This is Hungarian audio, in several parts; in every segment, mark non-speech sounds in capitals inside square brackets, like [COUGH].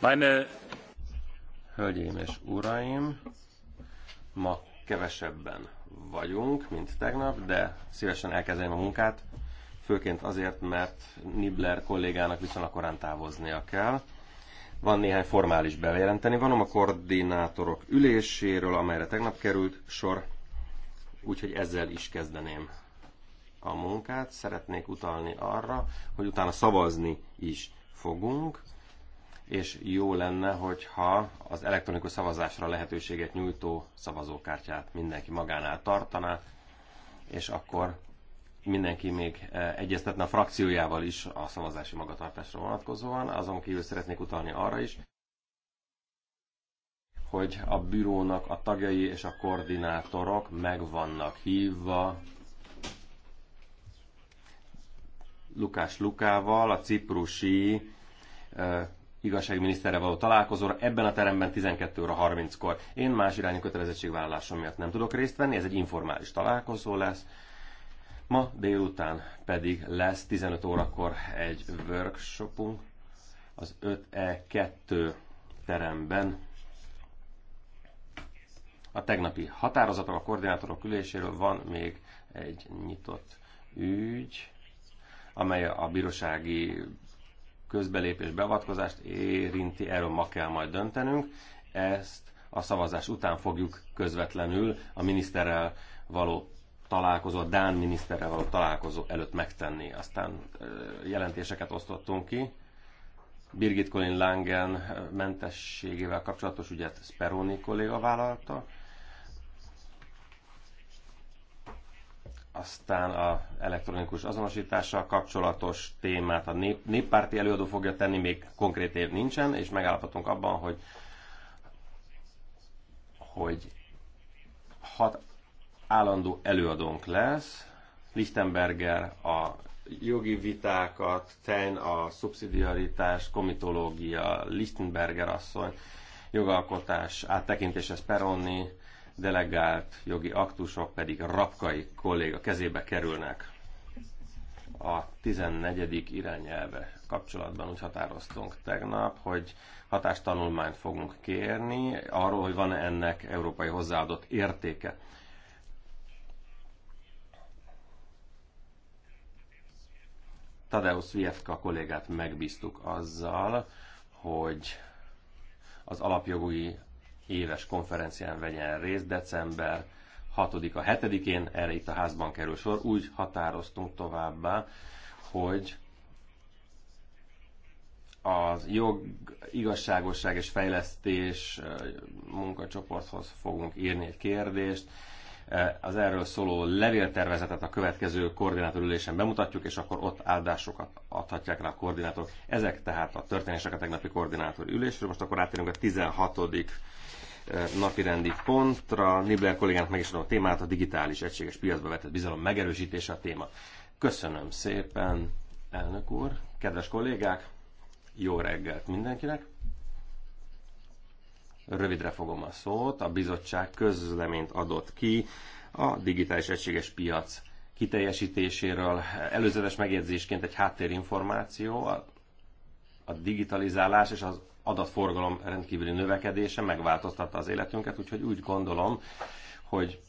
Meine... Hölgyeim és uraim, ma kevesebben vagyunk, mint tegnap, de szívesen elkezdeném a munkát, főként azért, mert Nibler kollégának viszonylag korán távoznia kell. Van néhány formális bejelenteni vanom a koordinátorok üléséről, amelyre tegnap került sor, úgyhogy ezzel is kezdeném a munkát. Szeretnék utalni arra, hogy utána szavazni is fogunk és jó lenne, hogyha az elektronikus szavazásra lehetőséget nyújtó szavazókártyát mindenki magánál tartaná, és akkor mindenki még eh, egyeztetne a frakciójával is a szavazási magatartásra vonatkozóan, azon kívül szeretnék utalni arra is, hogy a bürónak a tagjai és a koordinátorok meg vannak hívva Lukás Lukával, a ciprusi eh, igazságminiszterre való találkozóra ebben a teremben 12 óra 30-kor. Én más irányú kötelezettségvállalásom miatt nem tudok részt venni, ez egy informális találkozó lesz. Ma délután pedig lesz 15 órakor egy workshopunk az 5E2 teremben. A tegnapi határozatok a koordinátorok üléséről van még egy nyitott ügy, amely a bírósági közbelépés, beavatkozást érinti, erről ma kell majd döntenünk. Ezt a szavazás után fogjuk közvetlenül a miniszterrel való találkozó, a Dán miniszterrel való találkozó előtt megtenni. Aztán jelentéseket osztottunk ki. Birgit Colin Langen mentességével kapcsolatos ügyet Speroni kolléga vállalta. Aztán a elektronikus azonosítással kapcsolatos témát a nép, néppárti előadó fogja tenni, még konkrét év nincsen, és megállapodtunk abban, hogy hogy hat állandó előadónk lesz, Lichtenberger a jogi vitákat, Tein a szubszidiaritás, komitológia, Lichtenberger asszony, jogalkotás, áttekintéshez Peronni, delegált jogi aktusok pedig Rapkai kolléga kezébe kerülnek. A 14. irányelve kapcsolatban úgy határoztunk tegnap, hogy hatástanulmányt fogunk kérni arról, hogy van-e ennek európai hozzáadott értéke. Tadeusz Vievka kollégát megbíztuk azzal, hogy az alapjogi éves konferencián vegyen részt december 6-a 7-én, erre itt a házban kerül sor. Úgy határoztunk továbbá, hogy az jog, igazságosság és fejlesztés munkacsoporthoz fogunk írni egy kérdést. Az erről szóló levéltervezetet a következő koordinátorülésen bemutatjuk, és akkor ott áldásokat adhatják rá a koordinátorok. Ezek tehát a történések a tegnapi koordinátorülésről ülésről. Most akkor átérünk a 16 napirendi pontra. Nibler kollégának meg is adom a témát, a digitális egységes piacba vetett bizalom megerősítése a téma. Köszönöm szépen, elnök úr, kedves kollégák, jó reggelt mindenkinek. Rövidre fogom a szót, a bizottság közleményt adott ki a digitális egységes piac kiteljesítéséről. Előzetes megjegyzésként egy háttérinformáció, a digitalizálás és az adatforgalom rendkívüli növekedése megváltoztatta az életünket, úgyhogy úgy gondolom, hogy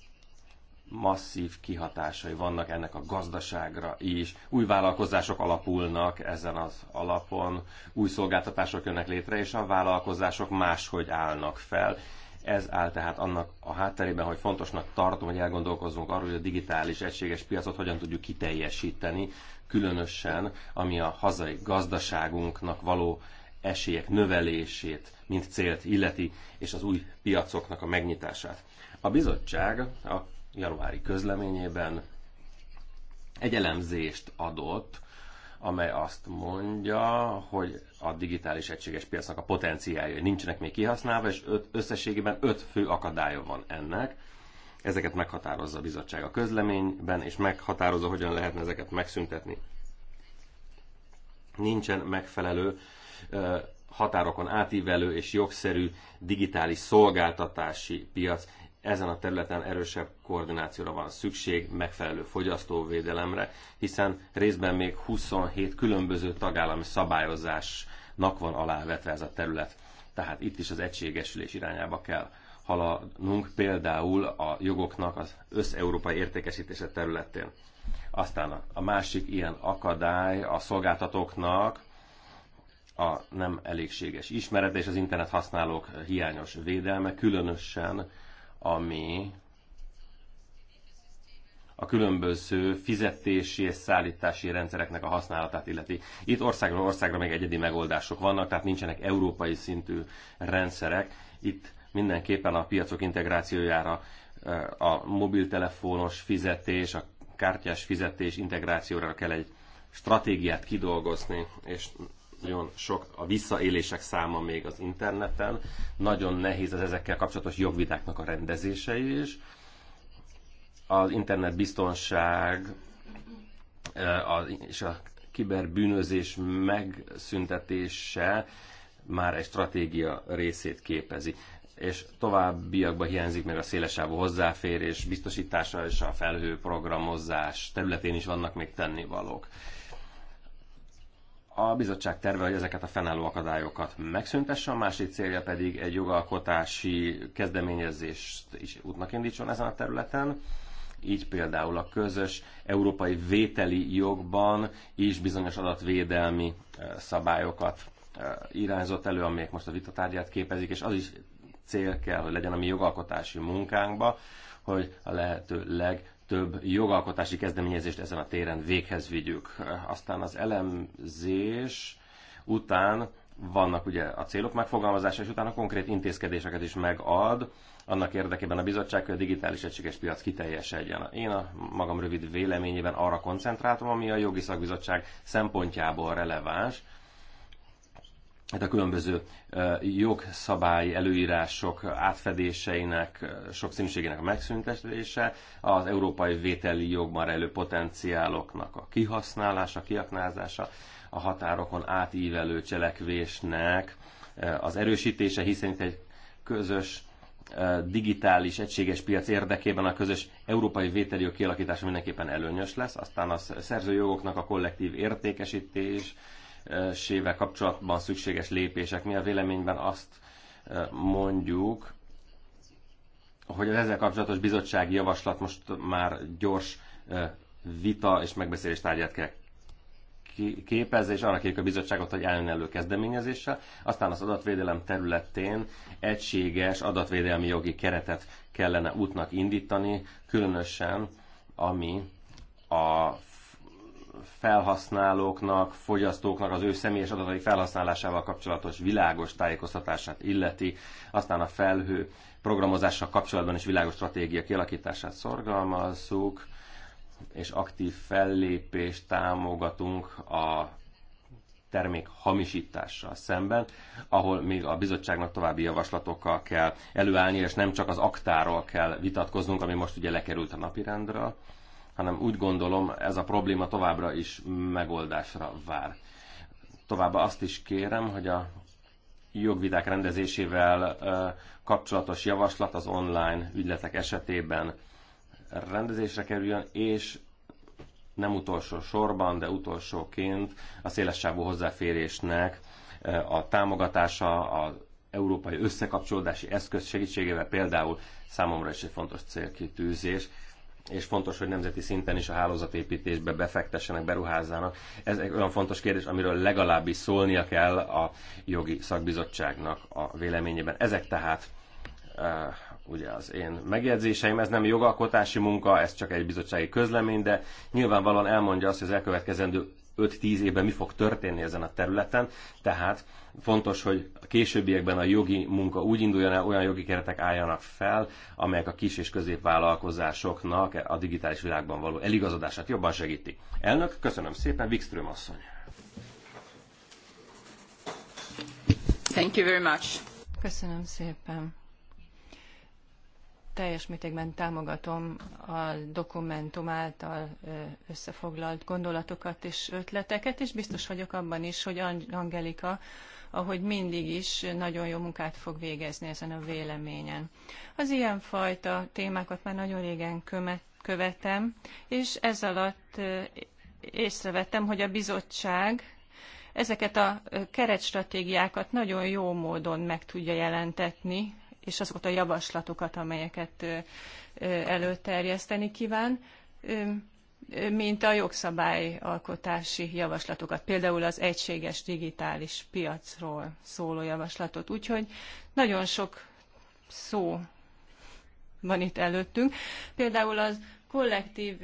masszív kihatásai vannak ennek a gazdaságra is. Új vállalkozások alapulnak ezen az alapon, új szolgáltatások jönnek létre, és a vállalkozások máshogy állnak fel. Ez áll tehát annak a hátterében, hogy fontosnak tartom, hogy elgondolkozzunk arról, hogy a digitális egységes piacot hogyan tudjuk kiteljesíteni, különösen ami a hazai gazdaságunknak való esélyek növelését, mint célt illeti, és az új piacoknak a megnyitását. A bizottság a januári közleményében egy elemzést adott, amely azt mondja, hogy a digitális egységes piacnak a potenciálja nincsenek még kihasználva, és öt, összességében öt fő akadálya van ennek. Ezeket meghatározza a bizottság a közleményben, és meghatározza, hogyan lehetne ezeket megszüntetni. Nincsen megfelelő határokon átívelő és jogszerű digitális szolgáltatási piac. Ezen a területen erősebb koordinációra van szükség, megfelelő fogyasztóvédelemre, hiszen részben még 27 különböző tagállami szabályozásnak van alávetve ez a terület. Tehát itt is az egységesülés irányába kell haladnunk, például a jogoknak az összeurópai értékesítése területén. Aztán a másik ilyen akadály a szolgáltatóknak, a nem elégséges ismerete és az internet használók hiányos védelme, különösen ami a különböző fizetési és szállítási rendszereknek a használatát illeti. Itt országról országra még egyedi megoldások vannak, tehát nincsenek európai szintű rendszerek. Itt mindenképpen a piacok integrációjára eh, a mobiltelefonos fizetés, a kártyás fizetés integrációra kell egy stratégiát kidolgozni, és nagyon sok a visszaélések száma még az interneten, nagyon nehéz az ezekkel kapcsolatos jogvidáknak a rendezése is. Az internet biztonság e, és a kiberbűnözés megszüntetése már egy stratégia részét képezi és továbbiakban hiányzik még a szélesávú hozzáférés, biztosítása és a felhőprogramozás területén is vannak még tennivalók. A bizottság terve, hogy ezeket a fennálló akadályokat megszüntesse, a másik célja pedig egy jogalkotási kezdeményezést is útnak indítson ezen a területen. Így például a közös európai vételi jogban is bizonyos adatvédelmi eh, szabályokat eh, irányzott elő, amelyek most a vitatárgyát képezik, és az is cél kell, hogy legyen a mi jogalkotási munkánkba, hogy a lehető leg több jogalkotási kezdeményezést ezen a téren véghez vigyük. Aztán az elemzés után vannak ugye a célok megfogalmazása, és utána konkrét intézkedéseket is megad, annak érdekében a bizottság, hogy a digitális egységes piac kiteljesedjen. Én a magam rövid véleményében arra koncentráltam, ami a jogi szakbizottság szempontjából releváns, hát a különböző jogszabály előírások átfedéseinek, sokszínűségének a megszüntetése, az európai vételi jogban rejlő potenciáloknak a kihasználása, kiaknázása, a határokon átívelő cselekvésnek az erősítése, hiszen itt egy közös digitális, egységes piac érdekében a közös európai vételi jog kialakítása mindenképpen előnyös lesz, aztán a szerzőjogoknak a kollektív értékesítés, sével kapcsolatban szükséges lépések. Mi a véleményben azt mondjuk, hogy az ezzel kapcsolatos bizottsági javaslat most már gyors vita és megbeszélés tárgyát kell képezze, és arra kérjük a bizottságot, hogy elő kezdeményezéssel, aztán az adatvédelem területén egységes adatvédelmi jogi keretet kellene útnak indítani, különösen ami a felhasználóknak, fogyasztóknak az ő személyes adatai felhasználásával kapcsolatos világos tájékoztatását illeti, aztán a felhő programozással kapcsolatban is világos stratégia kialakítását szorgalmazzuk, és aktív fellépést támogatunk a termék hamisítással szemben, ahol még a bizottságnak további javaslatokkal kell előállni, és nem csak az aktáról kell vitatkoznunk, ami most ugye lekerült a napirendről, hanem úgy gondolom, ez a probléma továbbra is megoldásra vár. Továbbá azt is kérem, hogy a jogviták rendezésével kapcsolatos javaslat az online ügyletek esetében rendezésre kerüljön, és nem utolsó sorban, de utolsóként a szélessávú hozzáférésnek a támogatása, az európai összekapcsolódási eszköz segítségével például számomra is egy fontos célkitűzés és fontos, hogy nemzeti szinten is a hálózatépítésbe befektessenek, beruházzanak. Ez egy olyan fontos kérdés, amiről legalábbis szólnia kell a jogi szakbizottságnak a véleményében. Ezek tehát uh, ugye az én megjegyzéseim, ez nem jogalkotási munka, ez csak egy bizottsági közlemény, de nyilvánvalóan elmondja azt, hogy az elkövetkezendő 5-10 évben mi fog történni ezen a területen, tehát fontos, hogy a későbbiekben a jogi munka úgy induljon el, olyan jogi keretek álljanak fel, amelyek a kis és középvállalkozásoknak a digitális világban való eligazodását jobban segíti. Elnök, köszönöm szépen, Wikström asszony. Thank you very much. Köszönöm szépen teljes mértékben támogatom a dokumentum által összefoglalt gondolatokat és ötleteket, és biztos vagyok abban is, hogy Angelika, ahogy mindig is, nagyon jó munkát fog végezni ezen a véleményen. Az ilyenfajta témákat már nagyon régen követem, és ez alatt észrevettem, hogy a bizottság ezeket a keretstratégiákat nagyon jó módon meg tudja jelentetni és azokat a javaslatokat, amelyeket előterjeszteni kíván, mint a jogszabályalkotási javaslatokat, például az egységes digitális piacról szóló javaslatot. Úgyhogy nagyon sok szó van itt előttünk. Például az kollektív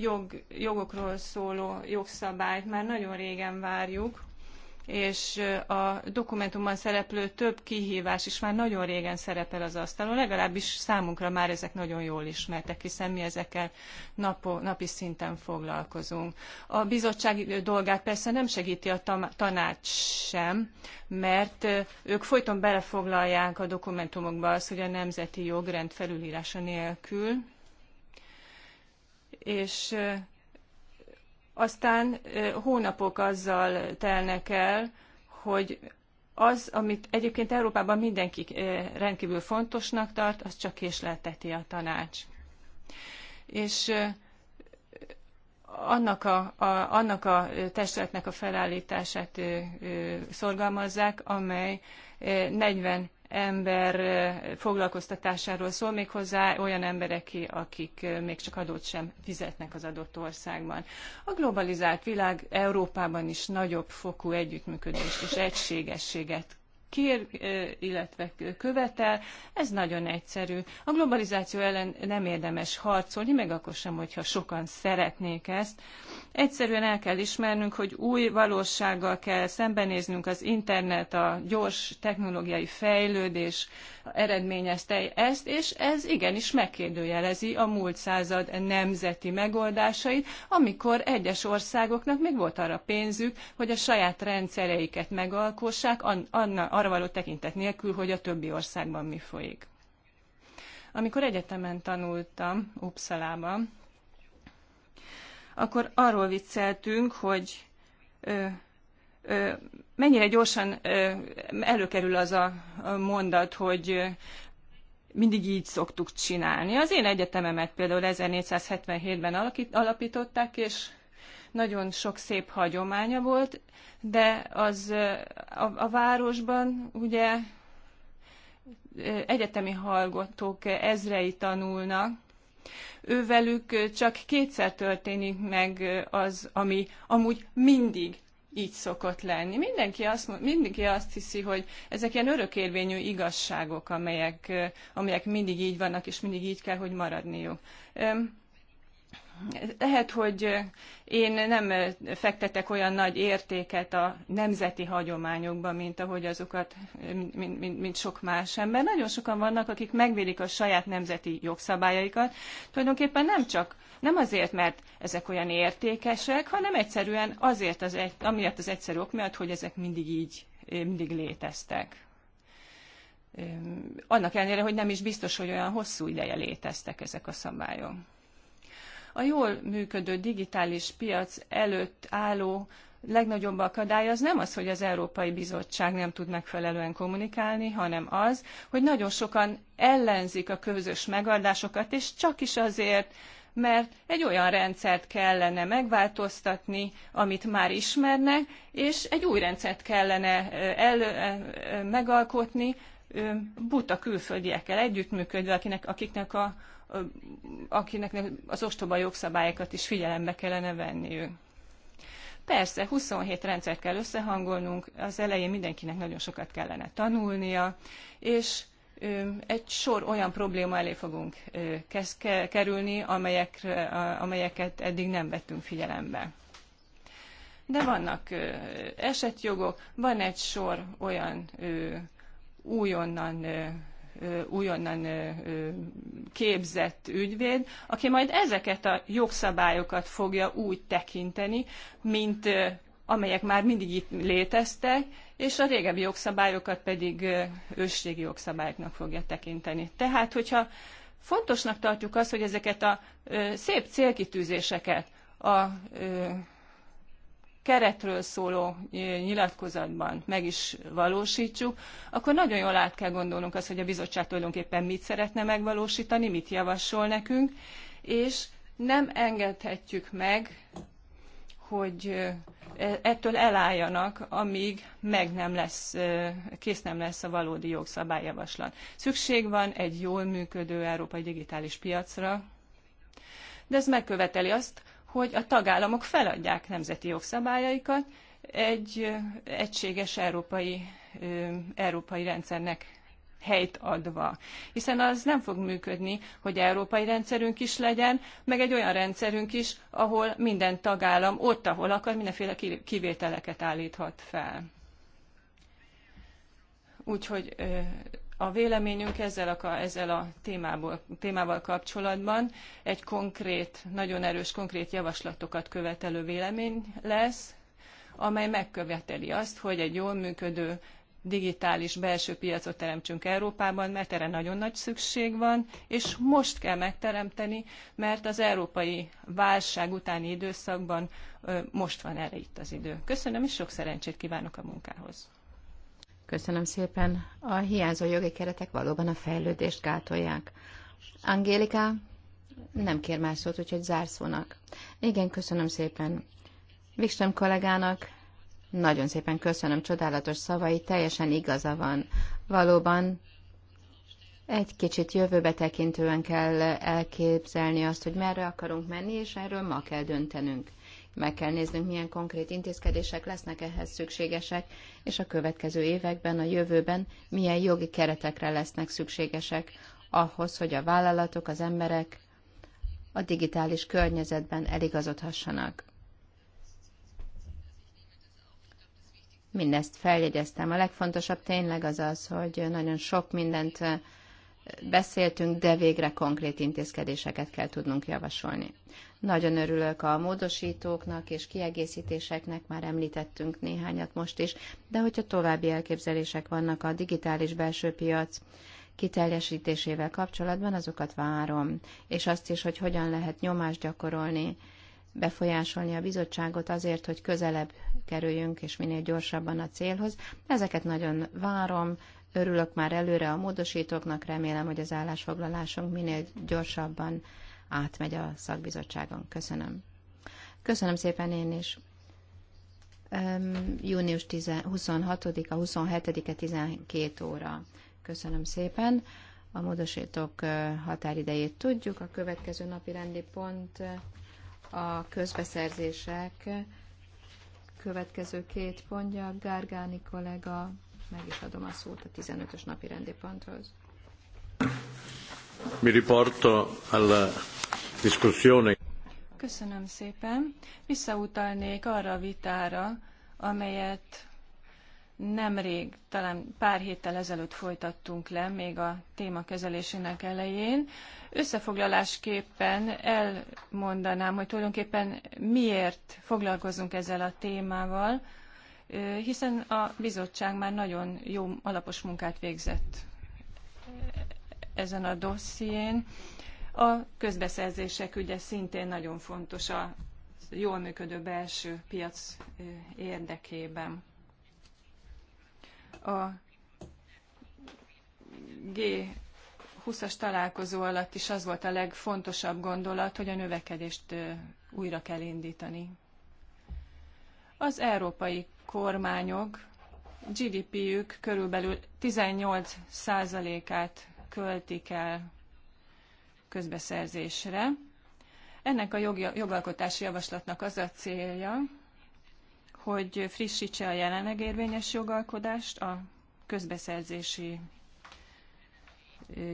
jog, jogokról szóló jogszabályt már nagyon régen várjuk, és a dokumentumban szereplő több kihívás is már nagyon régen szerepel az asztalon, legalábbis számunkra már ezek nagyon jól ismertek, hiszen mi ezekkel napo, napi szinten foglalkozunk. A bizottság dolgát persze nem segíti a tanács sem, mert ők folyton belefoglalják a dokumentumokba azt, hogy a nemzeti jogrend felülírása nélkül, és aztán hónapok azzal telnek el, hogy az, amit egyébként Európában mindenki rendkívül fontosnak tart, az csak késlelteti a tanács. És annak a, a, annak a testületnek a felállítását szorgalmazzák, amely 40 ember foglalkoztatásáról szól, méghozzá olyan embereké, akik még csak adót sem fizetnek az adott országban. A globalizált világ Európában is nagyobb fokú együttműködést és egységességet kér, illetve követel, ez nagyon egyszerű. A globalizáció ellen nem érdemes harcolni, meg akkor sem, hogyha sokan szeretnék ezt. Egyszerűen el kell ismernünk, hogy új valósággal kell szembenéznünk az internet, a gyors technológiai fejlődés eredményezte ezt, és ez igenis megkérdőjelezi a múlt század nemzeti megoldásait, amikor egyes országoknak még volt arra pénzük, hogy a saját rendszereiket megalkossák, anna, arra való tekintet nélkül, hogy a többi országban mi folyik. Amikor egyetemen tanultam Uppsalában, akkor arról vicceltünk, hogy ö, ö, mennyire gyorsan ö, előkerül az a, a mondat, hogy ö, mindig így szoktuk csinálni. Az én egyetememet például 1477-ben alakít, alapították, és nagyon sok szép hagyománya volt, de az a, a városban ugye egyetemi hallgatók ezrei tanulnak, ővelük csak kétszer történik meg az, ami amúgy mindig így szokott lenni. Mindenki azt, mindenki azt hiszi, hogy ezek ilyen örökérvényű igazságok, amelyek, amelyek mindig így vannak, és mindig így kell, hogy maradniuk lehet, hogy én nem fektetek olyan nagy értéket a nemzeti hagyományokba, mint ahogy azokat, mint, mint, mint sok más ember. Nagyon sokan vannak, akik megvédik a saját nemzeti jogszabályaikat. Tulajdonképpen nem csak, nem azért, mert ezek olyan értékesek, hanem egyszerűen azért, az egy, amiatt az egyszerű ok miatt, hogy ezek mindig így, mindig léteztek. Annak ellenére, hogy nem is biztos, hogy olyan hosszú ideje léteztek ezek a szabályok. A jól működő digitális piac előtt álló legnagyobb akadály az nem az, hogy az Európai Bizottság nem tud megfelelően kommunikálni, hanem az, hogy nagyon sokan ellenzik a közös megoldásokat, és csak is azért, mert egy olyan rendszert kellene megváltoztatni, amit már ismernek, és egy új rendszert kellene el, megalkotni buta külföldiekkel együttműködve, akinek, akiknek a akinek az ostoba jogszabályokat is figyelembe kellene venniük. Persze, 27 rendszert kell összehangolnunk, az elején mindenkinek nagyon sokat kellene tanulnia, és egy sor olyan probléma elé fogunk kerülni, amelyek, amelyeket eddig nem vettünk figyelembe. De vannak esetjogok, van egy sor olyan újonnan újonnan képzett ügyvéd, aki majd ezeket a jogszabályokat fogja úgy tekinteni, mint amelyek már mindig itt léteztek, és a régebbi jogszabályokat pedig ősségi jogszabályoknak fogja tekinteni. Tehát, hogyha fontosnak tartjuk azt, hogy ezeket a szép célkitűzéseket, a keretről szóló nyilatkozatban meg is valósítsuk, akkor nagyon jól át kell gondolnunk azt, hogy a bizottság tulajdonképpen mit szeretne megvalósítani, mit javasol nekünk, és nem engedhetjük meg, hogy e, ettől elálljanak, amíg meg nem lesz, kész nem lesz a valódi jogszabályjavaslat. Szükség van egy jól működő európai digitális piacra, de ez megköveteli azt, hogy a tagállamok feladják nemzeti jogszabályaikat egy egységes európai, európai rendszernek helyt adva. Hiszen az nem fog működni, hogy európai rendszerünk is legyen, meg egy olyan rendszerünk is, ahol minden tagállam ott, ahol akar, mindenféle kivételeket állíthat fel. Úgyhogy a véleményünk ezzel a, ezzel a témából, témával kapcsolatban egy konkrét, nagyon erős konkrét javaslatokat követelő vélemény lesz, amely megköveteli azt, hogy egy jól működő digitális belső piacot teremtsünk Európában, mert erre nagyon nagy szükség van, és most kell megteremteni, mert az európai válság utáni időszakban most van erre itt az idő. Köszönöm, és sok szerencsét kívánok a munkához. Köszönöm szépen. A hiányzó jogi keretek valóban a fejlődést gátolják. Angélika nem kér más szót, úgyhogy zárszónak. Igen, köszönöm szépen. Viksem kollégának nagyon szépen köszönöm csodálatos szavai, teljesen igaza van. Valóban egy kicsit jövőbe tekintően kell elképzelni azt, hogy merre akarunk menni, és erről ma kell döntenünk. Meg kell néznünk, milyen konkrét intézkedések lesznek ehhez szükségesek, és a következő években, a jövőben milyen jogi keretekre lesznek szükségesek ahhoz, hogy a vállalatok, az emberek a digitális környezetben eligazodhassanak. Mindezt feljegyeztem. A legfontosabb tényleg az az, hogy nagyon sok mindent beszéltünk, de végre konkrét intézkedéseket kell tudnunk javasolni. Nagyon örülök a módosítóknak és kiegészítéseknek, már említettünk néhányat most is, de hogyha további elképzelések vannak a digitális belső piac kiteljesítésével kapcsolatban, azokat várom, és azt is, hogy hogyan lehet nyomást gyakorolni, befolyásolni a bizottságot azért, hogy közelebb kerüljünk, és minél gyorsabban a célhoz. Ezeket nagyon várom, Örülök már előre a módosítóknak, remélem, hogy az állásfoglalásunk minél gyorsabban átmegy a szakbizottságon. Köszönöm. Köszönöm szépen én is. Um, június 26-a, 27-e 12 óra. Köszönöm szépen. A módosítók határidejét tudjuk. A következő napi rendi pont a közbeszerzések következő két pontja. Gárgáni kollega meg is adom a szót a 15-ös napi rendi ponthoz. Mi riporto alla discussione. Köszönöm szépen. Visszautalnék arra a vitára, amelyet nemrég, talán pár héttel ezelőtt folytattunk le, még a téma kezelésének elején. Összefoglalásképpen elmondanám, hogy tulajdonképpen miért foglalkozunk ezzel a témával, hiszen a bizottság már nagyon jó alapos munkát végzett ezen a dosszién. A közbeszerzések ügye szintén nagyon fontos a jól működő belső piac érdekében. A G20-as találkozó alatt is az volt a legfontosabb gondolat, hogy a növekedést újra kell indítani. Az európai kormányok GDP-jük körülbelül 18%-át költik el közbeszerzésre. Ennek a jogi, jogalkotási javaslatnak az a célja, hogy frissítse a jelenleg érvényes jogalkodást a közbeszerzési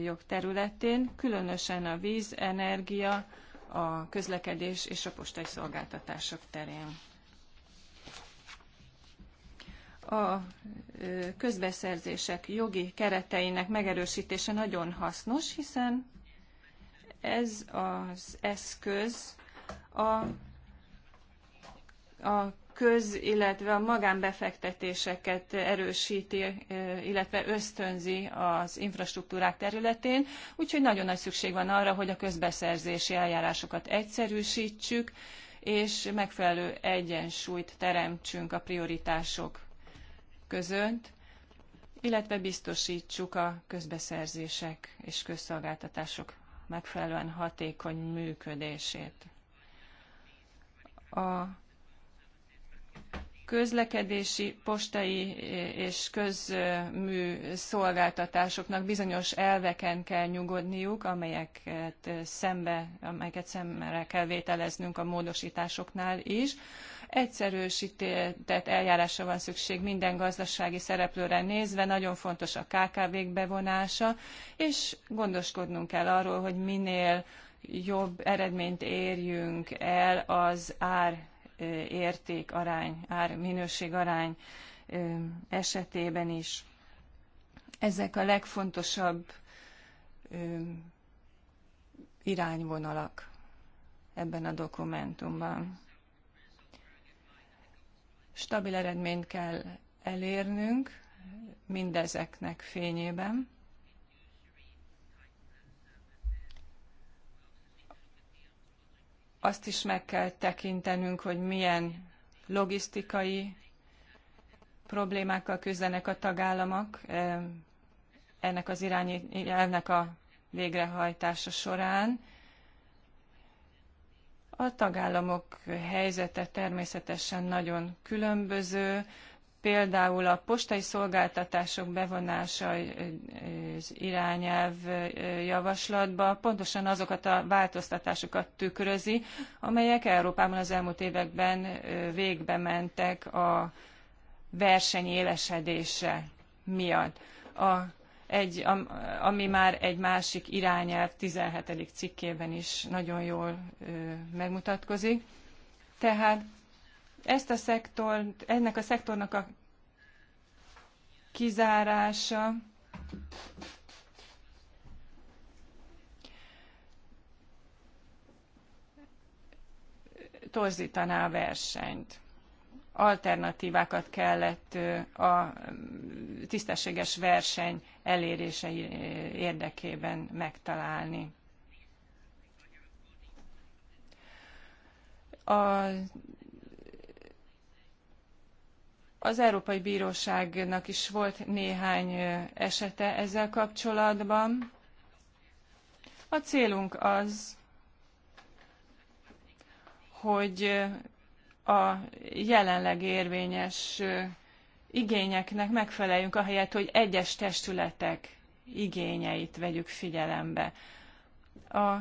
jog területén, különösen a víz, energia, a közlekedés és a postai szolgáltatások terén a közbeszerzések jogi kereteinek megerősítése nagyon hasznos, hiszen ez az eszköz a, a köz, illetve a magánbefektetéseket erősíti, illetve ösztönzi az infrastruktúrák területén, úgyhogy nagyon nagy szükség van arra, hogy a közbeszerzési eljárásokat egyszerűsítsük, és megfelelő egyensúlyt teremtsünk a prioritások közönt, illetve biztosítsuk a közbeszerzések és közszolgáltatások megfelelően hatékony működését. A közlekedési, postai és közmű szolgáltatásoknak bizonyos elveken kell nyugodniuk, amelyeket szembe, amelyeket szemre kell vételeznünk a módosításoknál is egyszerűsített eljárásra van szükség minden gazdasági szereplőre nézve, nagyon fontos a KKV-k bevonása, és gondoskodnunk kell arról, hogy minél jobb eredményt érjünk el az ár érték arány, ár minőség arány esetében is. Ezek a legfontosabb irányvonalak ebben a dokumentumban. Stabil eredményt kell elérnünk mindezeknek fényében. Azt is meg kell tekintenünk, hogy milyen logisztikai problémákkal küzdenek a tagállamok eh, ennek az irányi, ennek a végrehajtása során a tagállamok helyzete természetesen nagyon különböző, például a postai szolgáltatások bevonása az irányelv javaslatba pontosan azokat a változtatásokat tükrözi, amelyek Európában az elmúlt években végbe mentek a verseny élesedése miatt. A egy, ami már egy másik irányelv 17. cikkében is nagyon jól megmutatkozik. Tehát ezt a szektor, ennek a szektornak a kizárása torzítaná a versenyt alternatívákat kellett a tisztességes verseny elérése érdekében megtalálni. A az Európai Bíróságnak is volt néhány esete ezzel kapcsolatban. A célunk az, hogy a jelenleg érvényes igényeknek megfeleljünk, ahelyett, hogy egyes testületek igényeit vegyük figyelembe. A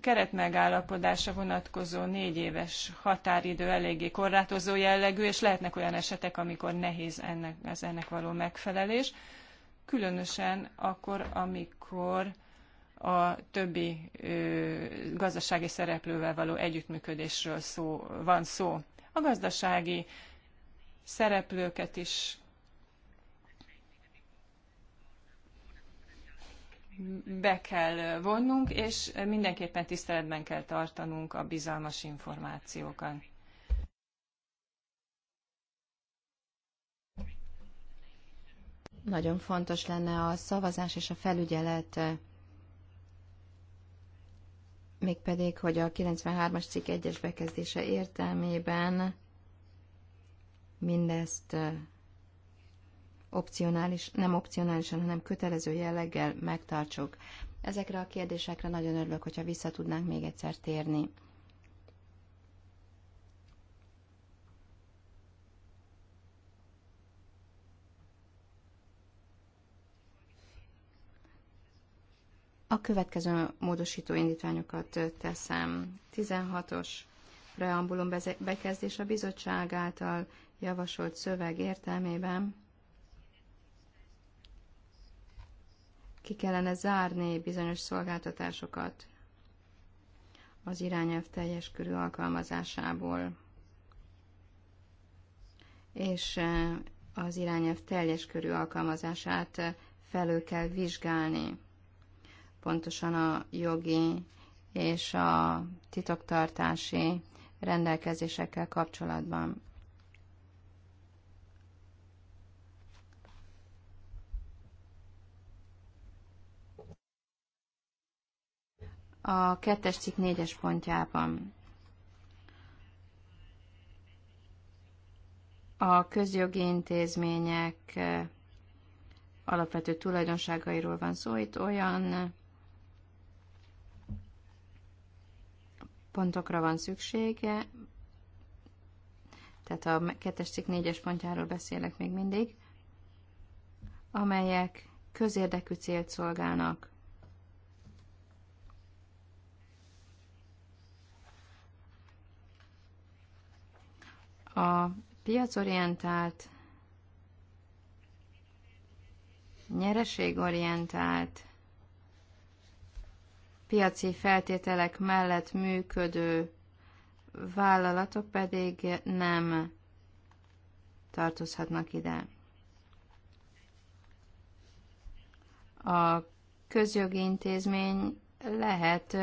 keretmegállapodásra vonatkozó négy éves határidő eléggé korlátozó jellegű, és lehetnek olyan esetek, amikor nehéz ennek, az ennek való megfelelés, különösen akkor, amikor a többi gazdasági szereplővel való együttműködésről szó, van szó. A gazdasági szereplőket is be kell vonnunk, és mindenképpen tiszteletben kell tartanunk a bizalmas információkat. Nagyon fontos lenne a szavazás és a felügyelet mégpedig, hogy a 93-as cikk egyes bekezdése értelmében mindezt opcionális, nem opcionálisan, hanem kötelező jelleggel megtartsuk. Ezekre a kérdésekre nagyon örülök, hogyha vissza tudnánk még egyszer térni. A következő módosító indítványokat teszem. 16-os preambulum bekezdés a bizottság által javasolt szöveg értelmében ki kellene zárni bizonyos szolgáltatásokat az irányelv teljes körű alkalmazásából, és az irányelv teljes körű alkalmazását felül kell vizsgálni pontosan a jogi és a titoktartási rendelkezésekkel kapcsolatban. A kettes cikk négyes pontjában a közjogi intézmények eh, alapvető tulajdonságairól van szó. Itt olyan pontokra van szüksége, tehát a kettes cikk négyes pontjáról beszélek még mindig, amelyek közérdekű célt szolgálnak. A piacorientált, nyereségorientált piaci feltételek mellett működő vállalatok pedig nem tartozhatnak ide. A közjogi intézmény lehet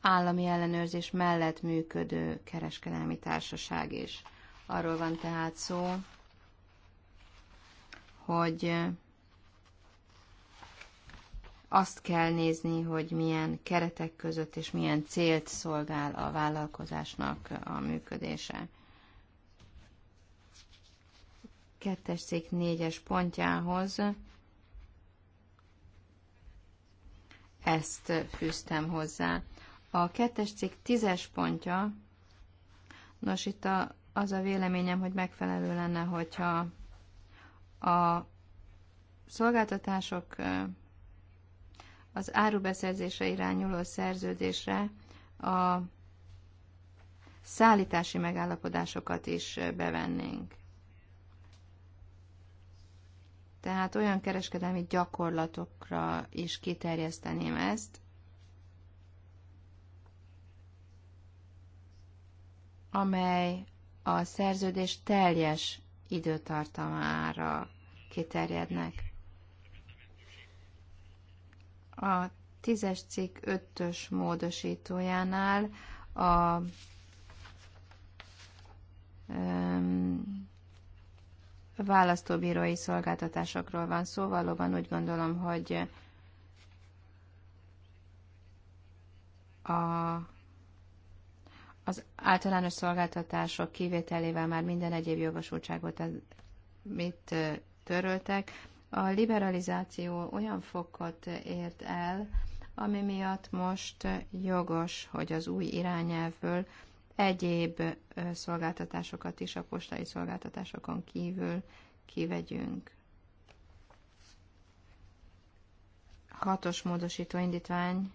állami ellenőrzés mellett működő kereskedelmi társaság is. Arról van tehát szó, hogy azt kell nézni, hogy milyen keretek között és milyen célt szolgál a vállalkozásnak a működése. Kettes cikk négyes pontjához ezt fűztem hozzá. A kettes cikk tízes pontja, nos itt a, az a véleményem, hogy megfelelő lenne, hogyha a szolgáltatások az árubeszerzésre irányuló szerződésre a szállítási megállapodásokat is bevennénk. Tehát olyan kereskedelmi gyakorlatokra is kiterjeszteném ezt, amely a szerződés teljes időtartamára kiterjednek. A tízes cikk ötös módosítójánál a um, választóbírói szolgáltatásokról van szó. Valóban úgy gondolom, hogy a, az általános szolgáltatások kivételével már minden egyéb jogosultságot amit töröltek. A liberalizáció olyan fokot ért el, ami miatt most jogos, hogy az új irányelvből egyéb szolgáltatásokat is a postai szolgáltatásokon kívül kivegyünk. Hatos módosító indítvány.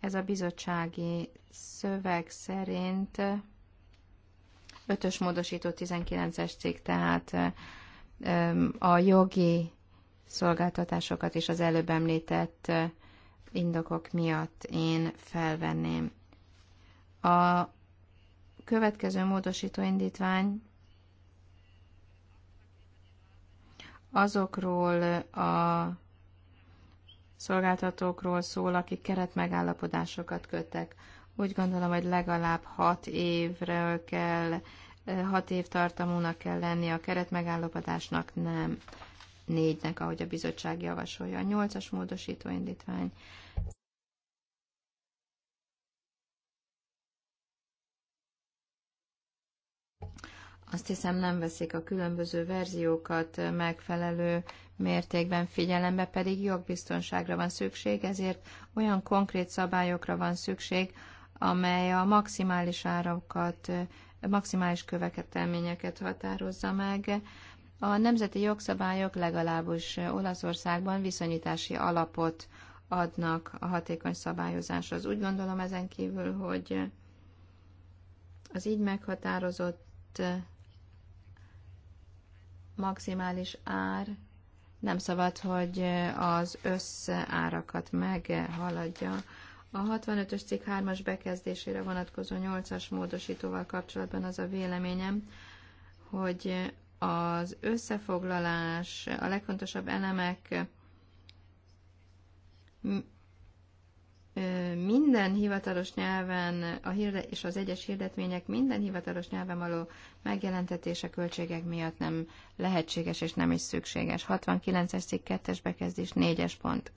Ez a bizottsági szöveg szerint ötös módosító 19-es cikk, tehát a jogi szolgáltatásokat is az előbb említett eh, indokok miatt én felvenném. A következő módosító indítvány azokról a szolgáltatókról szól, akik keretmegállapodásokat köttek. Úgy gondolom, hogy legalább hat évre kell hat év tartamúnak kell lenni, a keretmegállapodásnak nem négynek, ahogy a bizottság javasolja. A nyolcas módosító indítvány. Azt hiszem nem veszik a különböző verziókat megfelelő mértékben figyelembe, pedig jogbiztonságra van szükség, ezért olyan konkrét szabályokra van szükség, amely a maximális árakat maximális követelményeket határozza meg. A nemzeti jogszabályok legalábbis Olaszországban viszonyítási alapot adnak a hatékony szabályozáshoz. Úgy gondolom ezen kívül, hogy az így meghatározott maximális ár nem szabad, hogy az összárakat meghaladja. A 65-ös cikk 3-as bekezdésére vonatkozó 8-as módosítóval kapcsolatban az a véleményem, hogy az összefoglalás, a legfontosabb elemek minden hivatalos nyelven a hirde- és az egyes hirdetmények minden hivatalos nyelven való megjelentetése költségek miatt nem lehetséges és nem is szükséges. 69-es cikk 2-es bekezdés 4-es pont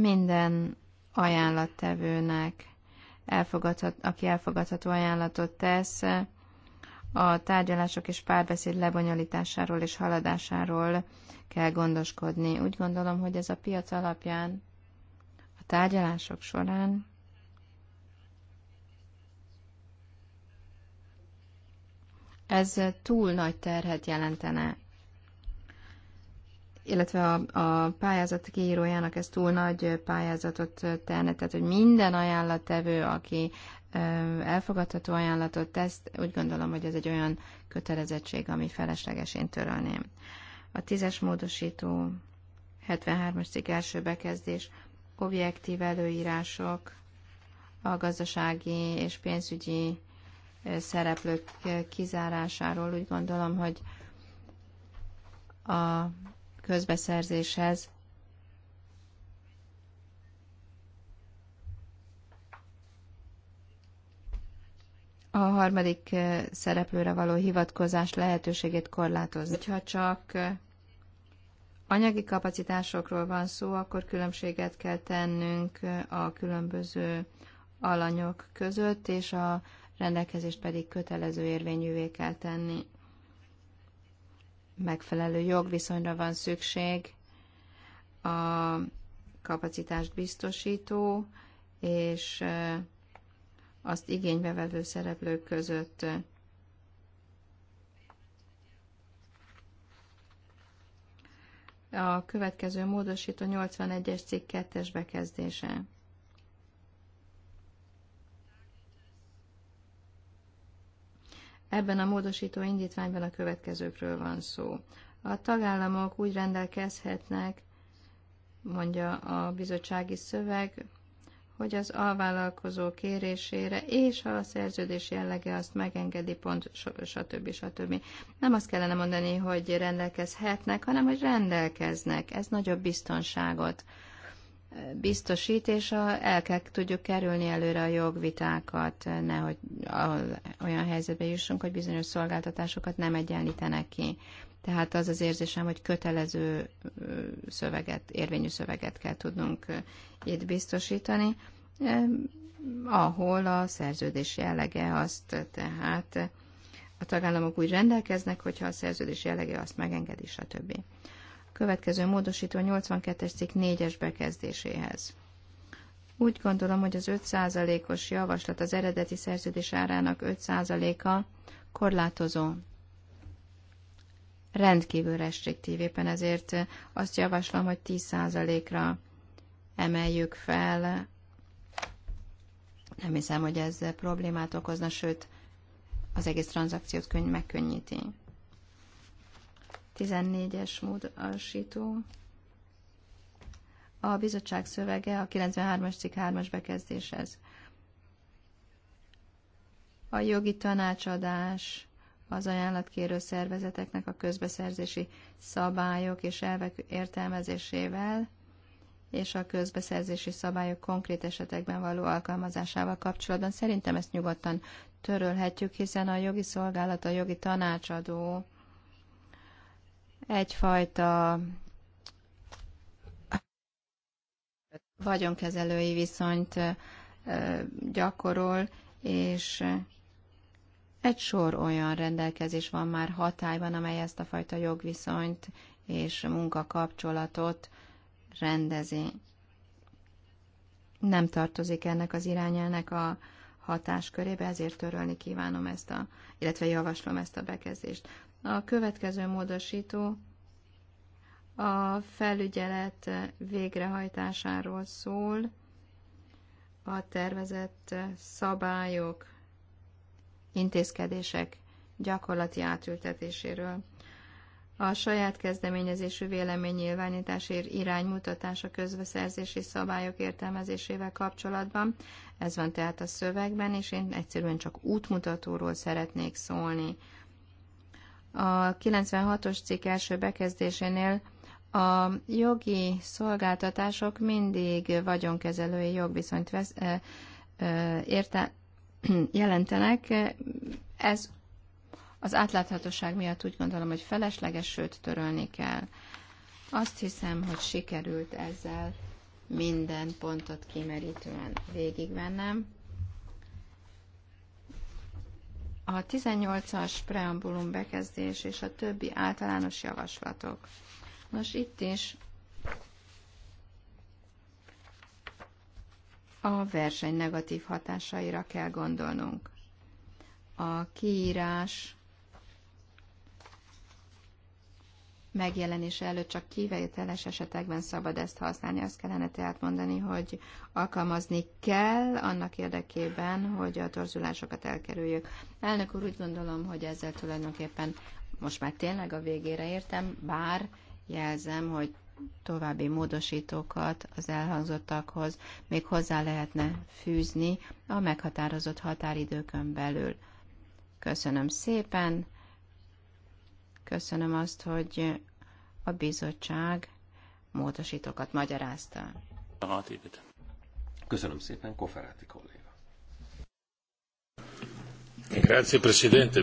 minden ajánlattevőnek, elfogadhat, aki elfogadható ajánlatot tesz, a tárgyalások és párbeszéd lebonyolításáról és haladásáról kell gondoskodni. Úgy gondolom, hogy ez a piac alapján a tárgyalások során ez túl nagy terhet jelentene illetve a, a pályázat kiírójának ez túl nagy pályázatot tenne, tehát hogy minden ajánlattevő, aki elfogadható ajánlatot tesz, úgy gondolom, hogy ez egy olyan kötelezettség, ami felesleges, én törölném. A tízes módosító, 73-as cikk első bekezdés, objektív előírások, a gazdasági és pénzügyi szereplők kizárásáról úgy gondolom, hogy a közbeszerzéshez. A harmadik eh, szereplőre való hivatkozás lehetőségét korlátozni. Ha csak eh, anyagi kapacitásokról van szó, akkor különbséget kell tennünk eh, a különböző alanyok között, és a rendelkezést pedig kötelező érvényűvé kell tenni megfelelő jogviszonyra van szükség a kapacitást biztosító és azt igénybe vevő szereplők között. A következő módosító 81-es cikk 2-es bekezdése. Ebben a módosító indítványban a következőkről van szó. A tagállamok úgy rendelkezhetnek, mondja a bizottsági szöveg, hogy az alvállalkozó kérésére, és ha a szerződés jellege azt megengedi, pont, stb. stb. Nem azt kellene mondani, hogy rendelkezhetnek, hanem hogy rendelkeznek. Ez nagyobb biztonságot biztosít, és a, el kell tudjuk kerülni előre a jogvitákat, nehogy a, olyan helyzetbe jussunk, hogy bizonyos szolgáltatásokat nem egyenlítenek ki. Tehát az az érzésem, hogy kötelező szöveget, érvényű szöveget kell tudnunk itt biztosítani, ahol a szerződés jellege azt tehát a tagállamok úgy rendelkeznek, hogyha a szerződés jellege azt megengedi, stb következő módosítva 82-es cikk 4-es bekezdéséhez. Úgy gondolom, hogy az 5%-os javaslat az eredeti szerződés árának 5%-a korlátozó. Rendkívül restriktív, éppen ezért azt javaslom, hogy 10%-ra emeljük fel. Nem hiszem, hogy ez problémát okozna, sőt, az egész tranzakciót könny megkönnyíti. 14-es módosító. A bizottság szövege a 93-as cikk 3-as bekezdéshez. A jogi tanácsadás az ajánlatkérő szervezeteknek a közbeszerzési szabályok és elvek értelmezésével és a közbeszerzési szabályok konkrét esetekben való alkalmazásával kapcsolatban. Szerintem ezt nyugodtan törölhetjük, hiszen a jogi szolgálat, a jogi tanácsadó egyfajta vagyonkezelői viszonyt gyakorol, és egy sor olyan rendelkezés van már hatályban, amely ezt a fajta jogviszonyt és munkakapcsolatot rendezi. Nem tartozik ennek az irányelnek a hatáskörébe, ezért törölni kívánom ezt a, illetve javaslom ezt a bekezdést. A következő módosító a felügyelet végrehajtásáról szól, a tervezett szabályok, intézkedések gyakorlati átültetéséről. A saját kezdeményezésű véleménynyilvánításért iránymutatás a közbeszerzési szabályok értelmezésével kapcsolatban. Ez van tehát a szövegben, és én egyszerűen csak útmutatóról szeretnék szólni a 96-os cikk első bekezdésénél a jogi szolgáltatások mindig vagyonkezelői jogviszonyt vesz, e, e, érte, [CLEARS THROAT] jelentenek. Ez az átláthatóság miatt úgy gondolom, hogy felesleges, sőt törölni kell. Azt hiszem, hogy sikerült ezzel minden pontot kimerítően végigvennem. a 18-as preambulum bekezdés és a többi általános javaslatok. Nos, itt is a verseny negatív hatásaira kell gondolnunk. A kiírás megjelenése előtt csak kivételes esetekben szabad ezt használni. Azt kellene tehát mondani, hogy alkalmazni kell annak érdekében, hogy a torzulásokat elkerüljük. Elnök úr, úgy gondolom, hogy ezzel tulajdonképpen most már tényleg a végére értem, bár jelzem, hogy további módosítókat az elhangzottakhoz még hozzá lehetne fűzni a meghatározott határidőkön belül. Köszönöm szépen! Köszönöm azt, hogy a bizottság módosítókat magyarázta. Köszönöm szépen, Koferáti kolléga. Grazie, Presidente.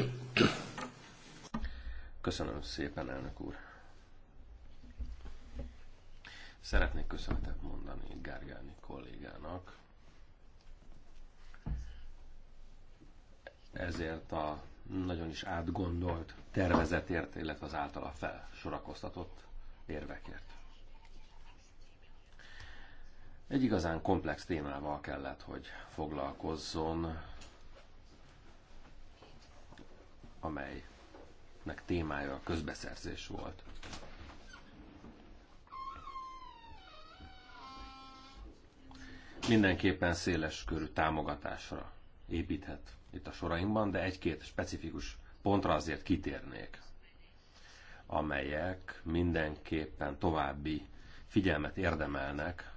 Köszönöm szépen, elnök úr. Szeretnék köszönetet mondani Gárgáni kollégának ezért a nagyon is átgondolt tervezetért, illetve az általa felsorakoztatott érvekért. Egy igazán komplex témával kellett, hogy foglalkozzon, amelynek témája a közbeszerzés volt. Mindenképpen széles körű támogatásra építhet itt a sorainkban, de egy-két specifikus pontra azért kitérnék, amelyek mindenképpen további figyelmet érdemelnek,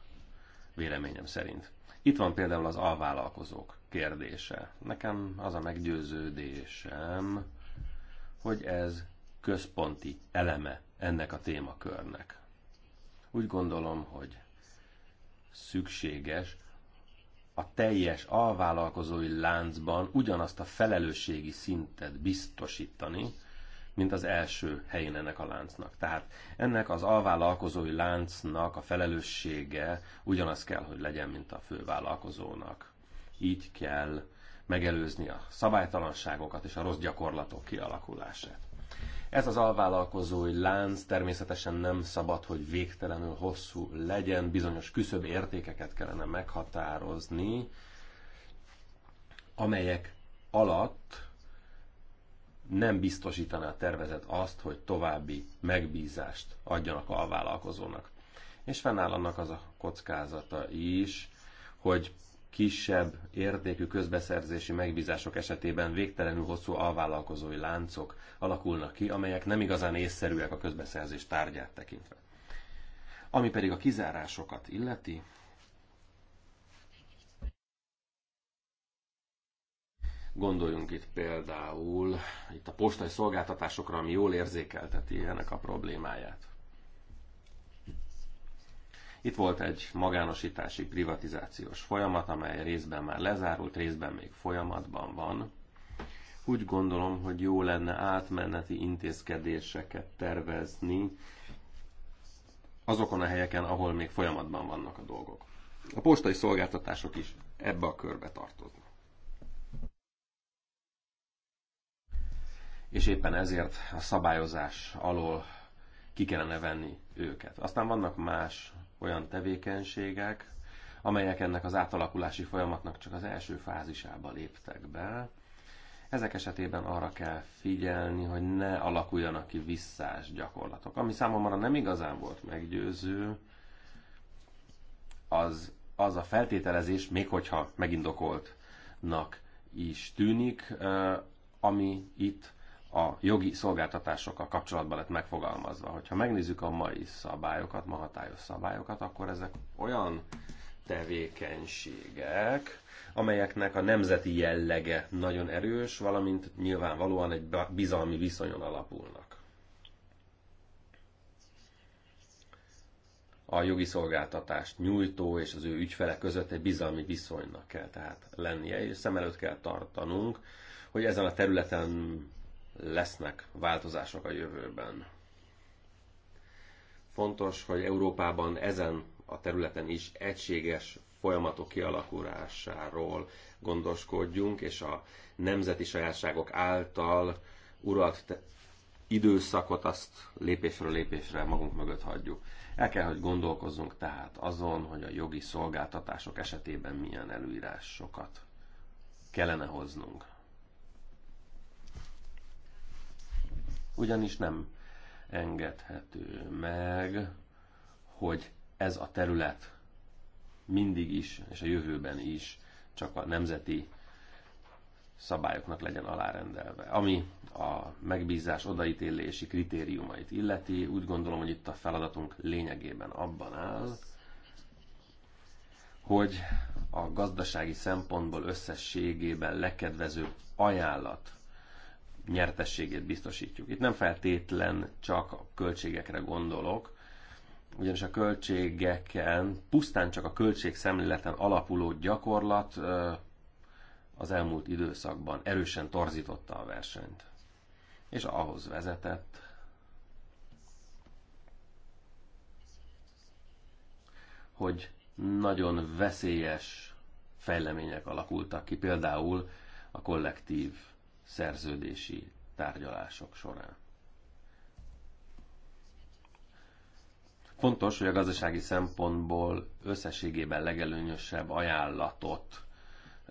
véleményem szerint. Itt van például az alvállalkozók kérdése. Nekem az a meggyőződésem, hogy ez központi eleme ennek a témakörnek. Úgy gondolom, hogy szükséges a teljes alvállalkozói láncban ugyanazt a felelősségi szintet biztosítani, mint az első helyén ennek a láncnak. Tehát ennek az alvállalkozói láncnak a felelőssége ugyanaz kell, hogy legyen, mint a fővállalkozónak. Így kell megelőzni a szabálytalanságokat és a rossz gyakorlatok kialakulását. Ez az alvállalkozói lánc természetesen nem szabad, hogy végtelenül hosszú legyen, bizonyos küszöbb értékeket kellene meghatározni, amelyek alatt nem biztosítaná a tervezet azt, hogy további megbízást adjanak a És fennáll annak az a kockázata is, hogy kisebb értékű közbeszerzési megbízások esetében végtelenül hosszú alvállalkozói láncok alakulnak ki, amelyek nem igazán észszerűek a közbeszerzés tárgyát tekintve. Ami pedig a kizárásokat illeti, Gondoljunk itt például itt a postai szolgáltatásokra, ami jól érzékelteti ennek a problémáját. Itt volt egy magánosítási, privatizációs folyamat, amely részben már lezárult, részben még folyamatban van. Úgy gondolom, hogy jó lenne átmeneti intézkedéseket tervezni azokon a helyeken, ahol még folyamatban vannak a dolgok. A postai szolgáltatások is ebbe a körbe tartoznak. És éppen ezért a szabályozás alól ki kellene venni őket. Aztán vannak más olyan tevékenységek, amelyek ennek az átalakulási folyamatnak csak az első fázisába léptek be. Ezek esetében arra kell figyelni, hogy ne alakuljanak ki visszás gyakorlatok. Ami számomra nem igazán volt meggyőző, az, az a feltételezés, még hogyha megindokoltnak is tűnik, ami itt a jogi szolgáltatásokkal kapcsolatban lett megfogalmazva. Hogyha megnézzük a mai szabályokat, ma hatályos szabályokat, akkor ezek olyan tevékenységek, amelyeknek a nemzeti jellege nagyon erős, valamint nyilvánvalóan egy bizalmi viszonyon alapulnak. A jogi szolgáltatást nyújtó és az ő ügyfele között egy bizalmi viszonynak kell tehát lennie, és szem előtt kell tartanunk, hogy ezen a területen lesznek változások a jövőben. Fontos, hogy Európában ezen a területen is egységes folyamatok kialakulásáról gondoskodjunk, és a nemzeti sajátságok által uralt időszakot azt lépésről lépésre magunk mögött hagyjuk. El kell, hogy gondolkozzunk tehát azon, hogy a jogi szolgáltatások esetében milyen előírásokat kellene hoznunk. ugyanis nem engedhető meg, hogy ez a terület mindig is, és a jövőben is csak a nemzeti szabályoknak legyen alárendelve. Ami a megbízás odaítélési kritériumait illeti, úgy gondolom, hogy itt a feladatunk lényegében abban áll, hogy a gazdasági szempontból összességében lekedvező ajánlat nyertességét biztosítjuk. Itt nem feltétlen csak a költségekre gondolok, ugyanis a költségeken, pusztán csak a költségszemléleten alapuló gyakorlat az elmúlt időszakban erősen torzította a versenyt. És ahhoz vezetett, hogy nagyon veszélyes fejlemények alakultak ki, például a kollektív szerződési tárgyalások során. Fontos, hogy a gazdasági szempontból összességében legelőnyösebb ajánlatot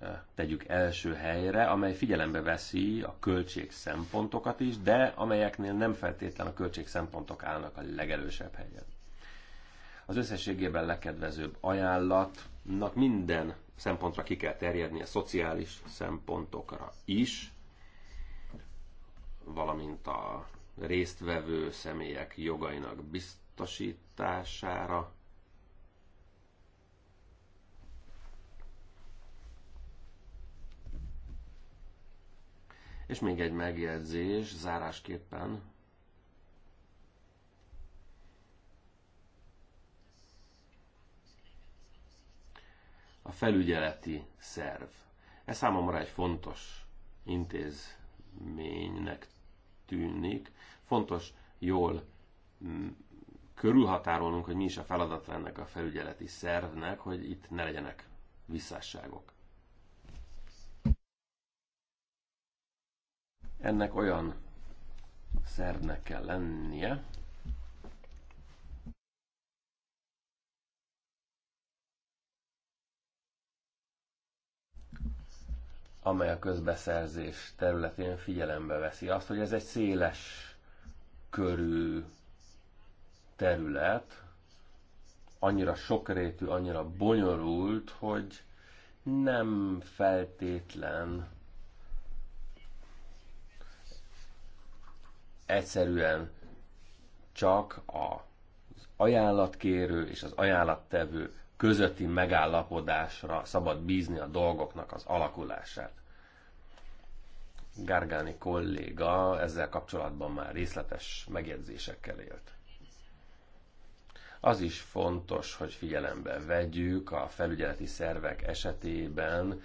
eh, tegyük első helyre, amely figyelembe veszi a költség szempontokat is, de amelyeknél nem feltétlen a költség szempontok állnak a legelősebb helyen. Az összességében legkedvezőbb ajánlatnak minden szempontra ki kell terjedni, a szociális szempontokra is, valamint a résztvevő személyek jogainak biztosítására. És még egy megjegyzés zárásképpen. A felügyeleti szerv. Ez számomra egy fontos intézménynek tűnik. Fontos jól mm, körülhatárolnunk, hogy mi is a feladata ennek a felügyeleti szervnek, hogy itt ne legyenek visszásságok. Ennek olyan szervnek kell lennie, amely a közbeszerzés területén figyelembe veszi azt, hogy ez egy széles körű terület, annyira sokrétű, annyira bonyolult, hogy nem feltétlen egyszerűen csak az ajánlatkérő és az ajánlattevő közötti megállapodásra szabad bízni a dolgoknak az alakulását. Gárgáni kolléga ezzel kapcsolatban már részletes megjegyzésekkel élt. Az is fontos, hogy figyelembe vegyük a felügyeleti szervek esetében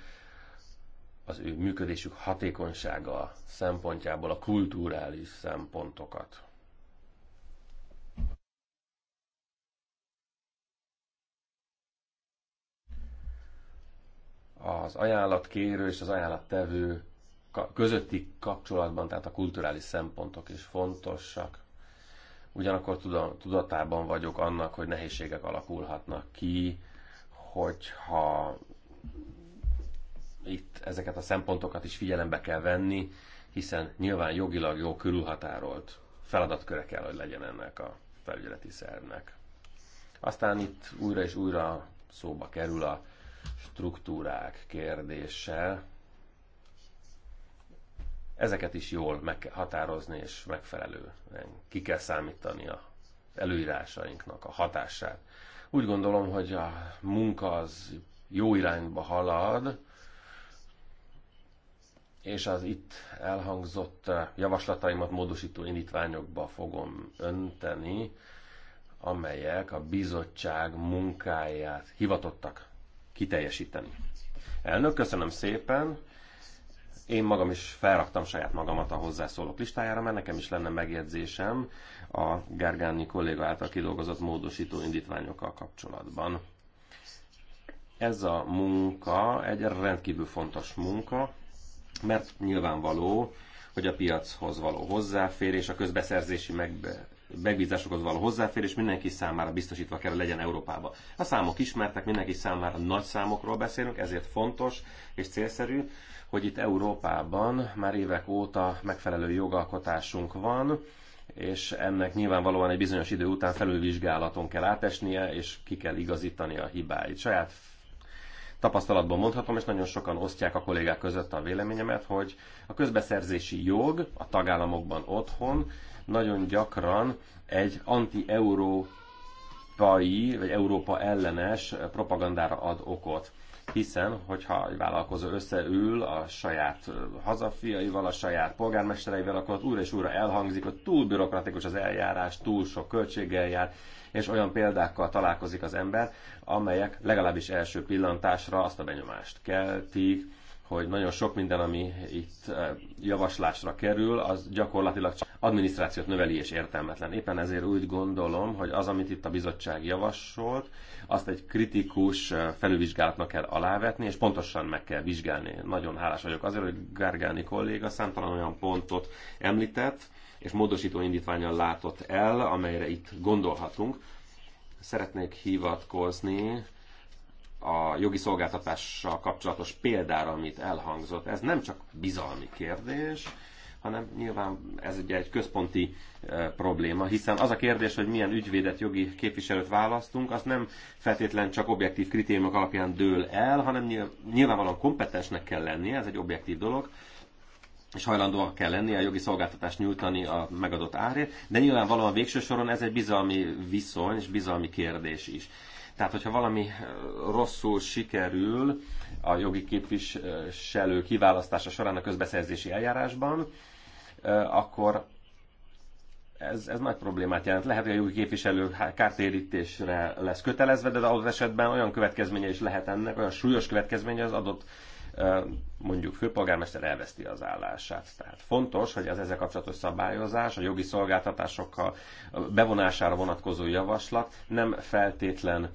az ő működésük hatékonysága szempontjából a kulturális szempontokat. az ajánlatkérő és az ajánlattevő közötti kapcsolatban, tehát a kulturális szempontok is fontosak. Ugyanakkor tudatában vagyok annak, hogy nehézségek alakulhatnak ki, hogyha itt ezeket a szempontokat is figyelembe kell venni, hiszen nyilván jogilag jó körülhatárolt feladatköre kell, hogy legyen ennek a felügyeleti szervnek. Aztán itt újra és újra szóba kerül a struktúrák kérdéssel. ezeket is jól meg kell határozni, és megfelelő ki kell számítani a előírásainknak a hatását. Úgy gondolom, hogy a munka az jó irányba halad, és az itt elhangzott javaslataimat módosító indítványokba fogom önteni, amelyek a bizottság munkáját hivatottak kiteljesíteni. Elnök, köszönöm szépen. Én magam is felraktam saját magamat a hozzászólók listájára, mert nekem is lenne megjegyzésem a Gárgáni kolléga által kidolgozott módosító indítványokkal kapcsolatban. Ez a munka egy rendkívül fontos munka, mert nyilvánvaló, hogy a piachoz való hozzáférés, a közbeszerzési megbe, megbízásokhoz való hozzáférés mindenki számára biztosítva kell legyen Európába. A számok ismertek, mindenki számára nagy számokról beszélünk, ezért fontos és célszerű, hogy itt Európában már évek óta megfelelő jogalkotásunk van, és ennek nyilvánvalóan egy bizonyos idő után felülvizsgálaton kell átesnie, és ki kell igazítani a hibáit. Saját tapasztalatban mondhatom, és nagyon sokan osztják a kollégák között a véleményemet, hogy a közbeszerzési jog a tagállamokban otthon nagyon gyakran egy anti-európai vagy Európa ellenes propagandára ad okot. Hiszen, hogyha egy vállalkozó összeül a saját hazafiaival, a saját polgármestereivel, akkor ott újra és újra elhangzik, hogy túl bürokratikus az eljárás, túl sok költséggel jár, és olyan példákkal találkozik az ember, amelyek legalábbis első pillantásra azt a benyomást keltik, hogy nagyon sok minden, ami itt eh, javaslásra kerül, az gyakorlatilag csak adminisztrációt növeli és értelmetlen. Éppen ezért úgy gondolom, hogy az, amit itt a bizottság javasolt, azt egy kritikus eh, felülvizsgálatnak kell alávetni, és pontosan meg kell vizsgálni. Nagyon hálás vagyok azért, hogy Gárgáni kolléga számtalan olyan pontot említett, és módosító indítványal látott el, amelyre itt gondolhatunk. Szeretnék hivatkozni a jogi szolgáltatással kapcsolatos példára, amit elhangzott, ez nem csak bizalmi kérdés, hanem nyilván ez ugye egy központi e, probléma, hiszen az a kérdés, hogy milyen ügyvédet, jogi képviselőt választunk, az nem feltétlen csak objektív kritériumok alapján dől el, hanem nyilvánvalóan kompetensnek kell lennie, ez egy objektív dolog, és hajlandóak kell lenni a jogi szolgáltatást nyújtani a megadott árért, de nyilvánvalóan végső soron ez egy bizalmi viszony és bizalmi kérdés is. Tehát, hogyha valami rosszul sikerül a jogi képviselő kiválasztása során a közbeszerzési eljárásban, akkor ez, ez nagy problémát jelent. Lehet, hogy a jogi képviselő kártérítésre lesz kötelezve, de az esetben olyan következménye is lehet ennek, olyan súlyos következménye az adott mondjuk főpolgármester elveszti az állását. Tehát fontos, hogy az ezzel kapcsolatos szabályozás, a jogi szolgáltatásokkal bevonására vonatkozó javaslat nem feltétlen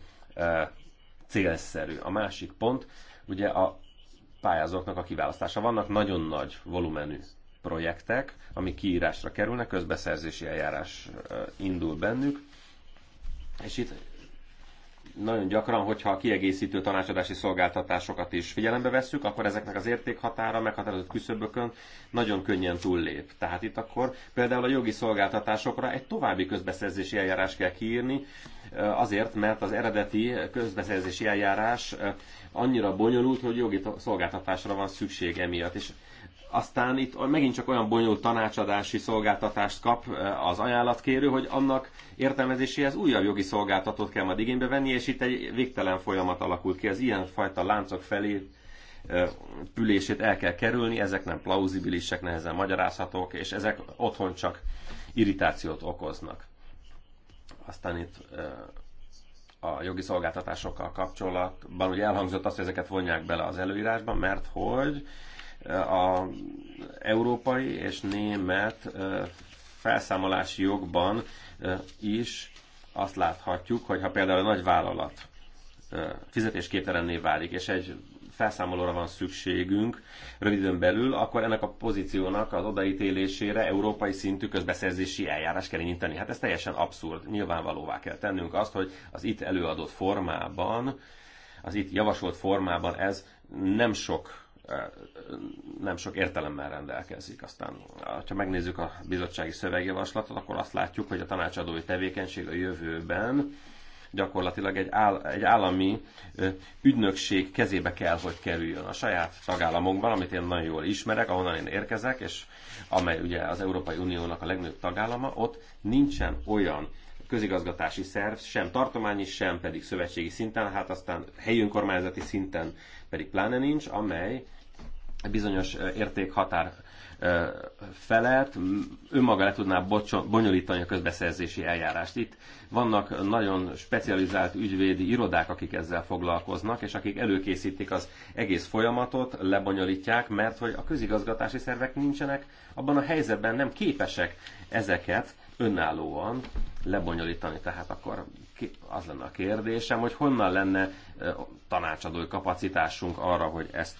célszerű. A másik pont, ugye a pályázóknak a kiválasztása. Vannak nagyon nagy volumenű projektek, ami kiírásra kerülnek, közbeszerzési eljárás indul bennük, és itt nagyon gyakran, hogyha a kiegészítő tanácsadási szolgáltatásokat is figyelembe vesszük, akkor ezeknek az értékhatára meghatározott küszöbökön nagyon könnyen túllép. Tehát itt akkor például a jogi szolgáltatásokra egy további közbeszerzési eljárás kell kiírni, azért, mert az eredeti közbeszerzési eljárás annyira bonyolult, hogy jogi szolgáltatásra van szükség emiatt. És aztán itt megint csak olyan bonyolult tanácsadási szolgáltatást kap az ajánlatkérő, hogy annak értelmezéséhez újabb jogi szolgáltatót kell majd igénybe venni, és itt egy végtelen folyamat alakult ki. Az ilyenfajta láncok felé pülését el kell kerülni, ezek nem plauzibilisek, nehezen magyarázhatók, és ezek otthon csak irritációt okoznak. Aztán itt a jogi szolgáltatásokkal kapcsolatban ugye elhangzott azt, hogy ezeket vonják bele az előírásba, mert hogy a európai és német felszámolási jogban is azt láthatjuk, hogy ha például a nagy vállalat fizetésképtelenné válik, és egy felszámolóra van szükségünk röviden belül, akkor ennek a pozíciónak az odaítélésére európai szintű közbeszerzési eljárás kell nyitani. Hát ez teljesen abszurd. Nyilvánvalóvá kell tennünk azt, hogy az itt előadott formában, az itt javasolt formában ez nem sok eh, nem sok értelemmel rendelkezik. Aztán, ha megnézzük a bizottsági szövegjavaslatot, akkor azt látjuk, hogy a tanácsadói tevékenység a jövőben gyakorlatilag egy, áll, egy állami ügynökség kezébe kell, hogy kerüljön. A saját tagállamokban, amit én nagyon jól ismerek, ahonnan én érkezek, és amely ugye az Európai Uniónak a legnagyobb tagállama, ott nincsen olyan közigazgatási szerv, sem tartományi, sem pedig szövetségi szinten, hát aztán helyi önkormányzati szinten pedig pláne nincs, amely bizonyos értékhatár felelt, önmaga le tudná bonyolítani a közbeszerzési eljárást. Itt vannak nagyon specializált ügyvédi irodák, akik ezzel foglalkoznak, és akik előkészítik az egész folyamatot, lebonyolítják, mert hogy a közigazgatási szervek nincsenek abban a helyzetben, nem képesek ezeket önállóan lebonyolítani. Tehát akkor az lenne a kérdésem, hogy honnan lenne tanácsadói kapacitásunk arra, hogy ezt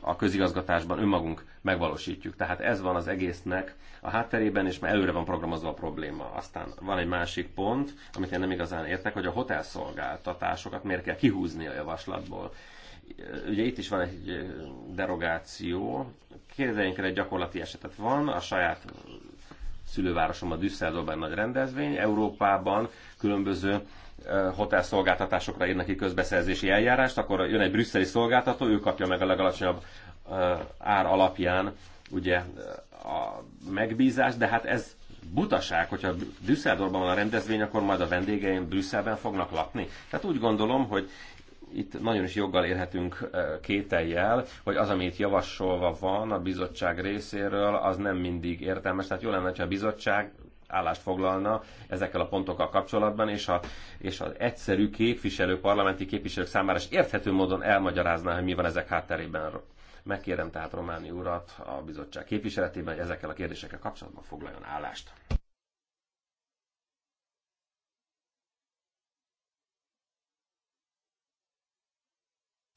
a közigazgatásban önmagunk megvalósítjuk. Tehát ez van az egésznek a hátterében, és már előre van programozva a probléma. Aztán van egy másik pont, amit én nem igazán értek, hogy a hotelszolgáltatásokat miért kell kihúzni a javaslatból. Ugye itt is van egy derogáció. Képzeljünk el egy gyakorlati esetet. Van a saját szülővárosom a Düsseldorfban nagy rendezvény, Európában különböző hotelszolgáltatásokra ír ki közbeszerzési eljárást, akkor jön egy brüsszeli szolgáltató, ő kapja meg a legalacsonyabb ár alapján ugye a megbízást, de hát ez butaság, hogyha Düsseldorban van a rendezvény, akkor majd a vendégeim Brüsszelben fognak lakni. Tehát úgy gondolom, hogy itt nagyon is joggal érhetünk kételjel, hogy az, amit javasolva van a bizottság részéről, az nem mindig értelmes. Tehát jó lenne, ha a bizottság állást foglalna ezekkel a pontokkal kapcsolatban, és, a, és az egyszerű képviselő, parlamenti képviselők számára is érthető módon elmagyarázná, hogy mi van ezek hátterében. Megkérem tehát Románi urat a bizottság képviseletében, hogy ezekkel a kérdésekkel kapcsolatban foglaljon állást.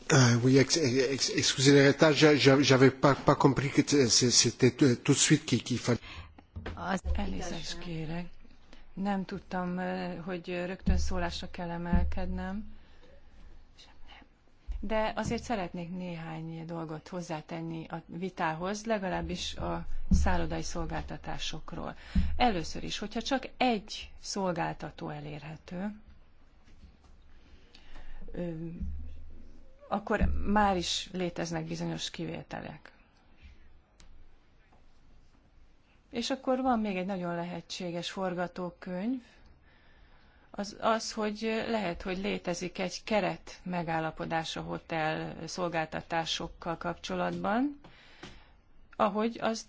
Euh, oui, excusez moi j'avais pas, pas compris que c'était tout de suite qu'il fallait. Az elnézést kérek. Nem tudtam, eh, hogy rögtön szólásra kell emelkednem, de azért szeretnék néhány dolgot hozzátenni a vitához, legalábbis a szállodai szolgáltatásokról. Először is, hogyha csak egy szolgáltató elérhető, akkor már is léteznek bizonyos kivételek. És akkor van még egy nagyon lehetséges forgatókönyv, az, az, hogy lehet, hogy létezik egy keret megállapodás a hotel szolgáltatásokkal kapcsolatban, ahogy az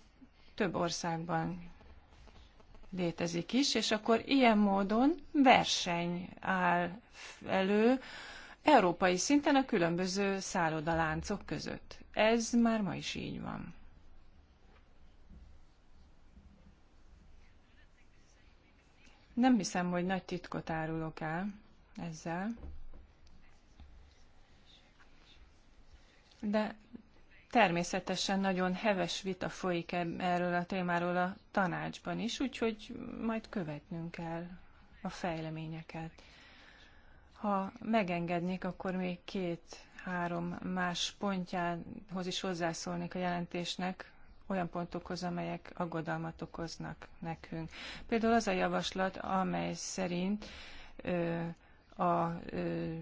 több országban létezik is, és akkor ilyen módon verseny áll elő európai szinten a különböző szállodaláncok között. Ez már ma is így van. Nem hiszem, hogy nagy titkot árulok el ezzel. De természetesen nagyon heves vita folyik e- erről a témáról a tanácsban is, úgyhogy majd követnünk kell a fejleményeket. Ha megengednék, akkor még két-három más pontjához is hozzászólnék a jelentésnek, olyan pontokhoz, amelyek aggodalmat okoznak nekünk. Például az a javaslat, amely szerint ö, a ö,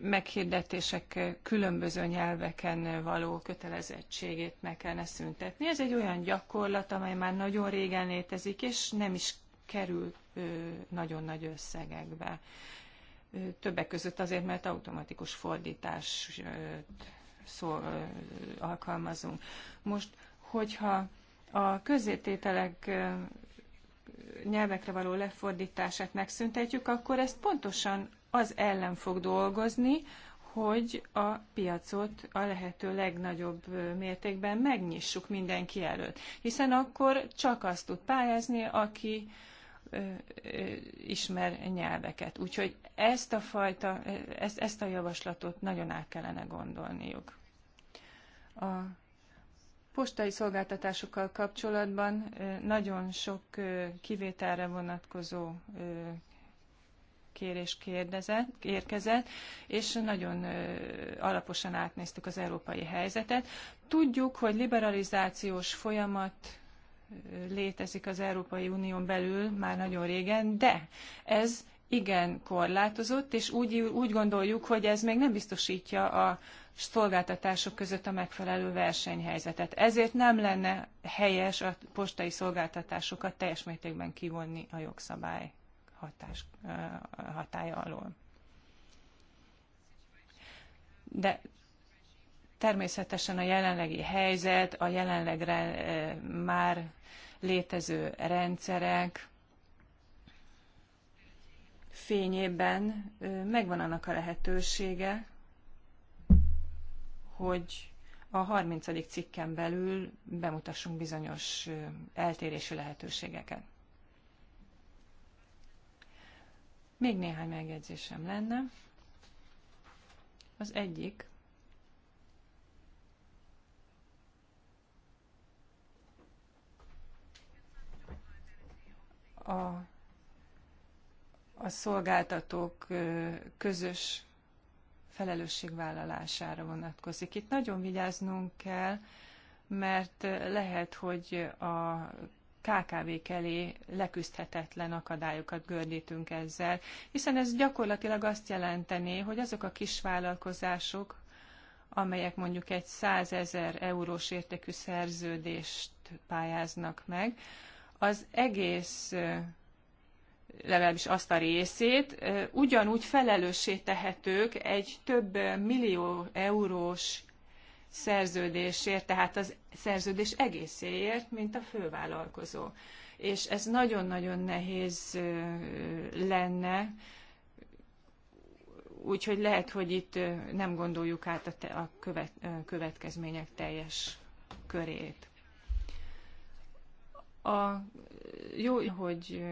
meghirdetések különböző nyelveken való kötelezettségét meg kellene szüntetni. Ez egy olyan gyakorlat, amely már nagyon régen létezik, és nem is kerül ö, nagyon nagy összegekbe. Ö, többek között azért, mert automatikus fordítás szó, alkalmazunk. Most hogyha a közétételek nyelvekre való lefordítását megszüntetjük, akkor ezt pontosan az ellen fog dolgozni, hogy a piacot a lehető legnagyobb mértékben megnyissuk mindenki előtt. Hiszen akkor csak azt tud pályázni, aki ismer nyelveket. Úgyhogy ezt a fajta, ezt, ezt a javaslatot nagyon át kellene gondolniuk. A postai szolgáltatásokkal kapcsolatban nagyon sok kivételre vonatkozó kérés kérdezett, érkezett, és nagyon alaposan átnéztük az európai helyzetet. Tudjuk, hogy liberalizációs folyamat létezik az Európai Unión belül már nagyon régen, de ez igen korlátozott, és úgy, úgy gondoljuk, hogy ez még nem biztosítja a szolgáltatások között a megfelelő versenyhelyzetet. Ezért nem lenne helyes a postai szolgáltatásokat teljes mértékben kivonni a jogszabály hatás, eh, hatája alól. De természetesen a jelenlegi helyzet, a jelenlegre eh, már létező rendszerek, fényében megvan annak a lehetősége, hogy a 30. cikken belül bemutassunk bizonyos eltérési lehetőségeket. Még néhány megjegyzésem lenne. Az egyik, a a szolgáltatók közös felelősségvállalására vonatkozik. Itt nagyon vigyáznunk kell, mert lehet, hogy a KKV-k elé leküzdhetetlen akadályokat gördítünk ezzel, hiszen ez gyakorlatilag azt jelenteni, hogy azok a kisvállalkozások, amelyek mondjuk egy 100 ezer eurós értékű szerződést pályáznak meg, az egész legalábbis azt a részét, ugyanúgy felelőssé tehetők egy több millió eurós szerződésért, tehát az szerződés egészéért, mint a fővállalkozó. És ez nagyon-nagyon nehéz lenne, úgyhogy lehet, hogy itt nem gondoljuk át a, te, a követ, következmények teljes körét. A jó, hogy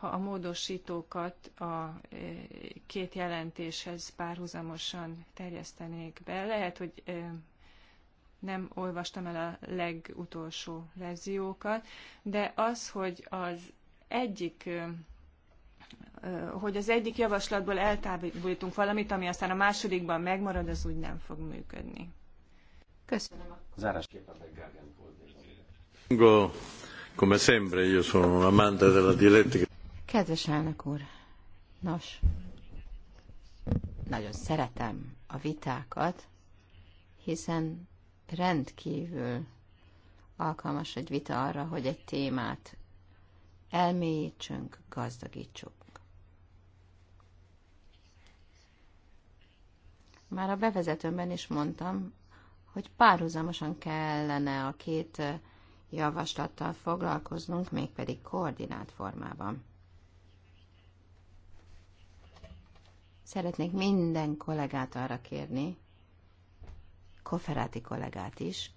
ha a módosítókat a e, két jelentéshez párhuzamosan terjesztenék be. Lehet, hogy e, nem olvastam el a legutolsó verziókat, de az, hogy az egyik e, hogy az egyik javaslatból eltávolítunk valamit, ami aztán a másodikban megmarad, az úgy nem fog működni. Köszönöm. Zárásképpen meg Come sempre, io sono un amante della dialettica. Kedves elnök úr, nos, nagyon szeretem a vitákat, hiszen rendkívül alkalmas egy vita arra, hogy egy témát elmélyítsünk, gazdagítsuk. Már a bevezetőmben is mondtam, hogy párhuzamosan kellene a két javaslattal foglalkoznunk, mégpedig koordinált formában. Szeretnék minden kollégát arra kérni, Koferáti kollégát is,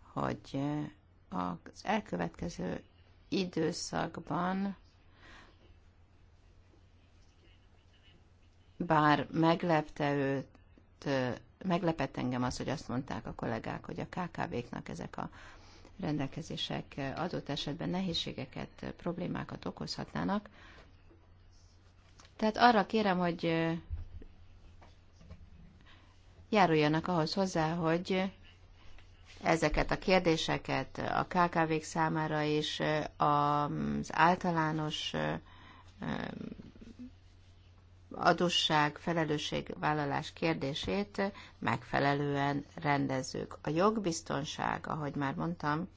hogy eh, az elkövetkező időszakban bár meglepte őt, eh, meglepett engem az, hogy azt mondták a kollégák, hogy a KKV-knak ezek a rendelkezések eh, adott esetben nehézségeket, problémákat okozhatnának, tehát arra kérem, hogy járuljanak ahhoz hozzá, hogy ezeket a kérdéseket a kkv számára és az általános adósság, vállalás kérdését megfelelően rendezzük. A jogbiztonság, ahogy már mondtam,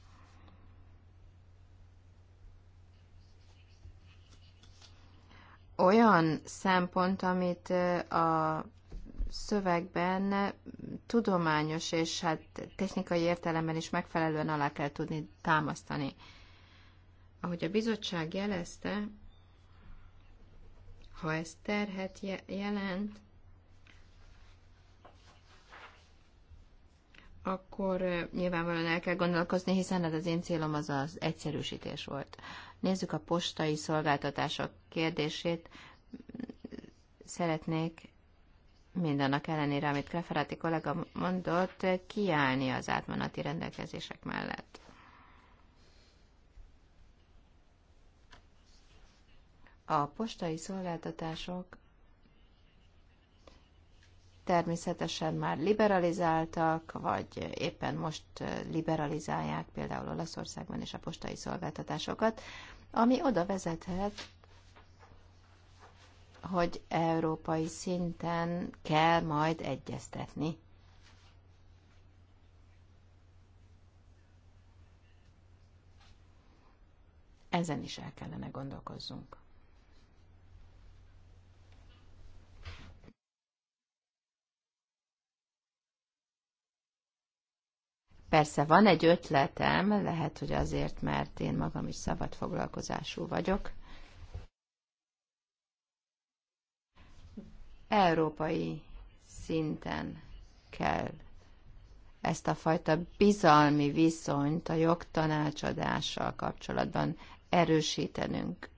olyan szempont, amit a szövegben tudományos és hát technikai értelemben is megfelelően alá kell tudni támasztani. Ahogy a bizottság jelezte, ha ez terhet jelent, akkor nyilvánvalóan el kell gondolkozni, hiszen ez az én célom az az egyszerűsítés volt. Nézzük a postai szolgáltatások kérdését. Szeretnék mindannak ellenére, amit Kreferati kollega mondott, kiállni az átmeneti rendelkezések mellett. A postai szolgáltatások természetesen már liberalizáltak, vagy éppen most liberalizálják például Olaszországban is a postai szolgáltatásokat, ami oda vezethet, hogy európai szinten kell majd egyeztetni. Ezen is el kellene gondolkozzunk. Persze van egy ötletem, lehet, hogy azért, mert én magam is szabad foglalkozású vagyok. Európai szinten kell ezt a fajta bizalmi viszonyt a jogtanácsadással kapcsolatban erősítenünk.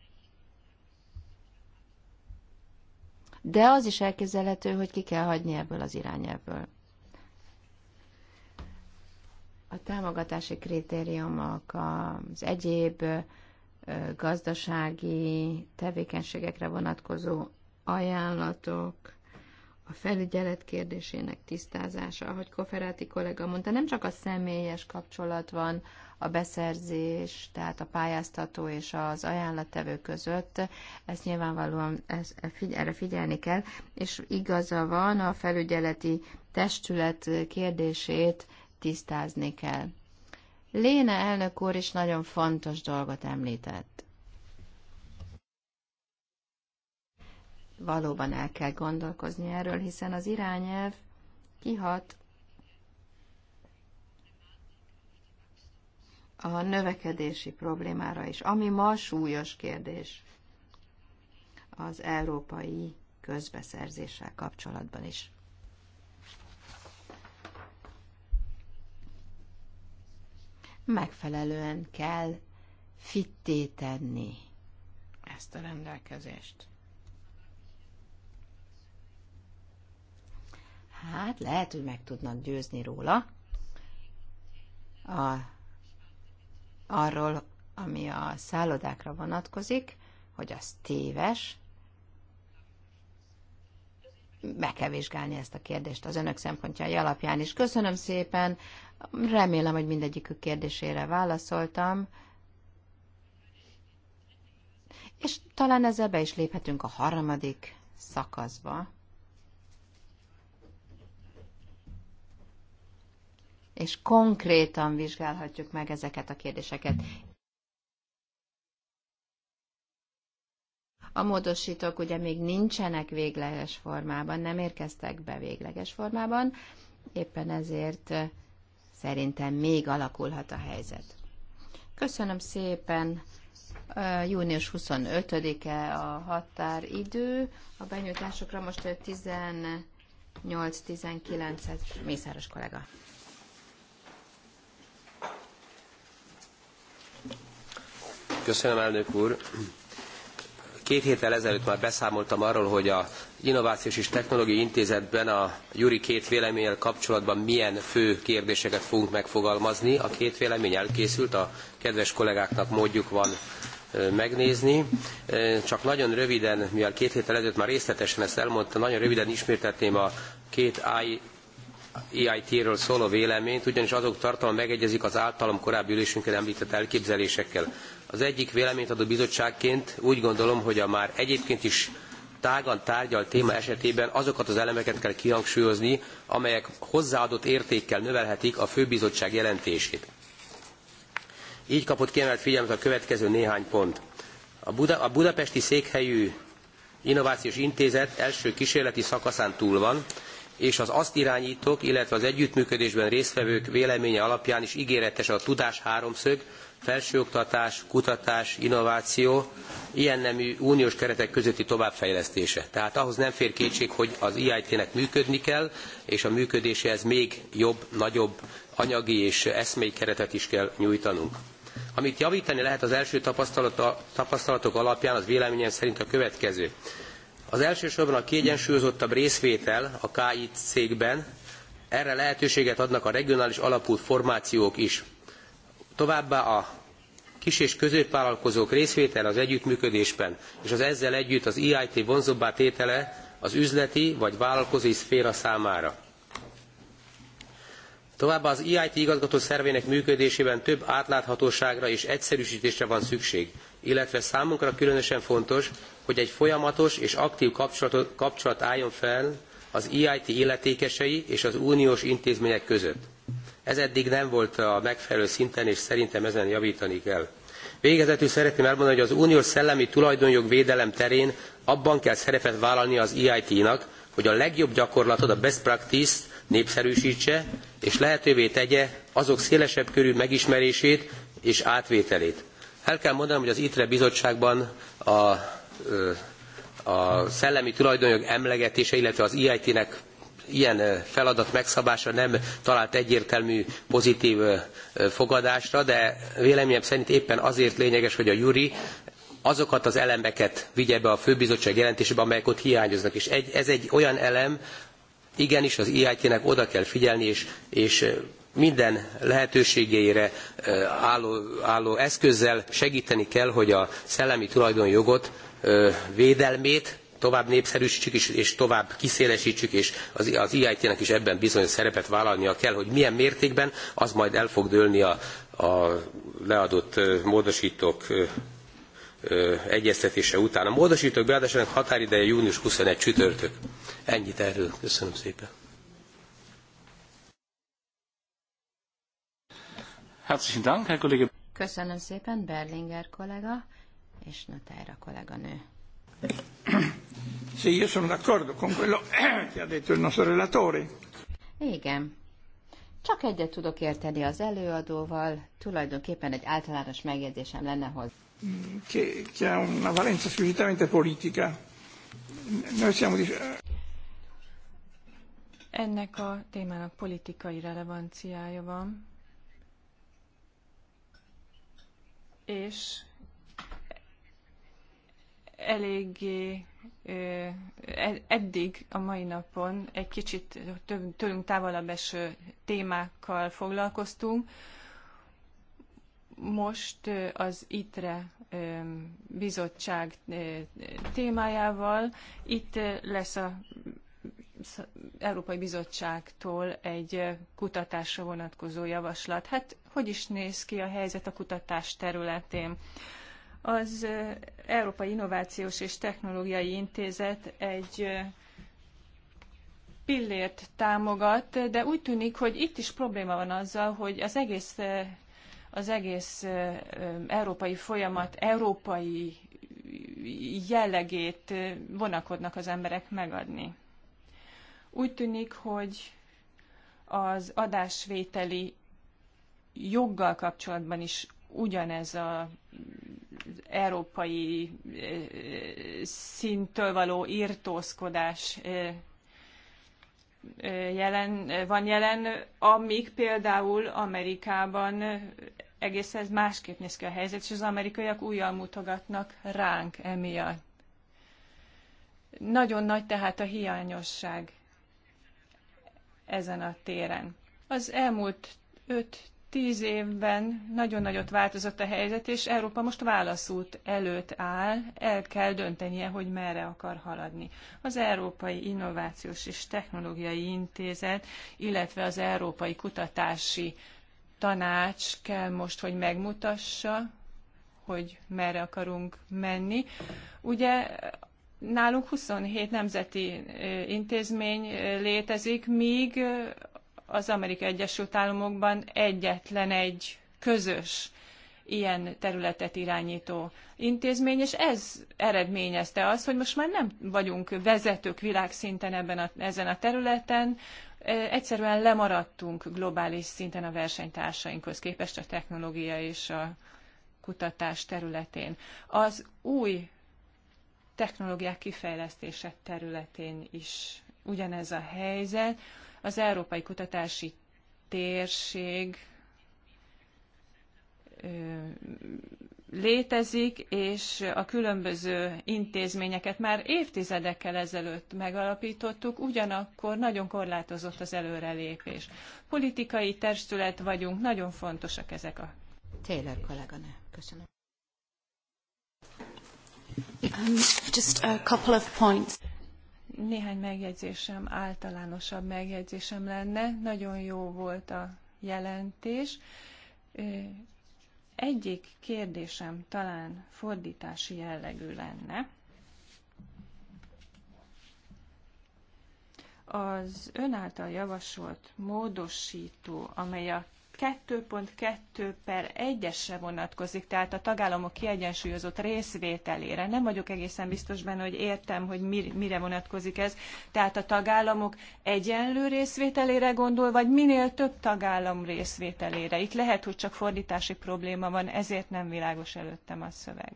De az is elképzelhető, hogy ki kell hagyni ebből az irányelvből a támogatási kritériumok, az egyéb gazdasági tevékenységekre vonatkozó ajánlatok, a felügyelet kérdésének tisztázása, ahogy Koferáti kollega mondta, nem csak a személyes kapcsolat van a beszerzés, tehát a pályáztató és az ajánlattevő között, ezt nyilvánvalóan ez, e erre figyelni kell, és igaza van, a felügyeleti testület kérdését tisztázni kell. Léne elnök úr is nagyon fontos dolgot említett. Valóban el kell gondolkozni erről, hiszen az irányelv kihat a növekedési problémára is, ami ma súlyos kérdés az európai közbeszerzéssel kapcsolatban is. megfelelően kell fitté tenni ezt a rendelkezést. Hát lehet, hogy meg tudnak győzni róla a, arról, ami a szállodákra vonatkozik, hogy az téves, meg kell vizsgálni ezt a kérdést az önök szempontjai alapján is. Köszönöm szépen Remélem, hogy mindegyikük kérdésére válaszoltam. És talán ezzel be is léphetünk a harmadik szakaszba. És konkrétan vizsgálhatjuk meg ezeket a kérdéseket. A módosítók ugye még nincsenek végleges formában, nem érkeztek be végleges formában, éppen ezért szerintem még alakulhat a helyzet. Köszönöm szépen. Június 25-e a határidő. A benyújtásokra most 18-19 Mészáros kollega. Köszönöm, elnök úr. Két héttel ezelőtt már beszámoltam arról, hogy a Innovációs és Technológiai Intézetben a Juri két véleménnyel kapcsolatban milyen fő kérdéseket fogunk megfogalmazni. A két vélemény elkészült, a kedves kollégáknak módjuk van megnézni. Csak nagyon röviden, mivel két héttel ezelőtt már részletesen ezt elmondta, nagyon röviden ismertetném a két AI EIT-ről szóló véleményt, ugyanis azok tartalma megegyezik az általam korábbi ülésünkön említett elképzelésekkel. Az egyik véleményt adó bizottságként úgy gondolom, hogy a már egyébként is tágan tárgyal téma esetében azokat az elemeket kell kihangsúlyozni, amelyek hozzáadott értékkel növelhetik a főbizottság jelentését. Így kapott kiemelt figyelmet a következő néhány pont. A, Buda, a budapesti székhelyű innovációs intézet első kísérleti szakaszán túl van, és az azt irányítók, illetve az együttműködésben résztvevők véleménye alapján is ígéretes a tudás háromszög, felsőoktatás, kutatás, innováció, ilyen nemű uniós keretek közötti továbbfejlesztése. Tehát ahhoz nem fér kétség, hogy az EIT-nek működni kell, és a működéséhez még jobb, nagyobb anyagi és eszmei keretet is kell nyújtanunk. Amit javítani lehet az első tapasztalatok alapján, az véleményem szerint a következő. Az elsősorban a kiegyensúlyozottabb részvétel a KI cégben, erre lehetőséget adnak a regionális alapú formációk is Továbbá a kis és középvállalkozók részvétele az együttműködésben és az ezzel együtt az EIT vonzóbbá tétele az üzleti vagy vállalkozói szféra számára. Továbbá az EIT igazgató szervének működésében több átláthatóságra és egyszerűsítésre van szükség, illetve számunkra különösen fontos, hogy egy folyamatos és aktív kapcsolat álljon fel az EIT illetékesei és az uniós intézmények között. Ez eddig nem volt a megfelelő szinten, és szerintem ezen javítani kell. Végezetül szeretném elmondani, hogy az uniós szellemi tulajdonjog védelem terén abban kell szerepet vállalni az EIT-nak, hogy a legjobb gyakorlatot, a best practice-t népszerűsítse, és lehetővé tegye azok szélesebb körű megismerését és átvételét. El kell mondanom, hogy az ITRE bizottságban a, a szellemi tulajdonjog emlegetése, illetve az EIT-nek ilyen feladat megszabása nem talált egyértelmű pozitív fogadásra, de véleményem szerint éppen azért lényeges, hogy a Juri azokat az elemeket vigye be a főbizottság jelentésébe, amelyek ott hiányoznak. És egy, ez egy olyan elem, igenis az IIT-nek oda kell figyelni, és, és minden lehetőségére álló, álló, eszközzel segíteni kell, hogy a szellemi tulajdonjogot védelmét tovább népszerűsítsük és, és tovább kiszélesítsük, és az, az IIT-nek is ebben bizony szerepet vállalnia kell, hogy milyen mértékben, az majd el fog dőlni a, a leadott módosítók egyeztetése után. A módosítók beadásának határideje június 21 csütörtök. Ennyit erről. Köszönöm szépen. Köszönöm szépen, Berlinger kollega és Natára kolléganő. Sì, io sono d'accordo con quello [COUGHS] che ha detto il nostro relatore. Igen. Csak egyet tudok érteni az előadóval, tulajdonképpen egy általános megjegyzésem lenne hozzá. Mm, che, che ha una valenza squisitamente politica. Noi siamo di... Ennek a témának politikai relevanciája van, és eléggé e, eddig a mai napon egy kicsit több, tőlünk távolabb eső témákkal foglalkoztunk. Most az ITRE bizottság témájával. Itt lesz a Európai Bizottságtól egy kutatásra vonatkozó javaslat. Hát hogy is néz ki a helyzet a kutatás területén? Az Európai Innovációs és Technológiai Intézet egy pillért támogat, de úgy tűnik, hogy itt is probléma van azzal, hogy az egész, az egész európai folyamat európai jellegét vonakodnak az emberek megadni. Úgy tűnik, hogy az adásvételi joggal kapcsolatban is ugyanez a európai szinttől való írtózkodás jelen, van jelen, amíg például Amerikában egész ez másképp néz ki a helyzet, és az amerikaiak újjal mutogatnak ránk emiatt. Nagyon nagy tehát a hiányosság ezen a téren. Az elmúlt tíz évben nagyon nagyot változott a helyzet, és Európa most válaszút előtt áll, el kell döntenie, hogy merre akar haladni. Az Európai Innovációs és Technológiai Intézet, illetve az Európai Kutatási Tanács kell most, hogy megmutassa, hogy merre akarunk menni. Ugye nálunk 27 nemzeti intézmény létezik, míg az Amerikai Egyesült Államokban egyetlen egy közös ilyen területet irányító intézmény, és ez eredményezte az, hogy most már nem vagyunk vezetők világszinten ebben a, ezen a területen, egyszerűen lemaradtunk globális szinten a versenytársainkhoz képest a technológia és a kutatás területén. Az új technológiák kifejlesztése területén is ugyanez a helyzet az európai kutatási térség létezik, és a különböző intézményeket már évtizedekkel ezelőtt megalapítottuk, ugyanakkor nagyon korlátozott az előrelépés. Politikai testület vagyunk, nagyon fontosak ezek a... Taylor kolléganő, köszönöm. Um, just a couple of points. Néhány megjegyzésem, általánosabb megjegyzésem lenne. Nagyon jó volt a jelentés. Egyik kérdésem talán fordítási jellegű lenne. Az ön által javasolt módosító, amely a 2.2 per 1-esre vonatkozik, tehát a tagállamok kiegyensúlyozott részvételére. Nem vagyok egészen biztos benne, hogy értem, hogy mire vonatkozik ez. Tehát a tagállamok egyenlő részvételére gondol, vagy minél több tagállam részvételére. Itt lehet, hogy csak fordítási probléma van, ezért nem világos előttem a szöveg.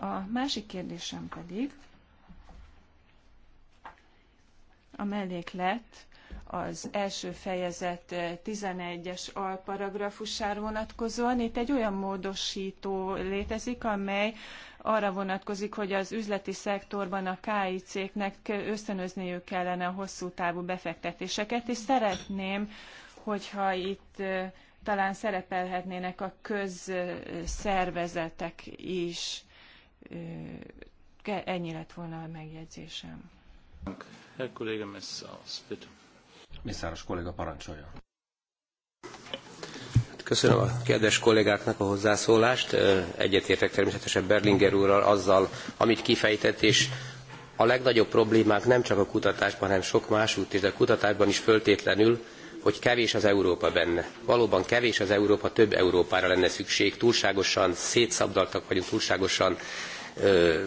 A másik kérdésem pedig a melléklet az első fejezet 11-es eh, alparagrafusára vonatkozóan. Itt egy olyan módosító létezik, amely arra vonatkozik, hogy az üzleti szektorban a KI cégnek ösztönözniük kellene a hosszú távú befektetéseket, és szeretném, hogyha itt eh, talán szerepelhetnének a közszervezetek is. Eh, ennyi lett volna a megjegyzésem. Herr Kollege Messers, bitte. Mészáros kolléga parancsolja. Köszönöm a kedves kollégáknak a hozzászólást. Egyetértek természetesen Berlinger úrral azzal, amit kifejtett, és a legnagyobb problémák nem csak a kutatásban, hanem sok más út, és a kutatásban is föltétlenül, hogy kevés az Európa benne. Valóban kevés az Európa, több Európára lenne szükség. Túlságosan szétszabdaltak vagyunk, túlságosan ö,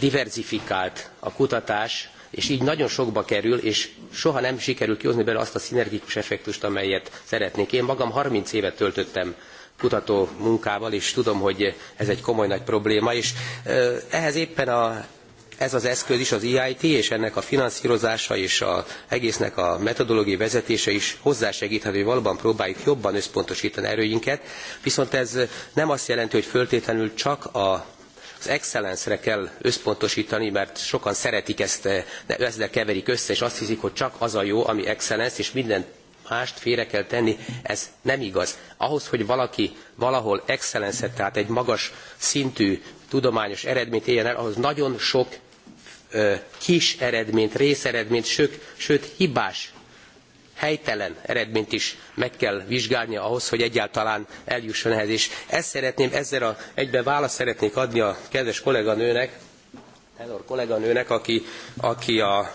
diversifikált a kutatás, és így nagyon sokba kerül, és soha nem sikerül kihozni belőle azt a szinergikus effektust, amelyet szeretnék. Én magam 30 évet töltöttem kutató munkával, és tudom, hogy ez egy komoly nagy probléma, és ehhez éppen a, ez az eszköz is, az EIT, és ennek a finanszírozása és a egésznek a metodológiai vezetése is hozzásegíthet, hogy valóban próbáljuk jobban összpontosítani erőinket, viszont ez nem azt jelenti, hogy föltétlenül csak a az excellence-re kell összpontosítani, mert sokan szeretik ezt, eh, ezzel keverik össze, és azt hiszik, hogy csak az a jó, ami excellence, és minden mást félre kell tenni, ez nem igaz. Ahhoz, hogy valaki valahol excellence tehát egy magas szintű tudományos eredményt éljen el, ahhoz nagyon sok ö, eh, kis eredményt, részeredményt, sőt, sőt hibás helytelen eredményt is meg kell vizsgálnia ahhoz, hogy egyáltalán eljusson ehhez. És ezt szeretném, ezzel a, egyben választ szeretnék adni a kedves kolléganőnek, Tenor kolléganőnek, aki, aki a,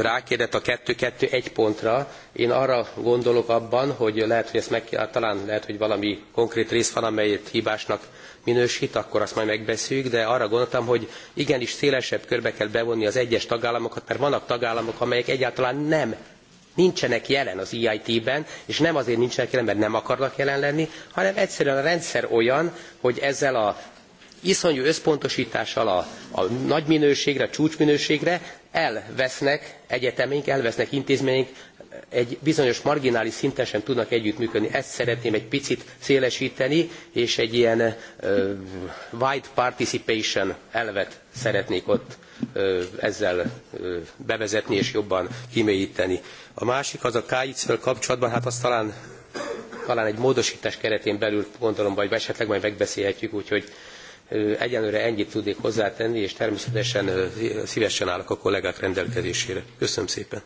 rákérdett a 2-2-1 pontra. Én arra gondolok abban, hogy lehet, hogy ezt meg kell, talán lehet, hogy valami konkrét rész van, amelyet hibásnak minősít, akkor azt majd megbeszéljük, de arra gondoltam, hogy igenis szélesebb körbe kell bevonni az egyes tagállamokat, mert vannak tagállamok, amelyek egyáltalán nem nincsenek jelen az EIT-ben, és nem azért nincsenek jelen, mert nem akarnak jelen lenni, hanem egyszerűen a rendszer olyan, hogy ezzel a iszonyú összpontosítással a, a nagy minőségre, a csúcsminőségre elvesznek egyetemeink, elvesznek intézményeink, egy bizonyos marginális szinten sem tudnak együttműködni. Ezt szeretném egy picit szélesíteni, és egy ilyen uh, wide participation elvet szeretnék ott ezzel bevezetni és jobban kimélyíteni. A másik az a KIC-vel kapcsolatban, hát azt talán, talán egy módosítás keretén belül gondolom, vagy esetleg majd megbeszélhetjük, úgyhogy egyelőre ennyit tudnék hozzátenni, és természetesen szívesen állok a kollégák rendelkezésére. Köszönöm szépen.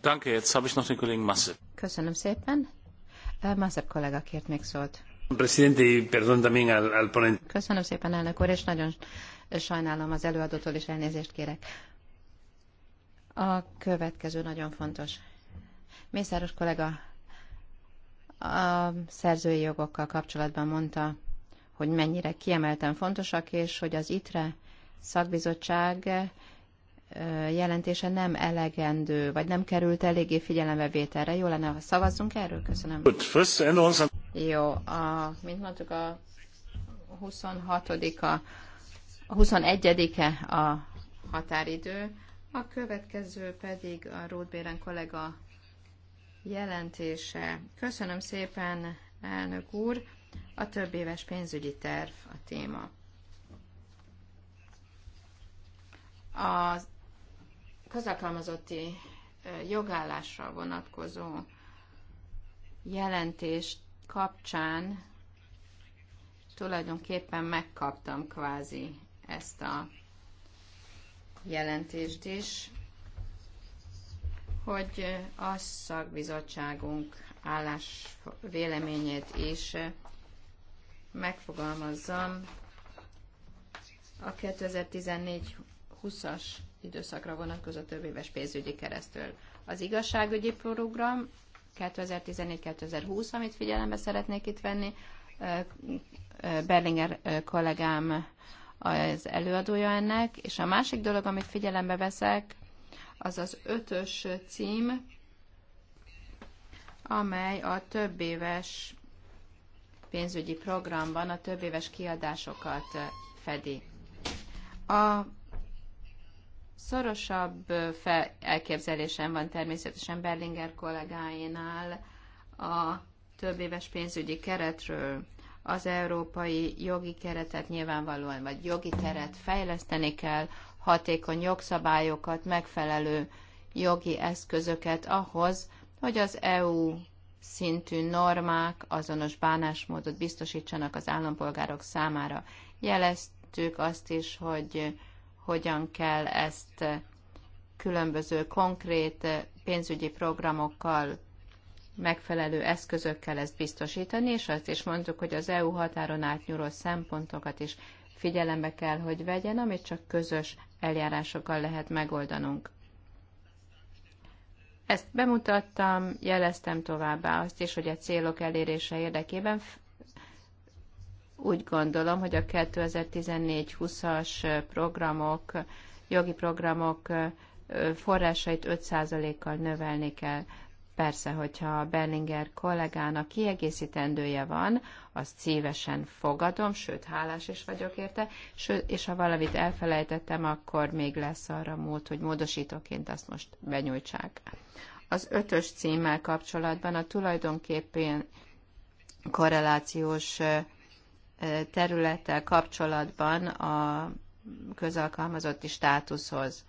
Danke, jetzt habe ich noch Köszönöm szépen. Masse kollega kért még szólt. Presidente, perdón también al, al Köszönöm szépen, elnök úr, és nagyon Sajnálom az előadótól is elnézést kérek. A következő nagyon fontos. Mészáros kollega a szerzői jogokkal kapcsolatban mondta, hogy mennyire kiemelten fontosak, és hogy az ITRE szakbizottság jelentése nem elegendő, vagy nem került eléggé vételre. Jó lenne, ha szavazzunk erről? Köszönöm. Jó, a, mint mondtuk, a 26-a a 21-e a határidő, a következő pedig a Ruth Béren kollega jelentése. Köszönöm szépen, elnök úr. A több éves pénzügyi terv a téma. A közalkalmazotti jogállásra vonatkozó jelentés kapcsán tulajdonképpen megkaptam kvázi ezt a jelentést is, hogy a szakbizottságunk állás véleményét is megfogalmazzam a 2014-20-as időszakra vonatkozó több éves pénzügyi keresztül. Az igazságügyi program 2014-2020, amit figyelembe szeretnék itt venni, Berlinger kollégám az előadója ennek, és a másik dolog, amit figyelembe veszek, az az ötös cím, amely a több éves pénzügyi programban a több éves kiadásokat fedi. A szorosabb elképzelésem van természetesen Berlinger kollégáinál a több éves pénzügyi keretről az európai jogi keretet nyilvánvalóan, vagy jogi keret fejleszteni kell, hatékony jogszabályokat, megfelelő jogi eszközöket ahhoz, hogy az EU szintű normák azonos bánásmódot biztosítsanak az állampolgárok számára. Jeleztük azt is, hogy hogyan kell ezt különböző konkrét pénzügyi programokkal megfelelő eszközökkel ezt biztosítani, és azt is mondtuk, hogy az EU határon átnyúló szempontokat is figyelembe kell, hogy vegyen, amit csak közös eljárásokkal lehet megoldanunk. Ezt bemutattam, jeleztem továbbá azt is, hogy a célok elérése érdekében úgy gondolom, hogy a 2014-20-as programok, jogi programok forrásait 5%-kal növelni kell. Persze, hogyha Berlinger kollégának kiegészítendője van, azt szívesen fogadom, sőt, hálás is vagyok érte, sőt, és ha valamit elfelejtettem, akkor még lesz arra mód, hogy módosítóként azt most benyújtsák. Az ötös címmel kapcsolatban a tulajdonképpen korrelációs területtel kapcsolatban a közalkalmazotti státuszhoz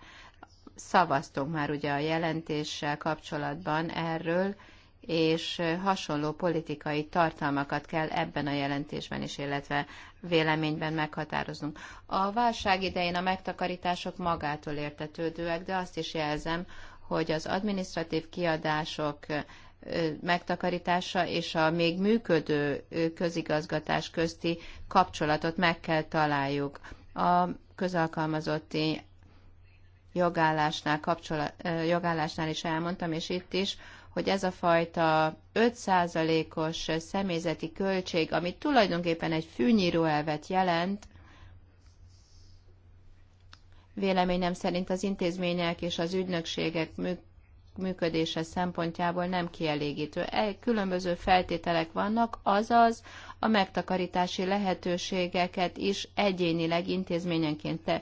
szavaztunk már ugye a jelentéssel kapcsolatban erről, és hasonló politikai tartalmakat kell ebben a jelentésben is, illetve véleményben meghatároznunk. A válság idején a megtakarítások magától értetődőek, de azt is jelzem, hogy az administratív kiadások megtakarítása és a még működő közigazgatás közti kapcsolatot meg kell találjuk. A közalkalmazotti jogállásnál, kapcsolat, jogállásnál is elmondtam, és itt is, hogy ez a fajta 5%-os személyzeti költség, ami tulajdonképpen egy fűnyíró elvet jelent, véleményem szerint az intézmények és az ügynökségek működése szempontjából nem kielégítő. E különböző feltételek vannak, azaz a megtakarítási lehetőségeket is egyénileg intézményenként te,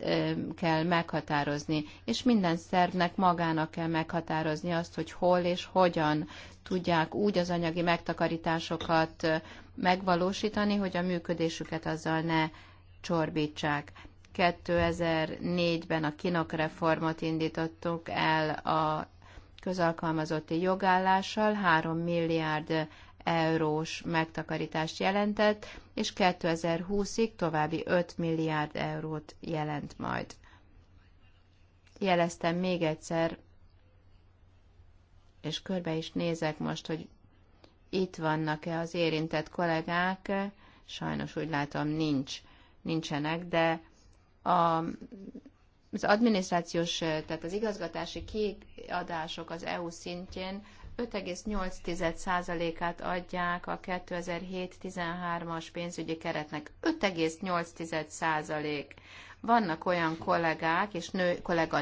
e, kell meghatározni, és minden szervnek magának kell meghatározni azt, hogy hol és hogyan tudják úgy az anyagi megtakarításokat e, megvalósítani, hogy a működésüket azzal ne csorbítsák. 2004-ben a kinok reformot indítottuk el a közalkalmazotti jogállással 3 milliárd eurós megtakarítást jelentett, és 2020-ig további 5 milliárd eurót jelent majd. Jeleztem még egyszer, és körbe is nézek most, hogy itt vannak-e az érintett kollégák, sajnos úgy látom nincs, nincsenek, de a az adminisztrációs, tehát az igazgatási kiadások az EU szintjén 5,8%-át adják a 2007-13-as pénzügyi keretnek. 5,8%. Vannak olyan kollégák és nő,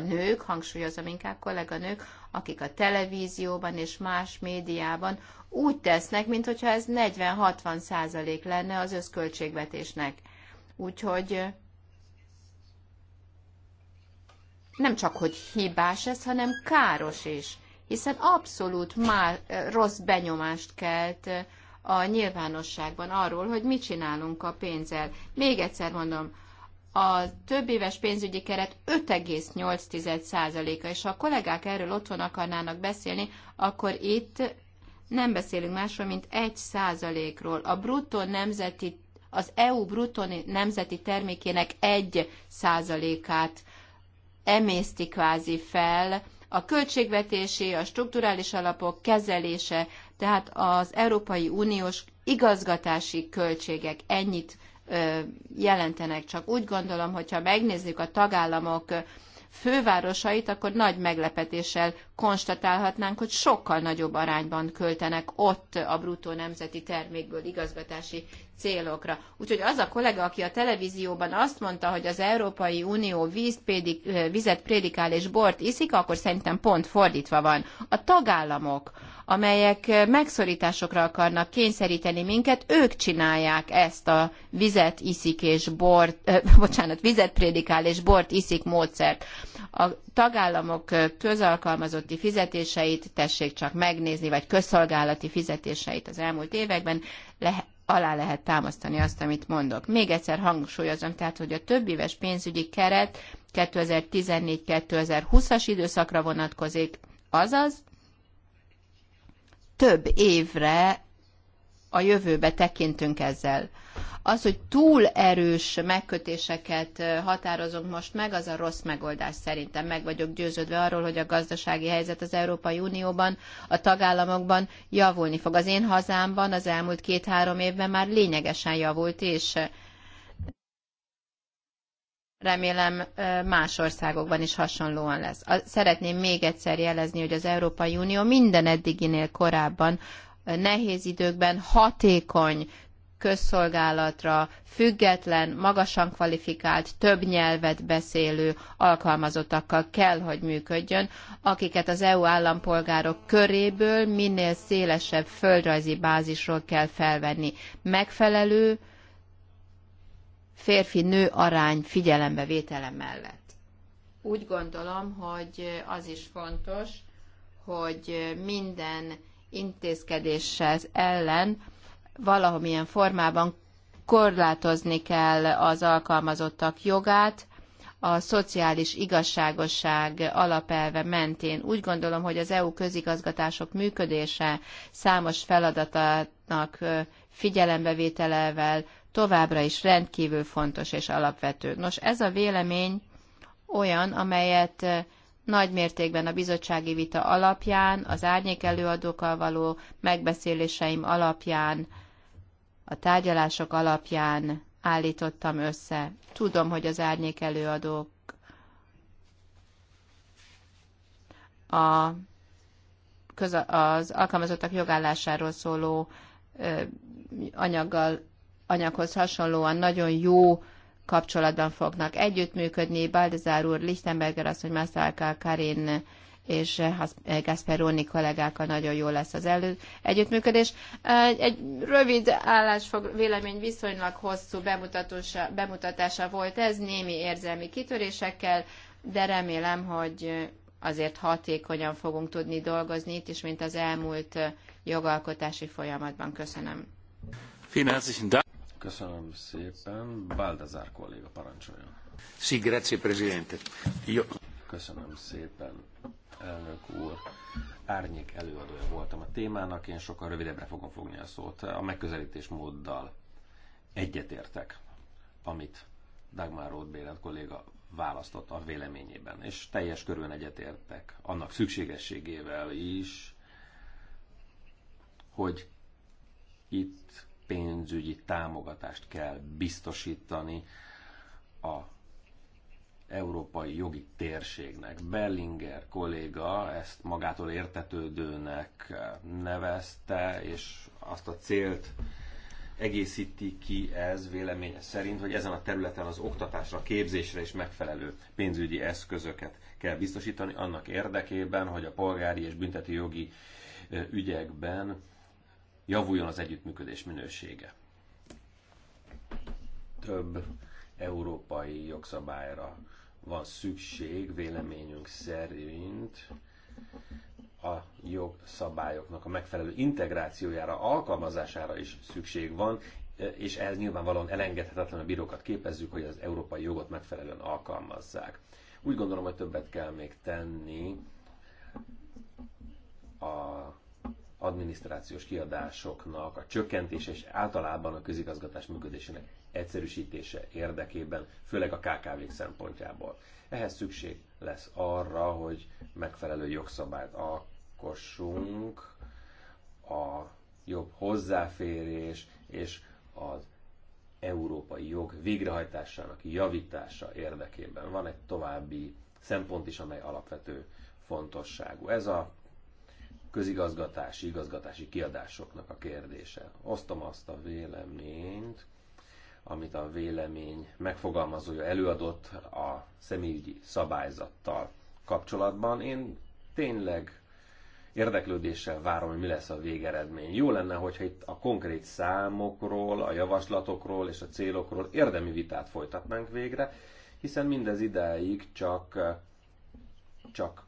nők hangsúlyozom inkább nők, akik a televízióban és más médiában úgy tesznek, mintha ez 40-60% lenne az összköltségvetésnek. Úgyhogy nem csak, hogy hibás ez, hanem káros is, hiszen abszolút már rossz benyomást kelt a nyilvánosságban arról, hogy mit csinálunk a pénzzel. Még egyszer mondom, a több éves pénzügyi keret 5,8%-a, és ha a kollégák erről otthon akarnának beszélni, akkor itt nem beszélünk másról, mint 1%-ról. A bruttó nemzeti, az EU bruttó nemzeti termékének 1%-át emészti kvázi fel a költségvetési, a strukturális alapok kezelése, tehát az Európai Uniós igazgatási költségek ennyit jelentenek. Csak úgy gondolom, hogyha megnézzük a tagállamok fővárosait, akkor nagy meglepetéssel konstatálhatnánk, hogy sokkal nagyobb arányban költenek ott a bruttó nemzeti termékből igazgatási célokra. Úgyhogy az a kollega, aki a televízióban azt mondta, hogy az Európai Unió víz prédik, vizet prédikál és bort iszik, akkor szerintem pont fordítva van. A tagállamok, amelyek megszorításokra akarnak kényszeríteni minket, ők csinálják ezt a vizet iszik és bort, eh, [LAUGHS] bocsánat, vizet prédikál és bort iszik módszert. A tagállamok közalkalmazott közszolgálati fizetéseit, tessék csak megnézni, vagy közszolgálati fizetéseit az elmúlt években, le, alá lehet támasztani azt, amit mondok. Még egyszer hangsúlyozom, tehát, hogy a több éves pénzügyi keret 2014-2020-as időszakra vonatkozik, azaz több évre a jövőbe tekintünk ezzel. Az, hogy túl erős megkötéseket határozunk most meg, az a rossz megoldás szerintem. Meg vagyok győződve arról, hogy a gazdasági helyzet az Európai Unióban, a tagállamokban javulni fog. Az én hazámban az elmúlt két-három évben már lényegesen javult, és remélem más országokban is hasonlóan lesz. Szeretném még egyszer jelezni, hogy az Európai Unió minden eddiginél korábban nehéz időkben hatékony közszolgálatra független, magasan kvalifikált, több nyelvet beszélő alkalmazottakkal kell, hogy működjön, akiket az EU állampolgárok köréből minél szélesebb földrajzi bázisról kell felvenni. Megfelelő férfi-nő arány vétele mellett. Úgy gondolom, hogy az is fontos, hogy minden intézkedéssel ellen valamilyen formában korlátozni kell az alkalmazottak jogát, a szociális igazságosság alapelve mentén. Úgy gondolom, hogy az EU közigazgatások működése számos feladatának figyelembevételevel továbbra is rendkívül fontos és alapvető. Nos, ez a vélemény olyan, amelyet nagy mértékben a bizottsági vita alapján, az árnyék előadókkal való megbeszéléseim alapján a tárgyalások alapján állítottam össze. Tudom, hogy az árnyék előadók a, köz az alkalmazottak jogállásáról szóló anyaggal, anyaghoz hasonlóan nagyon jó kapcsolatban fognak együttműködni. Baldezár úr, Lichtenberger asszony, Mászálká, Karin és eh, eh, Gasperoni kollégákkal nagyon jó lesz az elő, együttműködés. Egy, egy rövid állásfog, vélemény viszonylag hosszú bemutatása, bemutatása volt ez, némi érzelmi kitörésekkel, de remélem, hogy azért hatékonyan fogunk tudni dolgozni itt is, mint az elmúlt eh, jogalkotási folyamatban. Köszönöm. Köszönöm szépen. Baldazár kolléga parancsoljon. Sí, grazie, presidente. Köszönöm szépen elnök úr. Árnyék előadója voltam a témának, én sokkal rövidebbre fogom fogni a szót. A megközelítés móddal egyetértek, amit Dagmar Rothbélent kolléga választott a véleményében, és teljes körülön egyetértek annak szükségességével is, hogy itt pénzügyi támogatást kell biztosítani a európai jogi térségnek. Bellinger kolléga ezt magától értetődőnek nevezte, és azt a célt egészíti ki ez véleménye szerint, hogy ezen a területen az oktatásra, képzésre és megfelelő pénzügyi eszközöket kell biztosítani annak érdekében, hogy a polgári és bünteti jogi ügyekben javuljon az együttműködés minősége. Több európai jogszabályra van szükség véleményünk szerint a jogszabályoknak a megfelelő integrációjára, alkalmazására is szükség van, és ehhez nyilvánvalóan elengedhetetlen a bírókat képezzük, hogy az európai jogot megfelelően alkalmazzák. Úgy gondolom, hogy többet kell még tenni a adminisztrációs kiadásoknak a csökkentése és általában a közigazgatás működésének egyszerűsítése érdekében, főleg a KKV-k szempontjából. Ehhez szükség lesz arra, hogy megfelelő jogszabályt alkossunk a jobb hozzáférés és az európai jog végrehajtásának javítása érdekében. Van egy további szempont is, amely alapvető fontosságú. Ez a közigazgatási, igazgatási kiadásoknak a kérdése. Osztom azt a véleményt, amit a vélemény megfogalmazója előadott a személyügyi szabályzattal kapcsolatban. Én tényleg érdeklődéssel várom, hogy mi lesz a végeredmény. Jó lenne, hogyha itt a konkrét számokról, a javaslatokról és a célokról érdemi vitát folytatnánk végre, hiszen mindez idáig csak, csak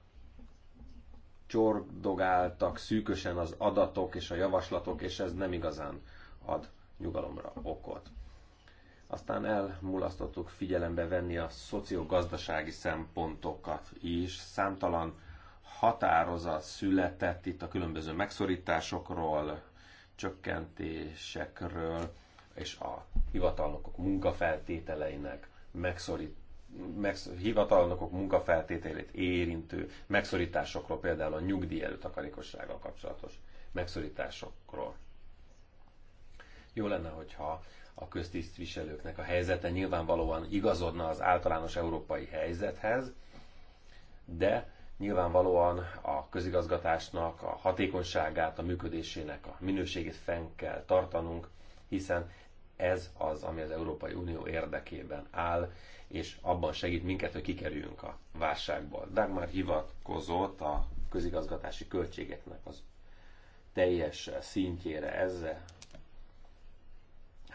csordogáltak szűkösen az adatok és a javaslatok, és ez nem igazán ad nyugalomra okot. Aztán elmulasztottuk figyelembe venni a szociogazdasági szempontokat is. Számtalan határozat született itt a különböző megszorításokról, csökkentésekről és a hivatalnokok munkafeltételeinek megszorít, hivatalnokok munkafeltételét érintő megszorításokról, például a nyugdíj előtakarékossággal kapcsolatos megszorításokról. Jó lenne, hogyha a köztisztviselőknek a helyzete nyilvánvalóan igazodna az általános európai helyzethez, de nyilvánvalóan a közigazgatásnak a hatékonyságát, a működésének a minőségét fenn kell tartanunk, hiszen ez az, ami az Európai Unió érdekében áll, és abban segít minket, hogy kikerüljünk a válságból. Dagmar hivatkozott a közigazgatási költségeknek az teljes szintjére ezzel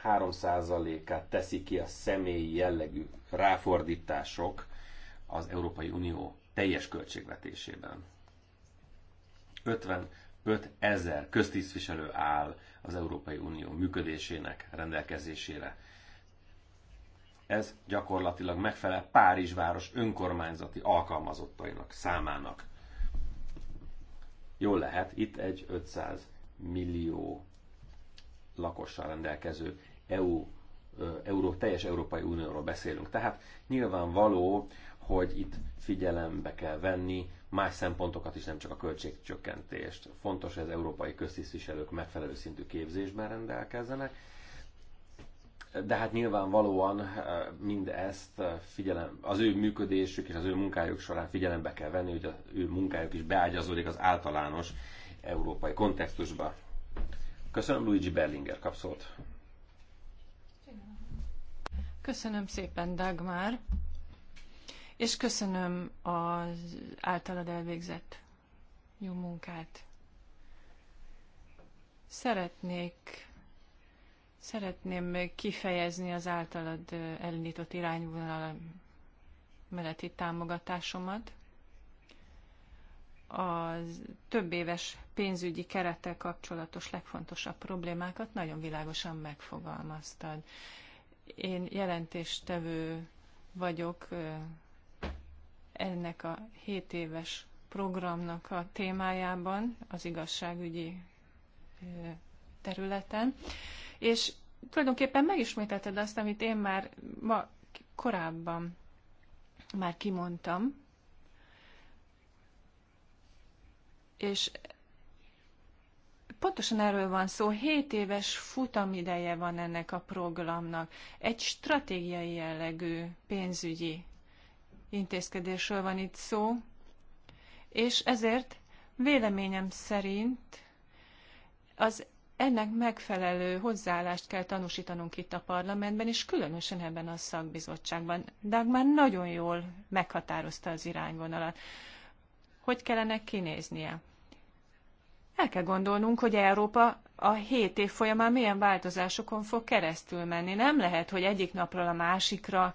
3%-át teszi ki a személyi jellegű ráfordítások az Európai Unió teljes költségvetésében. 55 ezer köztisztviselő áll az Európai Unió működésének rendelkezésére. Ez gyakorlatilag megfelel Párizs város önkormányzati alkalmazottainak számának. Jól lehet, itt egy 500 millió lakossal rendelkező EU, euró, teljes Európai Unióról beszélünk. Tehát nyilvánvaló, hogy itt figyelembe kell venni más szempontokat is, nem csak a költségcsökkentést. Fontos, hogy az európai köztisztviselők megfelelő szintű képzésben rendelkezzenek, de hát nyilvánvalóan eh, ezt eh, figyelem, az ő működésük és az ő munkájuk során figyelembe kell venni, hogy az ő munkájuk is beágyazódik az általános európai kontextusba. Köszönöm, Luigi Berlinger kapszót. Köszönöm szépen, Dagmar, és köszönöm az általad elvégzett jó munkát. Szeretnék Szeretném kifejezni az általad elindított irányvonal melletti támogatásomat. A több éves pénzügyi kerettel kapcsolatos legfontosabb problémákat nagyon világosan megfogalmaztad. Én jelentéstevő vagyok ennek a 7 éves programnak a témájában, az igazságügyi területen és tulajdonképpen megismételted azt, amit én már ma korábban már kimondtam, és pontosan erről van szó, 7 éves futamideje van ennek a programnak. Egy stratégiai jellegű pénzügyi intézkedésről van itt szó, és ezért véleményem szerint az ennek megfelelő hozzáállást kell tanúsítanunk itt a parlamentben, és különösen ebben a szakbizottságban. De már nagyon jól meghatározta az irányvonalat. Hogy kellene kinéznie? El kell gondolnunk, hogy Európa a hét év folyamán milyen változásokon fog keresztül menni. Nem lehet, hogy egyik napról a másikra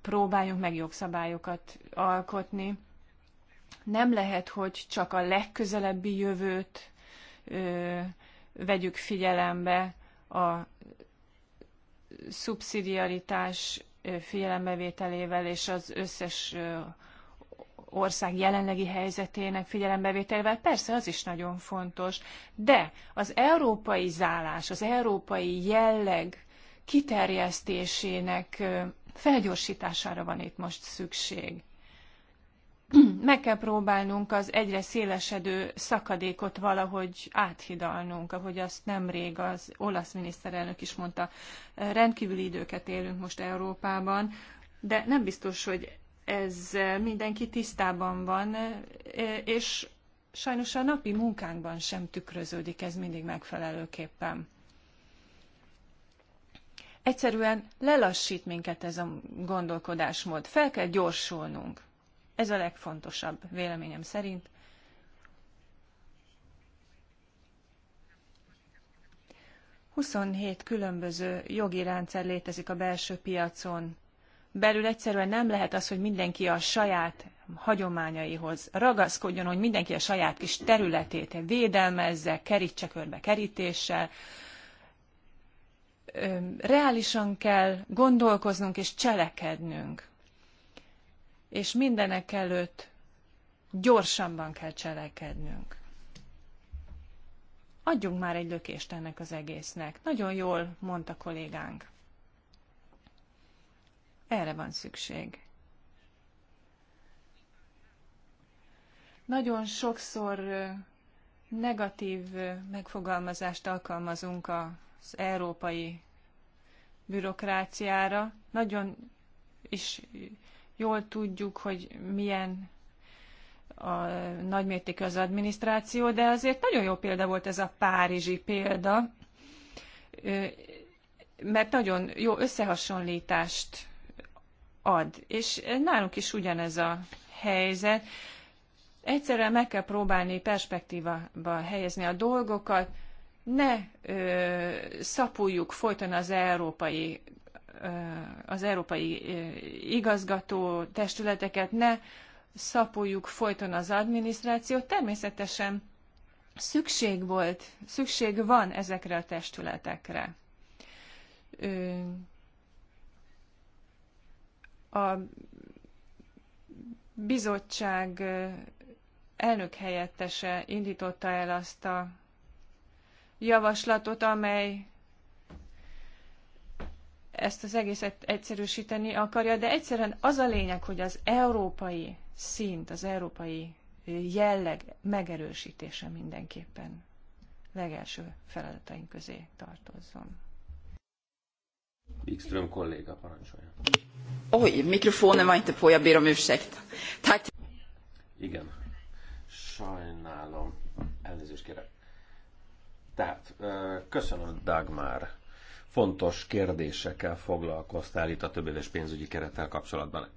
próbáljunk meg jogszabályokat alkotni. Nem lehet, hogy csak a legközelebbi jövőt ö, vegyük figyelembe a szubszidiaritás figyelembevételével és az összes ország jelenlegi helyzetének figyelembevételével. Persze az is nagyon fontos, de az európai zálás, az európai jelleg kiterjesztésének felgyorsítására van itt most szükség meg kell próbálnunk az egyre szélesedő szakadékot valahogy áthidalnunk, ahogy azt nemrég az olasz miniszterelnök is mondta. Rendkívüli időket élünk most Európában, de nem biztos, hogy ez mindenki tisztában van, és sajnos a napi munkánkban sem tükröződik ez mindig megfelelőképpen. Egyszerűen lelassít minket ez a gondolkodásmód, fel kell gyorsulnunk ez a legfontosabb véleményem szerint. Huszonhét különböző jogi rendszer létezik a belső piacon. Belül egyszerűen nem lehet az, hogy mindenki a saját hagyományaihoz ragaszkodjon, hogy mindenki a saját kis területét védelmezze, kerítse körbe kerítéssel, reálisan kell gondolkoznunk és cselekednünk és mindenek előtt gyorsabban kell cselekednünk. Adjunk már egy lökést ennek az egésznek. Nagyon jól mondta kollégánk. Erre van szükség. Nagyon sokszor negatív megfogalmazást alkalmazunk az európai bürokráciára. Nagyon is jól tudjuk, hogy milyen a nagymértékű az adminisztráció, de azért nagyon jó példa volt ez a párizsi példa, mert nagyon jó összehasonlítást ad. És nálunk is ugyanez a helyzet. Egyszerűen meg kell próbálni perspektívába helyezni a dolgokat, ne ö, szapuljuk folyton az európai az európai igazgató testületeket ne szapoljuk folyton az adminisztrációt. Természetesen szükség volt, szükség van ezekre a testületekre. A bizottság elnök helyettese indította el azt a javaslatot, amely ezt az egészet egyszerűsíteni akarja, de egyszerűen az a lényeg, hogy az európai szint, az európai jelleg megerősítése mindenképpen legelső feladataink közé tartozzon. Wikström kolléga parancsolja. Oj, mikrofonen van inte på, jag ber om ursäkt. Igen. Sajnálom. Elnézést kérek. Tehát, köszönöm Dagmar fontos kérdésekkel foglalkoztál itt a többéves pénzügyi kerettel kapcsolatban.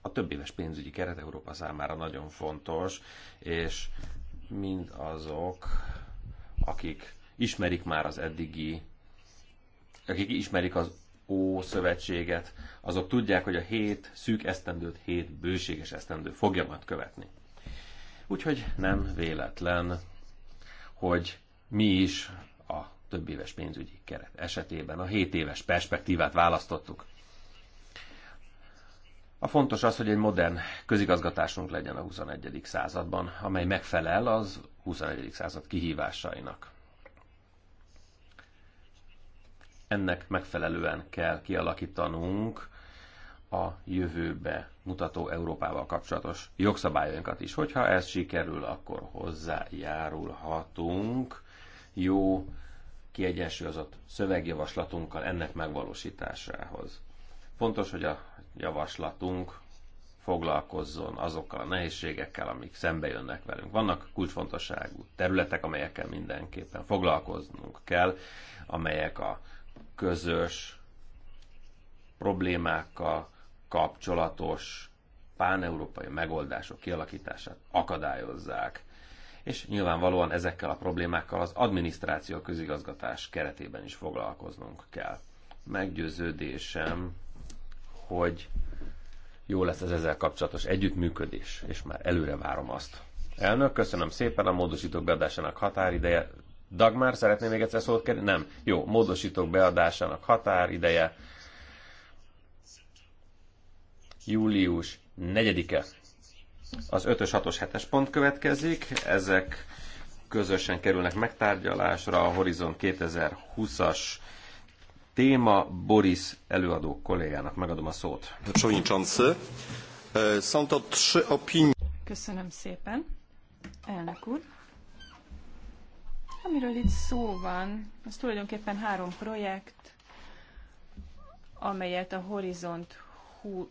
A többéves pénzügyi keret Európa számára nagyon fontos, és mind azok, akik ismerik már az eddigi, akik ismerik az Ó szövetséget, azok tudják, hogy a hét szűk esztendőt hét bőséges esztendő fogja majd követni. Úgyhogy nem véletlen, hogy mi is több éves pénzügyi keret esetében a 7 éves perspektívát választottuk. A fontos az, hogy egy modern közigazgatásunk legyen a 21. században, amely megfelel az 21. század kihívásainak. Ennek megfelelően kell kialakítanunk a jövőbe mutató Európával kapcsolatos jogszabályainkat is. Hogyha ez sikerül, akkor hozzájárulhatunk jó kiegyensúlyozott szövegjavaslatunkkal ennek megvalósításához. Fontos, hogy a javaslatunk foglalkozzon azokkal a nehézségekkel, amik szembe jönnek velünk. Vannak kulcsfontosságú területek, amelyekkel mindenképpen foglalkoznunk kell, amelyek a közös problémákkal kapcsolatos páneurópai megoldások kialakítását akadályozzák és nyilvánvalóan ezekkel a problémákkal az adminisztráció közigazgatás keretében is foglalkoznunk kell. Meggyőződésem, hogy jó lesz ez ezzel kapcsolatos együttműködés, és már előre várom azt. Elnök, köszönöm szépen a módosítók beadásának határideje. Dagmar, szeretné még egyszer szót kérni? Nem. Jó, módosítók beadásának határideje. Július 4-e az 5-ös, 6-os, 7-es pont következik. Ezek közösen kerülnek megtárgyalásra a Horizon 2020-as téma. Boris előadó kollégának megadom a szót. E, Köszönöm szépen, elnök úr. Amiről itt szó van, az tulajdonképpen három projekt, amelyet a Horizont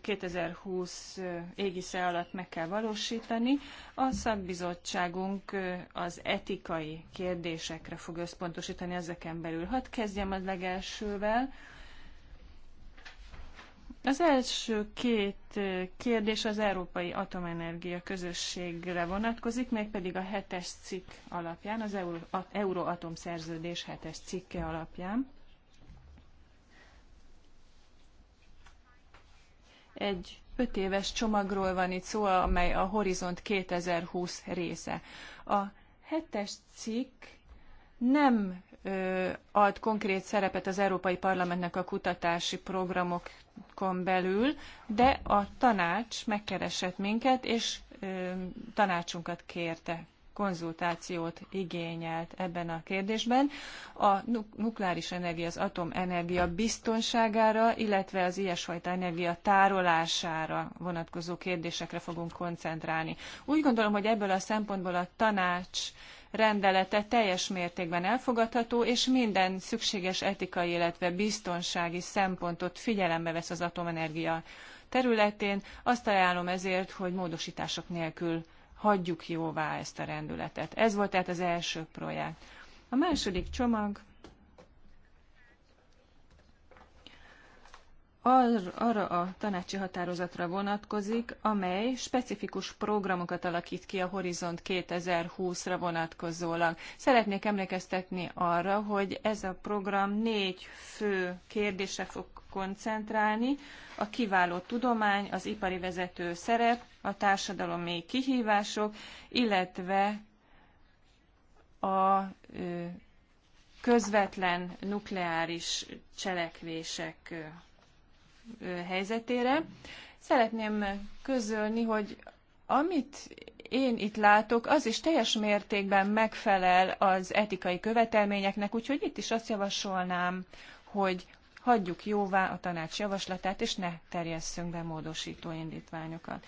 2020 égisze alatt meg kell valósítani. A szakbizottságunk az etikai kérdésekre fog összpontosítani ezeken belül. Hadd kezdjem a legelsővel. Az első két kérdés az Európai Atomenergia Közösségre vonatkozik, mégpedig a hetes cikk alapján, az Euro, Euróatom szerződés hetes cikke alapján. Egy öt éves csomagról van itt szó, amely a Horizont 2020 része. A hetes cikk nem ad konkrét szerepet az Európai Parlamentnek a kutatási programokon belül, de a tanács megkeresett minket, és tanácsunkat kérte konzultációt igényelt ebben a kérdésben. A nukleáris energia, az atomenergia biztonságára, illetve az ilyesfajta energia tárolására vonatkozó kérdésekre fogunk koncentrálni. Úgy gondolom, hogy ebből a szempontból a tanács rendelete teljes mértékben elfogadható, és minden szükséges etikai, illetve biztonsági szempontot figyelembe vesz az atomenergia területén. Azt ajánlom ezért, hogy módosítások nélkül hagyjuk jóvá ezt a rendületet. Ez volt tehát az első projekt. A második csomag arra a tanácsi határozatra vonatkozik, amely specifikus programokat alakít ki a Horizont 2020-ra vonatkozólag. Szeretnék emlékeztetni arra, hogy ez a program négy fő kérdése fog koncentrálni, a kiváló tudomány, az ipari vezető szerep, a társadalomi kihívások, illetve a közvetlen nukleáris cselekvések helyzetére. Szeretném közölni, hogy amit én itt látok, az is teljes mértékben megfelel az etikai követelményeknek, úgyhogy itt is azt javasolnám, hogy hagyjuk jóvá a tanács javaslatát, és ne terjesszünk be módosító indítványokat.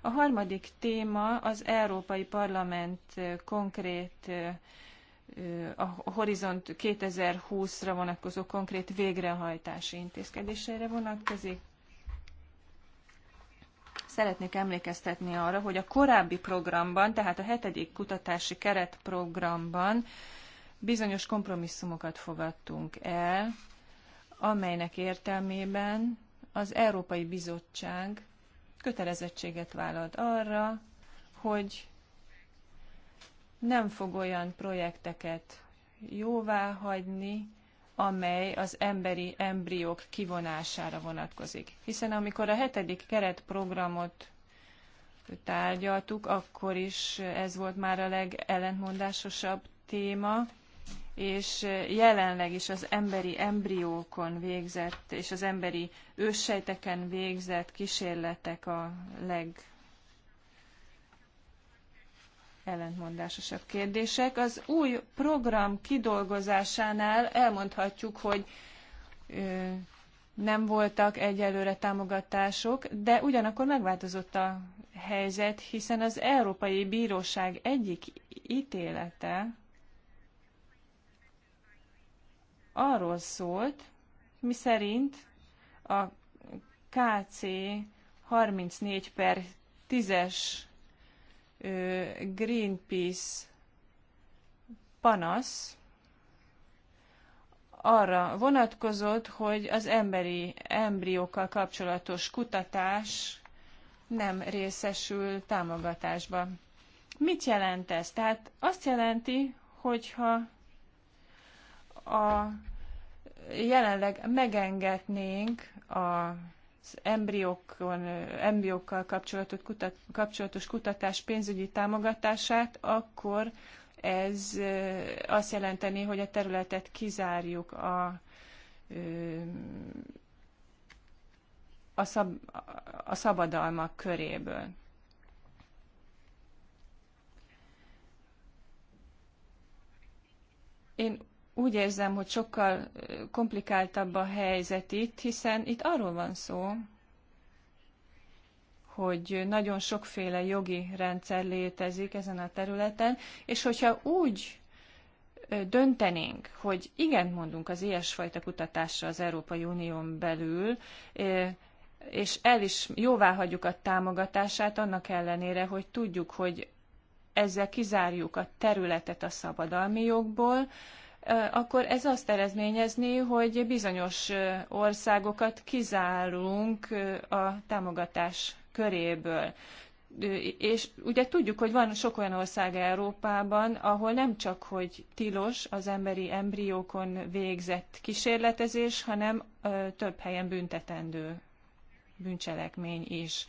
A harmadik téma az Európai Parlament konkrét a Horizont 2020-ra vonatkozó konkrét végrehajtási intézkedéseire vonatkozik. Szeretnék emlékeztetni arra, hogy a korábbi programban, tehát a hetedik kutatási keretprogramban bizonyos kompromisszumokat fogadtunk el, amelynek értelmében az Európai Bizottság kötelezettséget vállalt arra, hogy nem fog olyan projekteket jóvá hagyni, amely az emberi embriók kivonására vonatkozik. Hiszen amikor a hetedik keretprogramot tárgyaltuk, akkor is ez volt már a legellentmondásosabb téma, és jelenleg is az emberi embriókon végzett és az emberi őssejteken végzett kísérletek a leg ellentmondásosabb kérdések. Az új program kidolgozásánál elmondhatjuk, hogy ö, nem voltak egyelőre támogatások, de ugyanakkor megváltozott a helyzet, hiszen az Európai Bíróság egyik ítélete arról szólt, miszerint a KC 34 per 10-es Greenpeace panasz arra vonatkozott, hogy az emberi embriókkal kapcsolatos kutatás nem részesül támogatásba. Mit jelent ez? Tehát azt jelenti, hogyha a jelenleg megengednénk a embriókon, embriókkal kapcsolatot kutat, kapcsolatos kutatás pénzügyi támogatását, akkor ez azt jelenteni, hogy a területet kizárjuk a, a, szab, a szabadalmak köréből. Én úgy érzem, hogy sokkal komplikáltabb a helyzet itt, hiszen itt arról van szó, hogy nagyon sokféle jogi rendszer létezik ezen a területen, és hogyha úgy döntenénk, hogy igen mondunk az ilyesfajta kutatásra az Európai Unión belül, és el is jóvá hagyjuk a támogatását, annak ellenére, hogy tudjuk, hogy ezzel kizárjuk a területet a szabadalmi jogból, akkor ez azt eredményezni, hogy bizonyos országokat kizárunk a támogatás köréből és ugye tudjuk, hogy van sok olyan ország Európában, ahol nem csak, hogy tilos az emberi embriókon végzett kísérletezés, hanem több helyen büntetendő bűncselekmény is.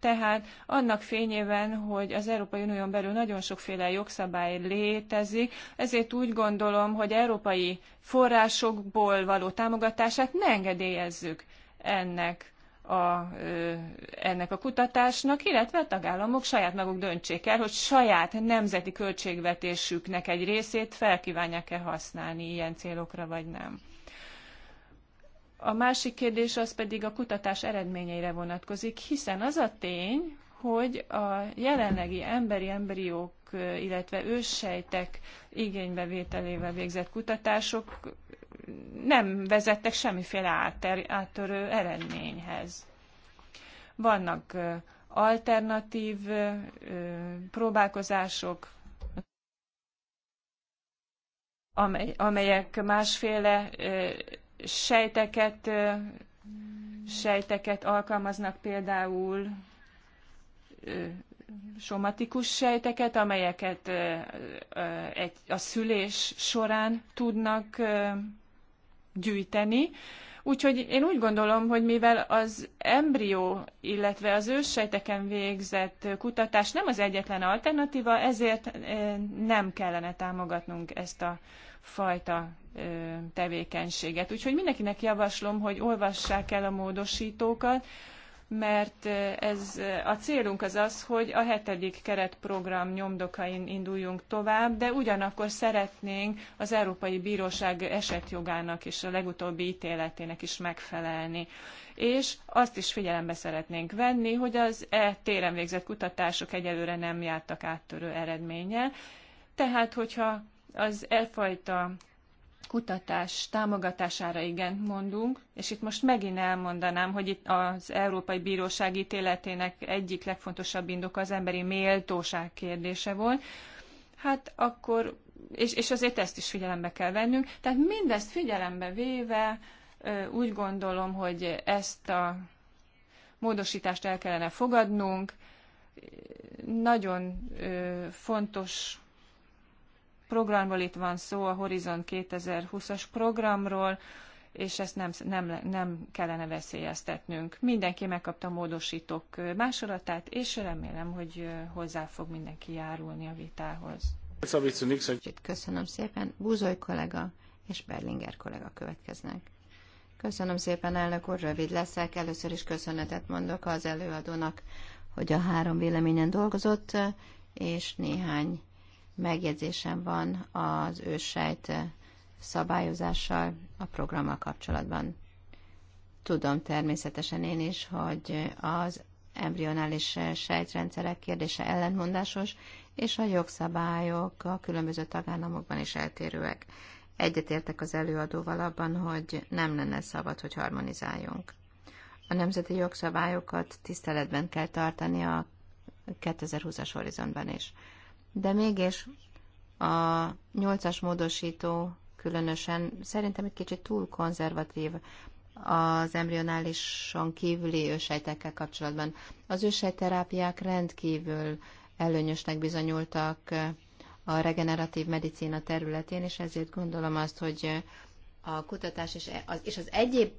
Tehát annak fényében, hogy az Európai Unión belül nagyon sokféle jogszabály létezik, ezért úgy gondolom, hogy európai forrásokból való támogatását ne engedélyezzük ennek a, ennek a kutatásnak, illetve a tagállamok saját maguk döntsék el, hogy saját nemzeti költségvetésüknek egy részét felkívánják-e használni ilyen célokra, vagy nem. A másik kérdés az pedig a kutatás eredményeire vonatkozik, hiszen az a tény, hogy a jelenlegi emberi embriók, illetve őssejtek igénybevételével végzett kutatások nem vezettek semmiféle átter, áttörő eredményhez. Vannak alternatív próbálkozások, amelyek másféle sejteket, sejteket alkalmaznak például somatikus sejteket, amelyeket a szülés során tudnak gyűjteni. Úgyhogy én úgy gondolom, hogy mivel az embrió, illetve az őssejteken végzett kutatás nem az egyetlen alternatíva, ezért nem kellene támogatnunk ezt a fajta tevékenységet. Úgyhogy mindenkinek javaslom, hogy olvassák el a módosítókat, mert ez a célunk az az, hogy a hetedik keretprogram nyomdokain induljunk tovább, de ugyanakkor szeretnénk az Európai Bíróság esetjogának és a legutóbbi ítéletének is megfelelni. És azt is figyelembe szeretnénk venni, hogy az e téren végzett kutatások egyelőre nem jártak áttörő eredménnyel, tehát hogyha az elfajta kutatás támogatására igen mondunk, és itt most megint elmondanám, hogy itt az Európai Bíróság ítéletének egyik legfontosabb indok az emberi méltóság kérdése volt, hát akkor, és, és azért ezt is figyelembe kell vennünk, tehát mindezt figyelembe véve úgy gondolom, hogy ezt a módosítást el kellene fogadnunk, nagyon fontos programról, itt van szó a Horizon 2020-as programról, és ezt nem, nem, nem kellene veszélyeztetnünk. Mindenki megkapta a módosítók másolatát, és remélem, hogy hozzá fog mindenki járulni a vitához. Köszönöm szépen. Búzoly kollega és Berlinger kollega következnek. Köszönöm szépen, elnök úr, rövid leszek. Először is köszönetet mondok az előadónak, hogy a három véleményen dolgozott, és néhány megjegyzésem van az őssejt szabályozással a programmal kapcsolatban. Tudom természetesen én is, hogy az embrionális sejtrendszerek kérdése ellentmondásos, és a jogszabályok a különböző tagállamokban is eltérőek. Egyetértek az előadóval abban, hogy nem lenne szabad, hogy harmonizáljunk. A nemzeti jogszabályokat tiszteletben kell tartani a 2020-as horizontban is de mégis a nyolcas módosító különösen szerintem egy kicsit túl konzervatív az embrionálisan kívüli ősejtekkel kapcsolatban. Az ősejterápiák rendkívül előnyösnek bizonyultak a regeneratív medicína területén, és ezért gondolom azt, hogy a kutatás és az, és az egyéb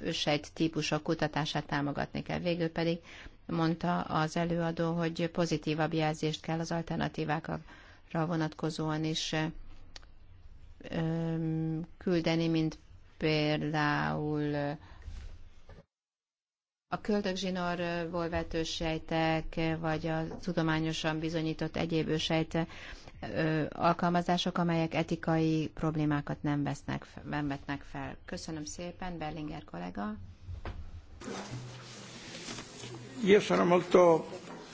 ősejt típusok kutatását támogatni kell. Végül pedig mondta az előadó, hogy pozitívabb jelzést kell az alternatívákra vonatkozóan is küldeni, mint például a köldögzsinórból vető sejtek, vagy a tudományosan bizonyított egyéb ősejt alkalmazások, amelyek etikai problémákat nem, vesznek, nem vetnek fel. Köszönöm szépen, Berlinger kollega io sono molto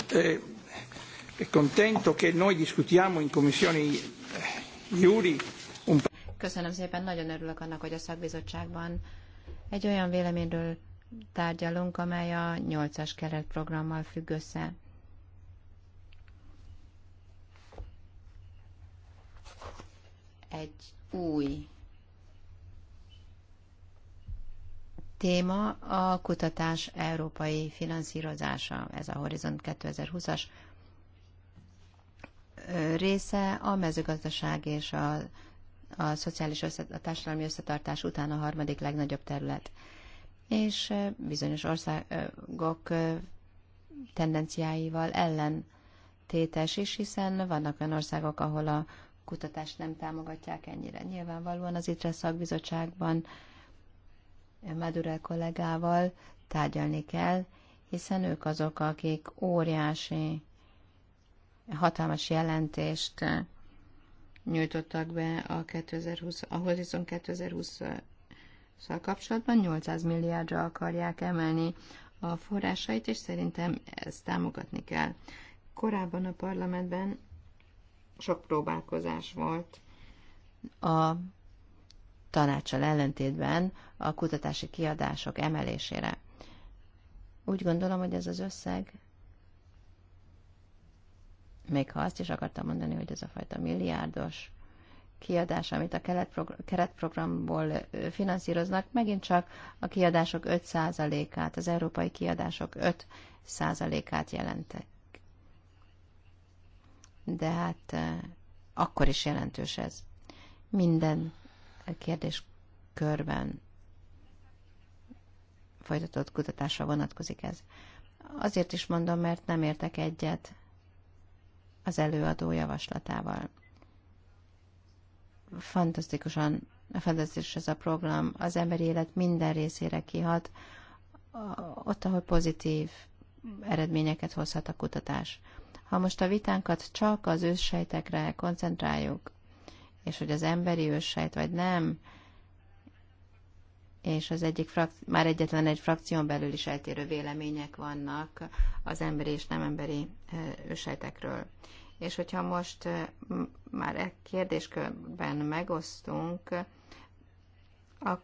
eh, contento che noi discutiamo in Commissione Juri eh, un... Köszönöm szépen, nagyon örülök annak, hogy a szakbizottságban egy olyan véleményről tárgyalunk, amely a 8-as keretprogrammal függ össze. Egy új téma a kutatás európai finanszírozása, ez a Horizont 2020-as része a mezőgazdaság és a, a szociális össze, a társadalmi összetartás után a harmadik legnagyobb terület. És bizonyos országok tendenciáival ellentétes is, hiszen vannak olyan országok, ahol a kutatást nem támogatják ennyire. Nyilvánvalóan az ITRE szakbizottságban Madurel kollégával tárgyalni kell, hiszen ők azok, akik óriási, hatalmas jelentést nyújtottak be a, 2020, a Horizon 2020 szal kapcsolatban 800 milliárdra akarják emelni a forrásait, és szerintem ezt támogatni kell. Korábban a parlamentben sok próbálkozás volt a tanácsal ellentétben a kutatási kiadások emelésére. Úgy gondolom, hogy ez az összeg, még ha azt is akartam mondani, hogy ez a fajta milliárdos kiadás, amit a keretprogramból finanszíroznak, megint csak a kiadások 5%-át, az európai kiadások 5%-át jelentek. De hát akkor is jelentős ez. Minden kérdéskörben folytatott kutatásra vonatkozik ez. Azért is mondom, mert nem értek egyet az előadó javaslatával. Fantasztikusan, fantasztikus ez a program, az emberi élet minden részére kihat, ott, ahol pozitív eredményeket hozhat a kutatás. Ha most a vitánkat csak az őssejtekre koncentráljuk, és hogy az emberi őssejt vagy nem, és az egyik frak- már egyetlen egy frakción belül is eltérő vélemények vannak az emberi és nem emberi ősejtekről. És hogyha most már e kérdéskörben megosztunk, akkor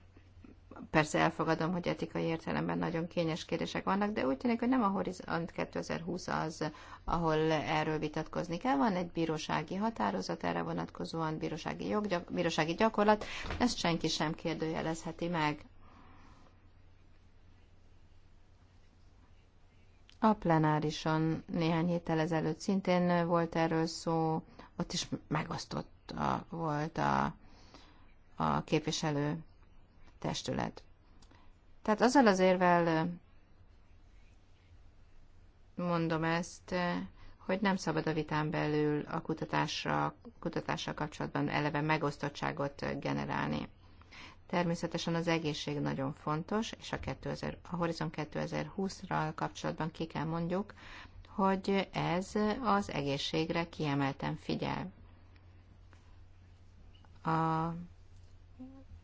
persze elfogadom, hogy etikai értelemben nagyon kényes kérdések vannak, de úgy tűnik, hogy nem a Horizont 2020 az, ahol erről vitatkozni kell. Van egy bírósági határozat erre vonatkozóan, bírósági, jog, bírósági gyakorlat, ezt senki sem kérdőjelezheti meg. A plenárison néhány héttel ezelőtt szintén volt erről szó, ott is megosztott a, volt a, a képviselő testület. Tehát azzal az érvel mondom ezt, hogy nem szabad a vitán belül a kutatásra, kutatással kapcsolatban eleve megosztottságot generálni. Természetesen az egészség nagyon fontos, és a, 2000, a Horizon 2020-ra kapcsolatban ki kell mondjuk, hogy ez az egészségre kiemelten figyel. A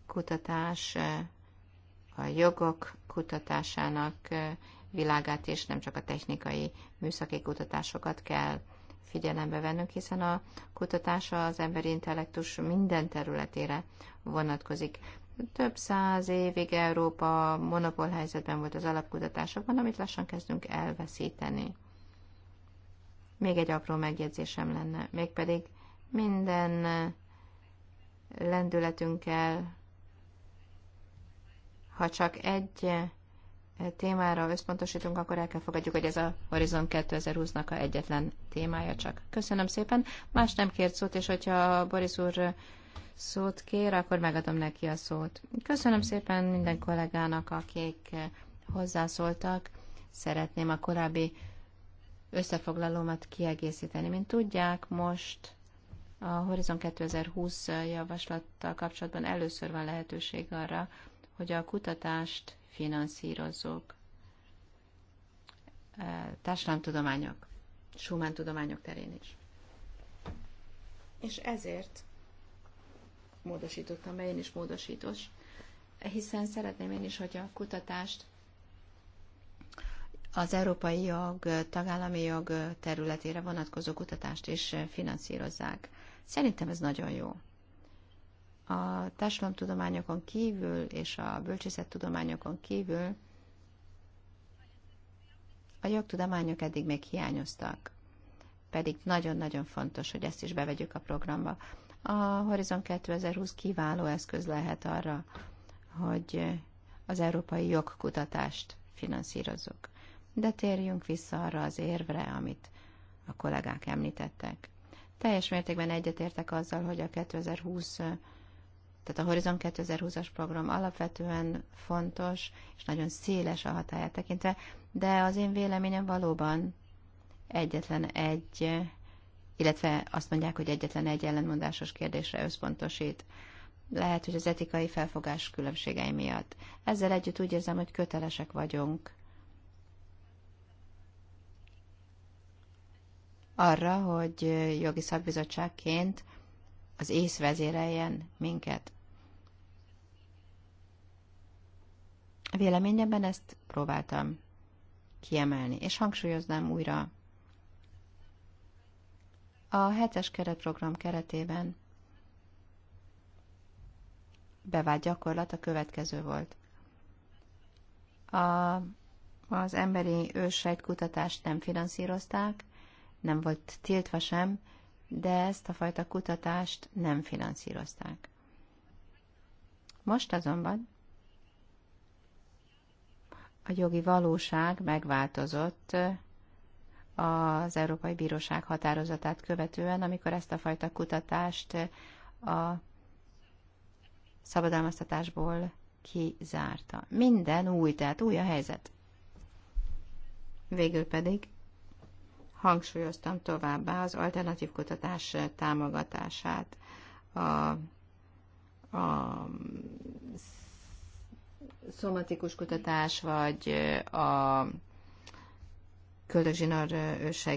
kutatás eh, a jogok kutatásának eh, világát, és nem csak a technikai műszaki kutatásokat kell figyelembe vennünk, hiszen a kutatása az emberi intellektus minden területére vonatkozik. Több száz évig Európa monopól helyzetben volt az alapkutatásokban, amit lassan kezdünk elveszíteni. Még egy apró megjegyzésem lenne, mégpedig minden eh, lendületünkkel ha csak egy eh, témára összpontosítunk, akkor el kell fogadjuk, hogy ez a Horizon 2020-nak a egyetlen témája csak. Köszönöm szépen. Más nem kért szót, és hogyha Boris úr eh, szót kér, akkor megadom neki a szót. Köszönöm szépen minden kollégának, akik eh, hozzászóltak. Szeretném a korábbi összefoglalómat kiegészíteni. Mint tudják, most a Horizon 2020 javaslattal kapcsolatban először van lehetőség arra, hogy a kutatást finanszírozzuk. E, társadalomtudományok, Schumann tudományok terén is. És ezért módosítottam, mert én is módosítos, hiszen szeretném én is, hogy a kutatást az európai jog, tagállami jog területére vonatkozó kutatást is finanszírozzák. Szerintem ez nagyon jó a társadalomtudományokon kívül és a bölcsészettudományokon kívül a jogtudományok eddig még hiányoztak, pedig nagyon-nagyon fontos, hogy ezt is bevegyük a programba. A Horizon 2020 kiváló eszköz lehet arra, hogy az európai jogkutatást finanszírozzuk. De térjünk vissza arra az érvre, amit a kollégák említettek. Teljes mértékben egyetértek azzal, hogy a 2020 tehát a Horizon 2020-as program alapvetően fontos, és nagyon széles a hatáját tekintve, de az én véleményem valóban egyetlen egy, illetve azt mondják, hogy egyetlen egy ellenmondásos kérdésre összpontosít. Lehet, hogy az etikai felfogás különbségei miatt. Ezzel együtt úgy érzem, hogy kötelesek vagyunk arra, hogy jogi szakbizottságként az ész vezéreljen minket. Véleményemben ezt próbáltam kiemelni, és hangsúlyoznám újra. A hetes keretprogram keretében bevált gyakorlat a következő volt. A, az emberi kutatást nem finanszírozták, nem volt tiltva sem, de ezt a fajta kutatást nem finanszírozták. Most azonban a jogi valóság megváltozott az Európai Bíróság határozatát követően, amikor ezt a fajta kutatást a szabadalmaztatásból kizárta. Minden új, tehát új a helyzet. Végül pedig hangsúlyoztam továbbá az alternatív kutatás támogatását, a, a szomatikus kutatás, vagy a Köldögzsinar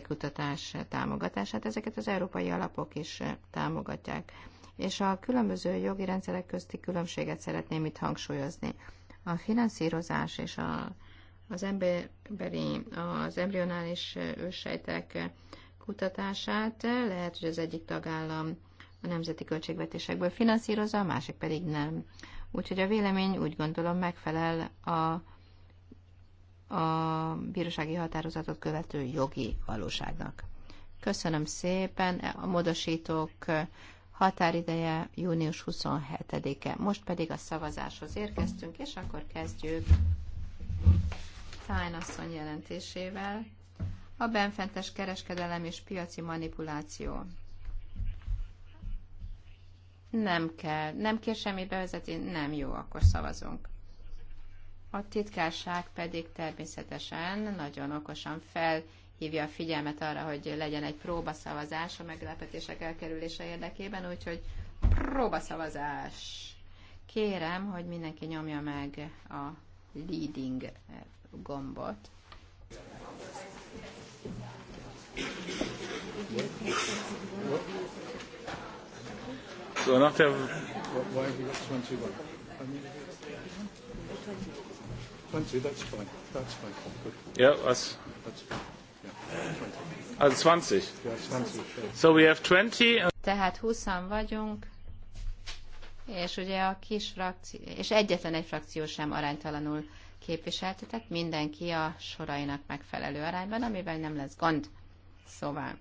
kutatás támogatását, ezeket az európai alapok is támogatják. És a különböző jogi rendszerek közti különbséget szeretném itt hangsúlyozni. A finanszírozás és a, az emberi, az embrionális őssejtek kutatását lehet, hogy az egyik tagállam a nemzeti költségvetésekből finanszírozza, a másik pedig nem. Úgyhogy a vélemény úgy gondolom megfelel a, a bírósági határozatot követő jogi valóságnak. Köszönöm szépen. A módosítók határideje június 27-e. Most pedig a szavazáshoz érkeztünk, és akkor kezdjük Tájnasszony jelentésével. A benfentes kereskedelem és piaci manipuláció. Nem kell. Nem kér semmi bevezetni? Nem jó, akkor szavazunk. A titkárság pedig természetesen nagyon okosan felhívja a figyelmet arra, hogy legyen egy próbaszavazás a meglepetések elkerülése érdekében, úgyhogy próbaszavazás. Kérem, hogy mindenki nyomja meg a leading gombot. What? So nach der. Why have we got 21? 20, that's fine. That's fine. Good. Yeah, that's. that's fine. Yeah, 20. Also 20. Yeah, 20. So we have 20. Tehát 20 vagyunk, és ugye a kis frakció, és egyetlen egy frakció sem aránytalanul képviselte, tehát mindenki a sorainak megfelelő arányban, amivel nem lesz gond. Szóval,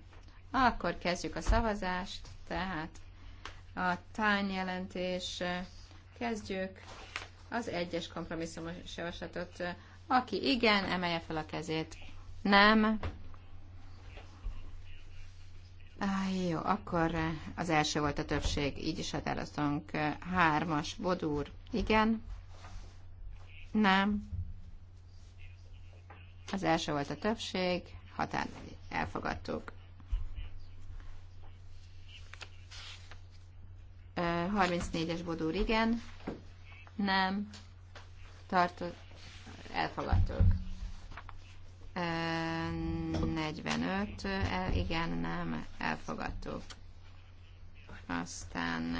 akkor kezdjük a szavazást, tehát a tányjelentés. Kezdjük az egyes kompromisszumos javaslatot. Aki igen, emelje fel a kezét. Nem. Ah, jó, akkor az első volt a többség, így is határoztunk. Hármas, Bodúr, igen. Nem. Az első volt a többség, határ elfogadtuk. 34-es bodúr igen, nem, tartó elfogadtuk. 45, el, igen, nem, elfogadtuk. Aztán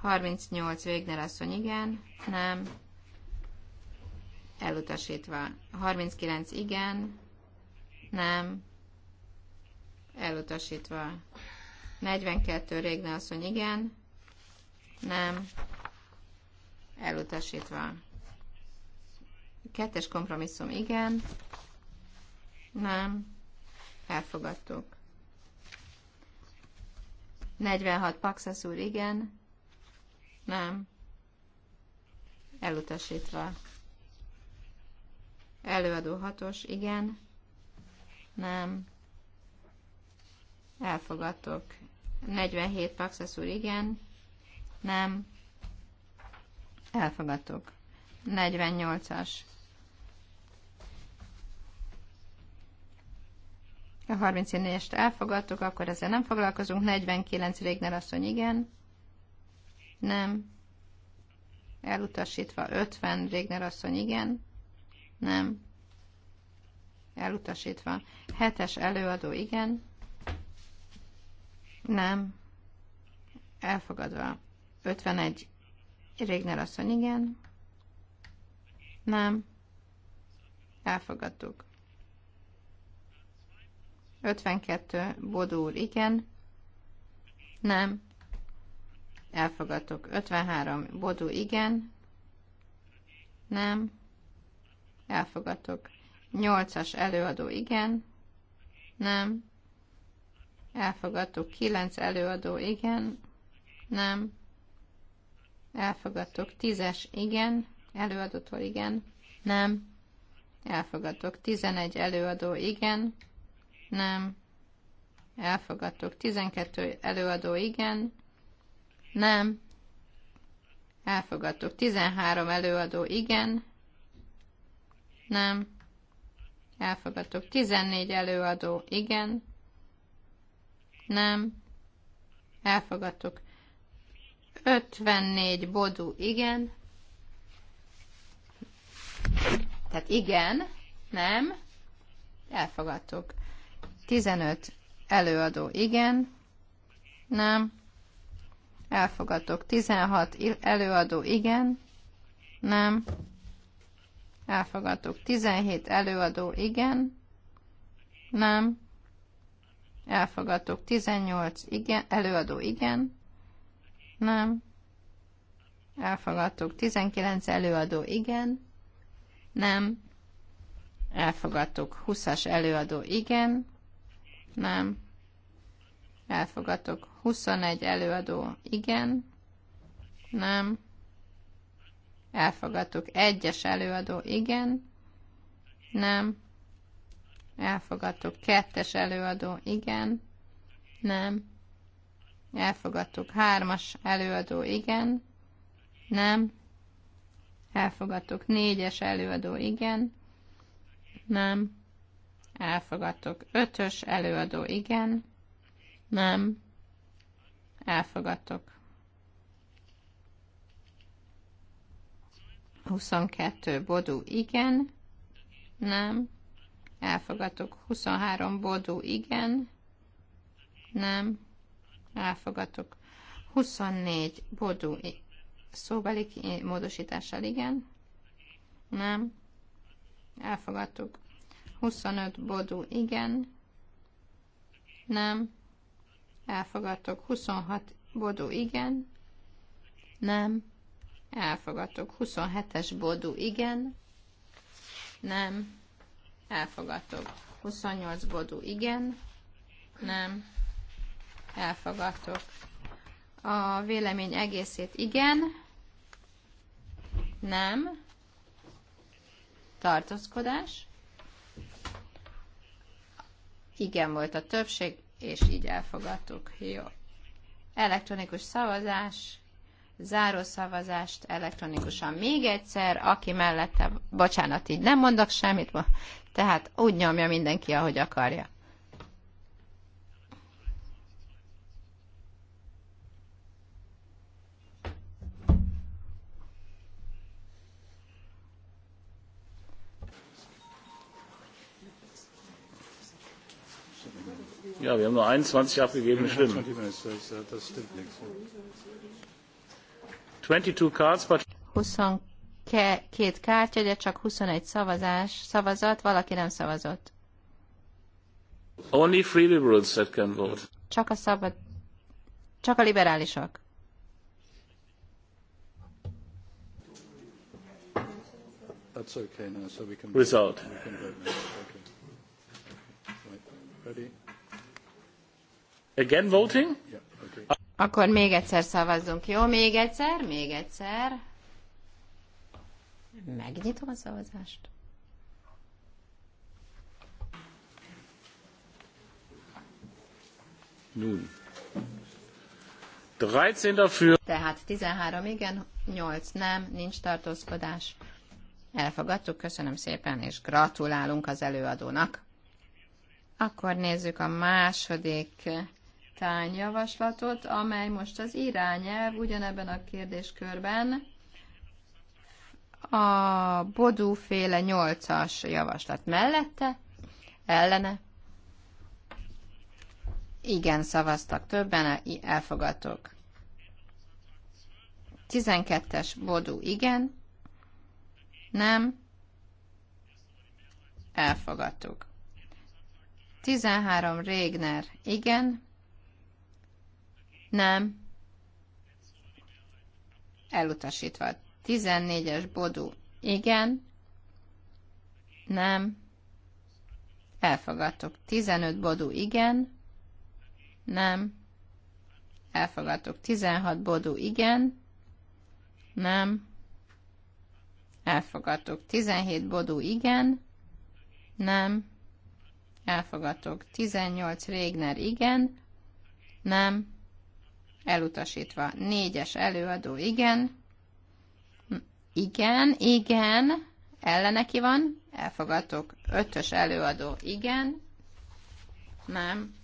38 Végner asszony, igen, nem, elutasítva. 39 igen, nem, elutasítva. 42 Régne asszony, igen, nem. Elutasítva. Kettes kompromisszum igen. Nem. Elfogadtuk. 46 Paxas úr igen. Nem. Elutasítva. Előadó hatos, igen. Nem. Elfogadtok. 47 Paxas úr, igen. Nem. Elfogadtuk. 48-as. A 34-est elfogadtuk, akkor ezzel nem foglalkozunk. 49 Régner asszony igen. Nem. Elutasítva 50 Régner asszony igen. Nem. Elutasítva. 7-es előadó igen. Nem. Elfogadva. 51. Régner asszony, igen. Nem. Elfogadtuk. 52. Bodó úr, igen. Nem. Elfogadtuk. 53. Bodó, igen. Nem. Elfogadtuk. 8-as előadó, igen. Nem. Elfogadtuk. 9 előadó, igen. Nem elfogadtok. Tízes, igen, előadótól igen, nem, elfogadtok. Tizenegy előadó, igen, nem, elfogadtok. Tizenkettő előadó, igen, nem, elfogadtok. Tizenhárom előadó, igen, nem, elfogadtok. Tizennégy előadó, igen, nem, elfogadtok. 54 bodú igen. Tehát igen, nem. Elfogadtuk. 15 előadó igen, nem. Elfogadtuk. 16 előadó igen, nem. Elfogadtuk. 17 előadó igen, nem. Elfogadtuk. 18 igen, előadó igen, nem. Elfogadtuk. 19 előadó igen. Nem. Elfogadtuk. 20-as előadó igen. Nem. Elfogadtuk. 21 előadó igen. Nem. Elfogadtuk. 1-es előadó igen. Nem. Elfogadtuk. 2-es előadó igen. Nem Elfogadtuk. Hármas előadó igen. Nem. Elfogadtuk. Négyes előadó igen. Nem. Elfogadtuk. Ötös előadó igen. Nem. Elfogadtuk. 22 bodú igen. Nem. Elfogadtuk. 23 bodú igen. Nem elfogadtuk. 24 bodú szóbeli módosítással igen, nem, elfogadtuk. 25 bodú igen, nem, elfogadtuk. 26 bodú igen, nem, elfogadtuk. 27-es bodú igen, nem, elfogadtuk. 28 bodú igen, nem, elfogadtuk. A vélemény egészét igen, nem, tartózkodás, igen volt a többség, és így elfogadtuk. Jó. Elektronikus szavazás, záró szavazást elektronikusan még egyszer, aki mellette, bocsánat, így nem mondok semmit, tehát úgy nyomja mindenki, ahogy akarja. Ja, wir haben nur 21 abgegebene Stimmen. 22 cards, but 22 kártya, de csak 21 szavazás, szavazat, valaki nem szavazott. Only free liberals that can vote. Csak a szabad, csak a liberálisok. That's okay now, so we can Result. We can vote now. Okay. Right. Ready? Again voting? Yeah, okay. Akkor még egyszer szavazzunk, jó? Még egyszer, még egyszer. Megnyitom a szavazást. Nun. 13 dafür. Tehát 13 igen, 8 nem, nincs tartózkodás. Elfogadtuk, köszönöm szépen, és gratulálunk az előadónak. Akkor nézzük a második javaslatot, amely most az irányelv ugyanebben a kérdéskörben a bodúféle nyolcas javaslat mellette, ellene. Igen, szavaztak többen, elfogadtok. 12-es bodú, igen. Nem. Elfogadtuk. 13 Régner, igen. Nem. Elutasítva. 14-es bodú. Igen. Nem. Elfogadtok. 15 bodú. Igen. Nem. Elfogadtok. 16 bodú. Igen. Nem. Elfogadtok. 17 bodú. Igen. Nem. Elfogadtok. 18 Régner. Igen. Nem elutasítva. Négyes előadó, igen. Igen, igen. Ellene ki van? Elfogadtuk. Ötös előadó, igen. Nem.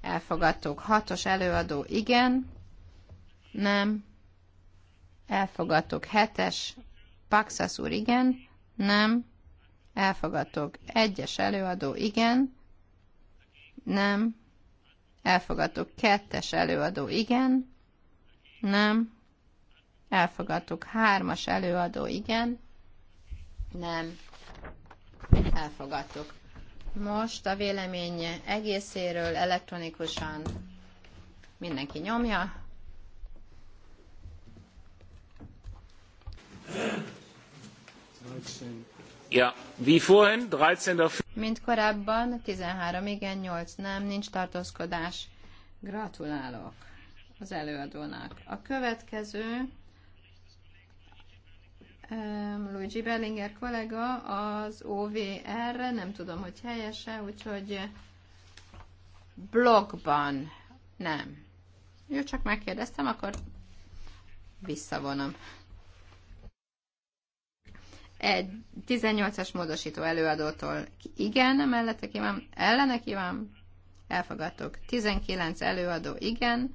Elfogadtuk. Hatos előadó, igen. Nem. Elfogadtuk. Hetes. Paxas úr, igen. Nem. Elfogadtuk. Egyes előadó, igen. Nem Elfogadtuk kettes előadó, igen. Nem. Elfogadtuk hármas előadó, igen. Nem. Elfogadtuk. Most a vélemény egészéről elektronikusan mindenki nyomja. Köszönöm. Mint korábban, 13 igen, 8 nem, nincs tartózkodás. Gratulálok az előadónak. A következő Luigi Bellinger kollega az OVR, nem tudom, hogy helyese, úgyhogy blogban nem. Jó, csak megkérdeztem, akkor visszavonom. Egy 18-as módosító előadótól igen, mellette kívánom, ellene kívánom, elfogadtuk. 19 előadó igen,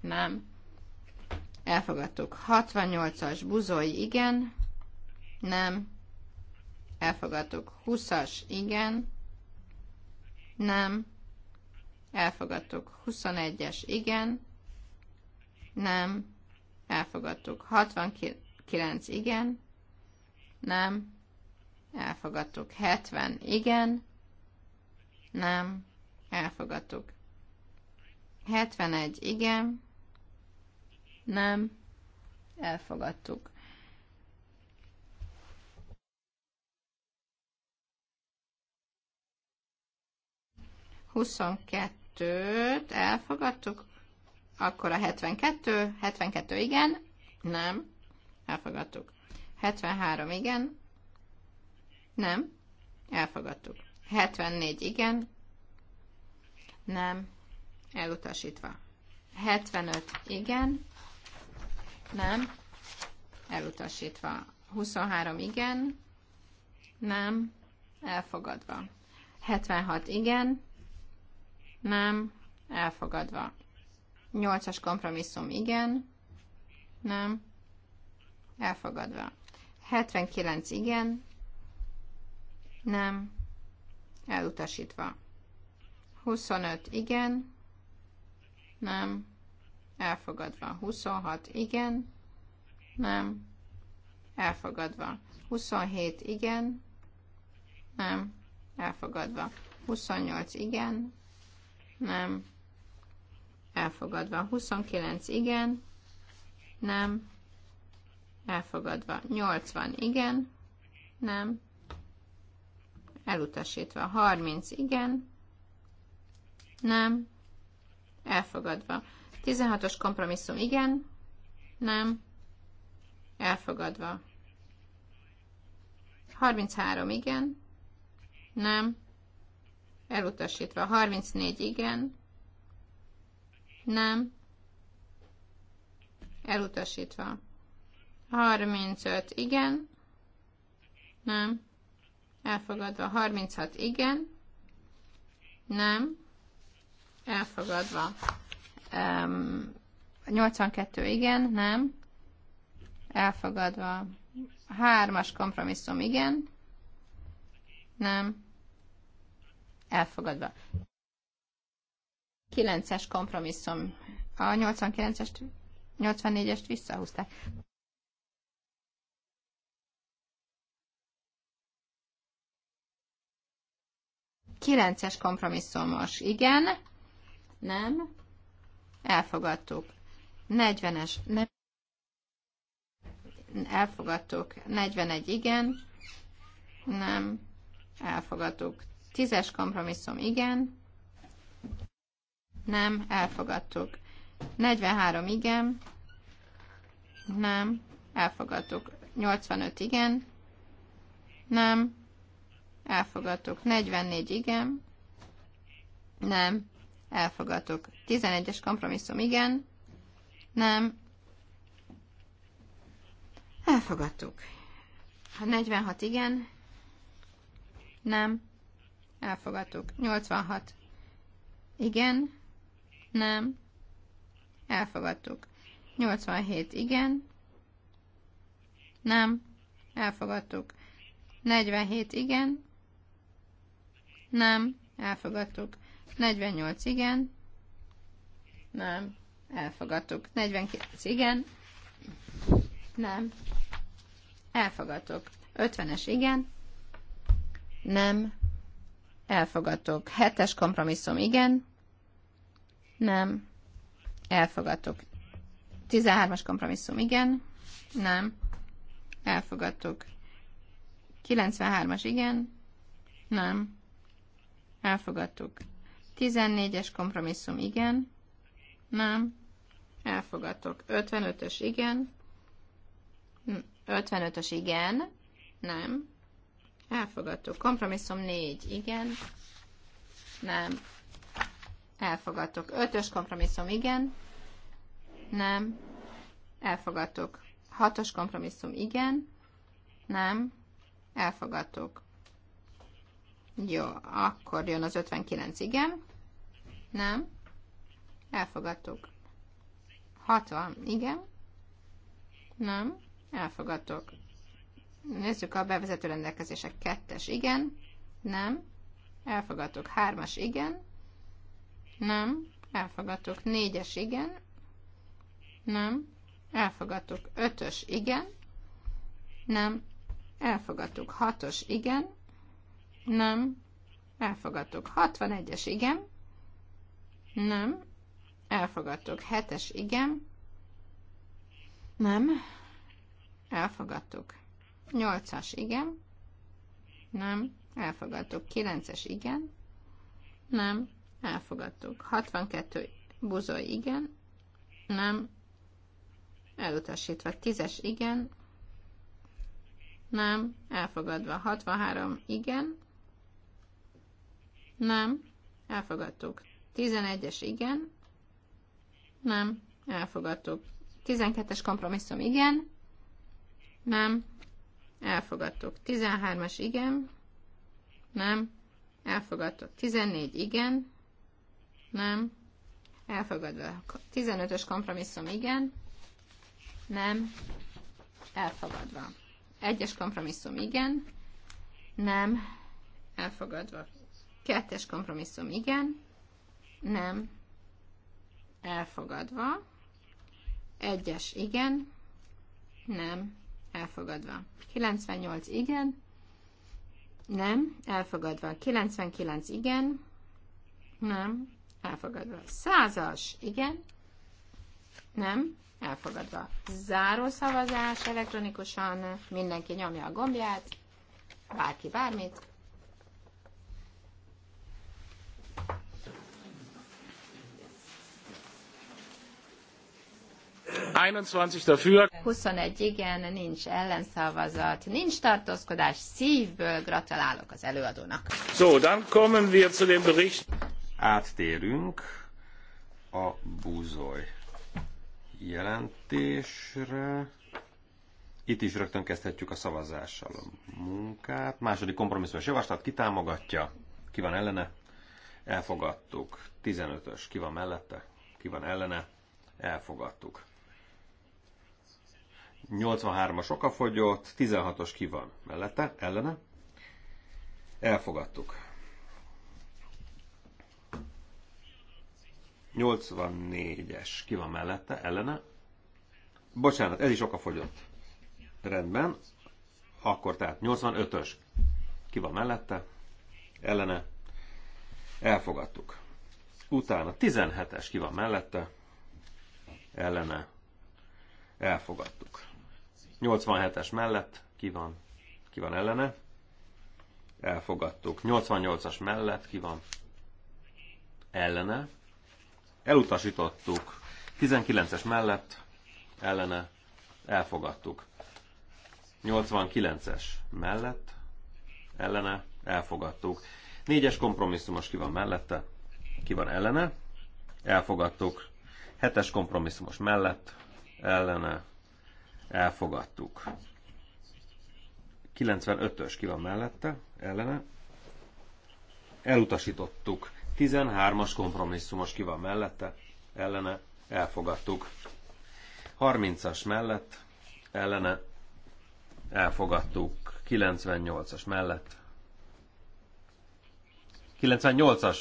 nem, elfogadtuk. 68-as buzói igen, nem, elfogadtuk. 20-as igen, nem, elfogadtuk. 21-es igen, nem, elfogadtuk. 69 igen, nem. Elfogadtuk. 70. Igen. Nem. Elfogadtuk. 71. Igen. Nem. Elfogadtuk. Huszonkettőt elfogadtuk, akkor a 72, 72 igen, nem, elfogadtuk. 73 igen. Nem. Elfogadtuk. 74 igen. Nem. Elutasítva. 75 igen. Nem. Elutasítva. 23 igen. Nem. Elfogadva. 76 igen. Nem. Elfogadva. 8-as kompromisszum igen. Nem. Elfogadva. 79 igen, nem, elutasítva. 25 igen, nem, elfogadva. 26 igen, nem, elfogadva. 27 igen, nem, elfogadva. 28 igen, nem, elfogadva. 29 igen, nem, elfogadva. 80 igen, nem, elutasítva. 30 igen, nem, elfogadva. 16-os kompromisszum igen, nem, elfogadva. 33 igen, nem, elutasítva. 34 igen, nem, elutasítva. 35 igen, nem, elfogadva. 36 igen, nem, elfogadva. Um, 82 igen, nem, elfogadva. Hármas kompromisszum igen, nem, elfogadva. 9-es kompromisszum. A 89-est, 84-est visszahúzták. Kilences kompromisszumos. Igen. Nem. Elfogadtuk. 40-es. Nem. Elfogadtuk. 41. Igen. Nem. Elfogadtuk. 10-es kompromisszum. Igen. Nem. Elfogadtuk. 43. Igen. Nem. Elfogadtuk. 85. Igen. Nem elfogadtuk. 44 igen, nem, elfogadtuk. 11-es kompromisszum igen, nem, elfogadtuk. 46 igen, nem, elfogadtuk. 86 igen, nem, elfogadtuk. 87 igen, nem, elfogadtuk. 47 igen, nem. Elfogadtuk. 48 igen. Nem. Elfogadtuk. 49 igen. Nem. Elfogadtuk. 50-es igen. Nem. Elfogadtuk. 7-es kompromisszum igen. Nem. Elfogadtuk. 13-as kompromisszum igen. Nem. Elfogadtuk. 93-as igen. Nem. Elfogadtuk. 14-es kompromisszum igen. Nem. Elfogadtuk. 55-ös igen. 55-ös hm, igen. Nem. Elfogadtuk. Kompromisszum 4 igen. Nem. Elfogadtuk. 5-ös kompromisszum igen. Nem. Elfogadtuk. 6-os kompromisszum igen. Nem. Elfogadtuk. Jó, akkor jön az 59, igen. Nem. Elfogadtuk. 60, igen. Nem. Elfogadtuk. Nézzük a bevezető rendelkezések. Kettes, igen. Nem. Elfogadtuk. Hármas, igen. Nem. Elfogadtuk. Négyes, igen. Nem. Elfogadtuk. Ötös, igen. Nem. Elfogadtuk. Hatos, igen. Nem. Elfogadtuk. 61-es igen. Nem. Elfogadtuk. 7-es igen. Nem. Elfogadtuk. 8-as igen. Nem. Elfogadtuk. 9-es igen. Nem. Elfogadtuk. 62 buzoly igen. Nem. Elutasítva. 10-es igen. Nem. Elfogadva. 63 igen. Nem. Elfogadtuk. 11-es igen. Nem. Elfogadtuk. 12-es kompromisszum igen. Nem. Elfogadtuk. 13-as igen. Nem. Elfogadtuk. 14 igen. Nem. Elfogadva. 15-ös kompromisszum igen. Nem. Elfogadva. 1-es kompromisszum igen. Nem. Elfogadva. Kettes kompromisszum igen, nem, elfogadva. Egyes igen, nem, elfogadva. 98 igen, nem, elfogadva. 99 igen, nem, elfogadva. Százas, igen, nem, elfogadva. Záró szavazás elektronikusan, mindenki nyomja a gombját, bárki bármit, 21 dafür. 21 igen, nincs ellenszavazat, nincs tartózkodás, szívből gratulálok az előadónak. So, dann kommen wir zu dem Bericht. Áttérünk a búzoly jelentésre. Itt is rögtön kezdhetjük a szavazással a munkát. Második kompromisszumos javaslat kitámogatja. Ki van ellene? Elfogadtuk. 15-ös. Ki van mellette? Ki van ellene? Elfogadtuk. 83-as okafogyott, 16-os ki van mellette, ellene. Elfogadtuk. 84-es ki van mellette, ellene. Bocsánat, ez is okafogyott. Rendben. Akkor tehát 85-ös ki van mellette, ellene. Elfogadtuk. Utána 17-es ki van mellette, ellene. Elfogadtuk. 87-es mellett ki van, ki van ellene. Elfogadtuk. 88-as mellett ki van ellene. Elutasítottuk. 19-es mellett ellene. Elfogadtuk. 89-es mellett ellene. Elfogadtuk. 4-es kompromisszumos ki van mellette. Ki van ellene. Elfogadtuk. 7-es kompromisszumos mellett ellene elfogadtuk. 95-ös ki van mellette, ellene. Elutasítottuk. 13-as kompromisszumos ki van mellette, ellene. Elfogadtuk. 30-as mellett, ellene. Elfogadtuk. 98-as mellett. 98-as.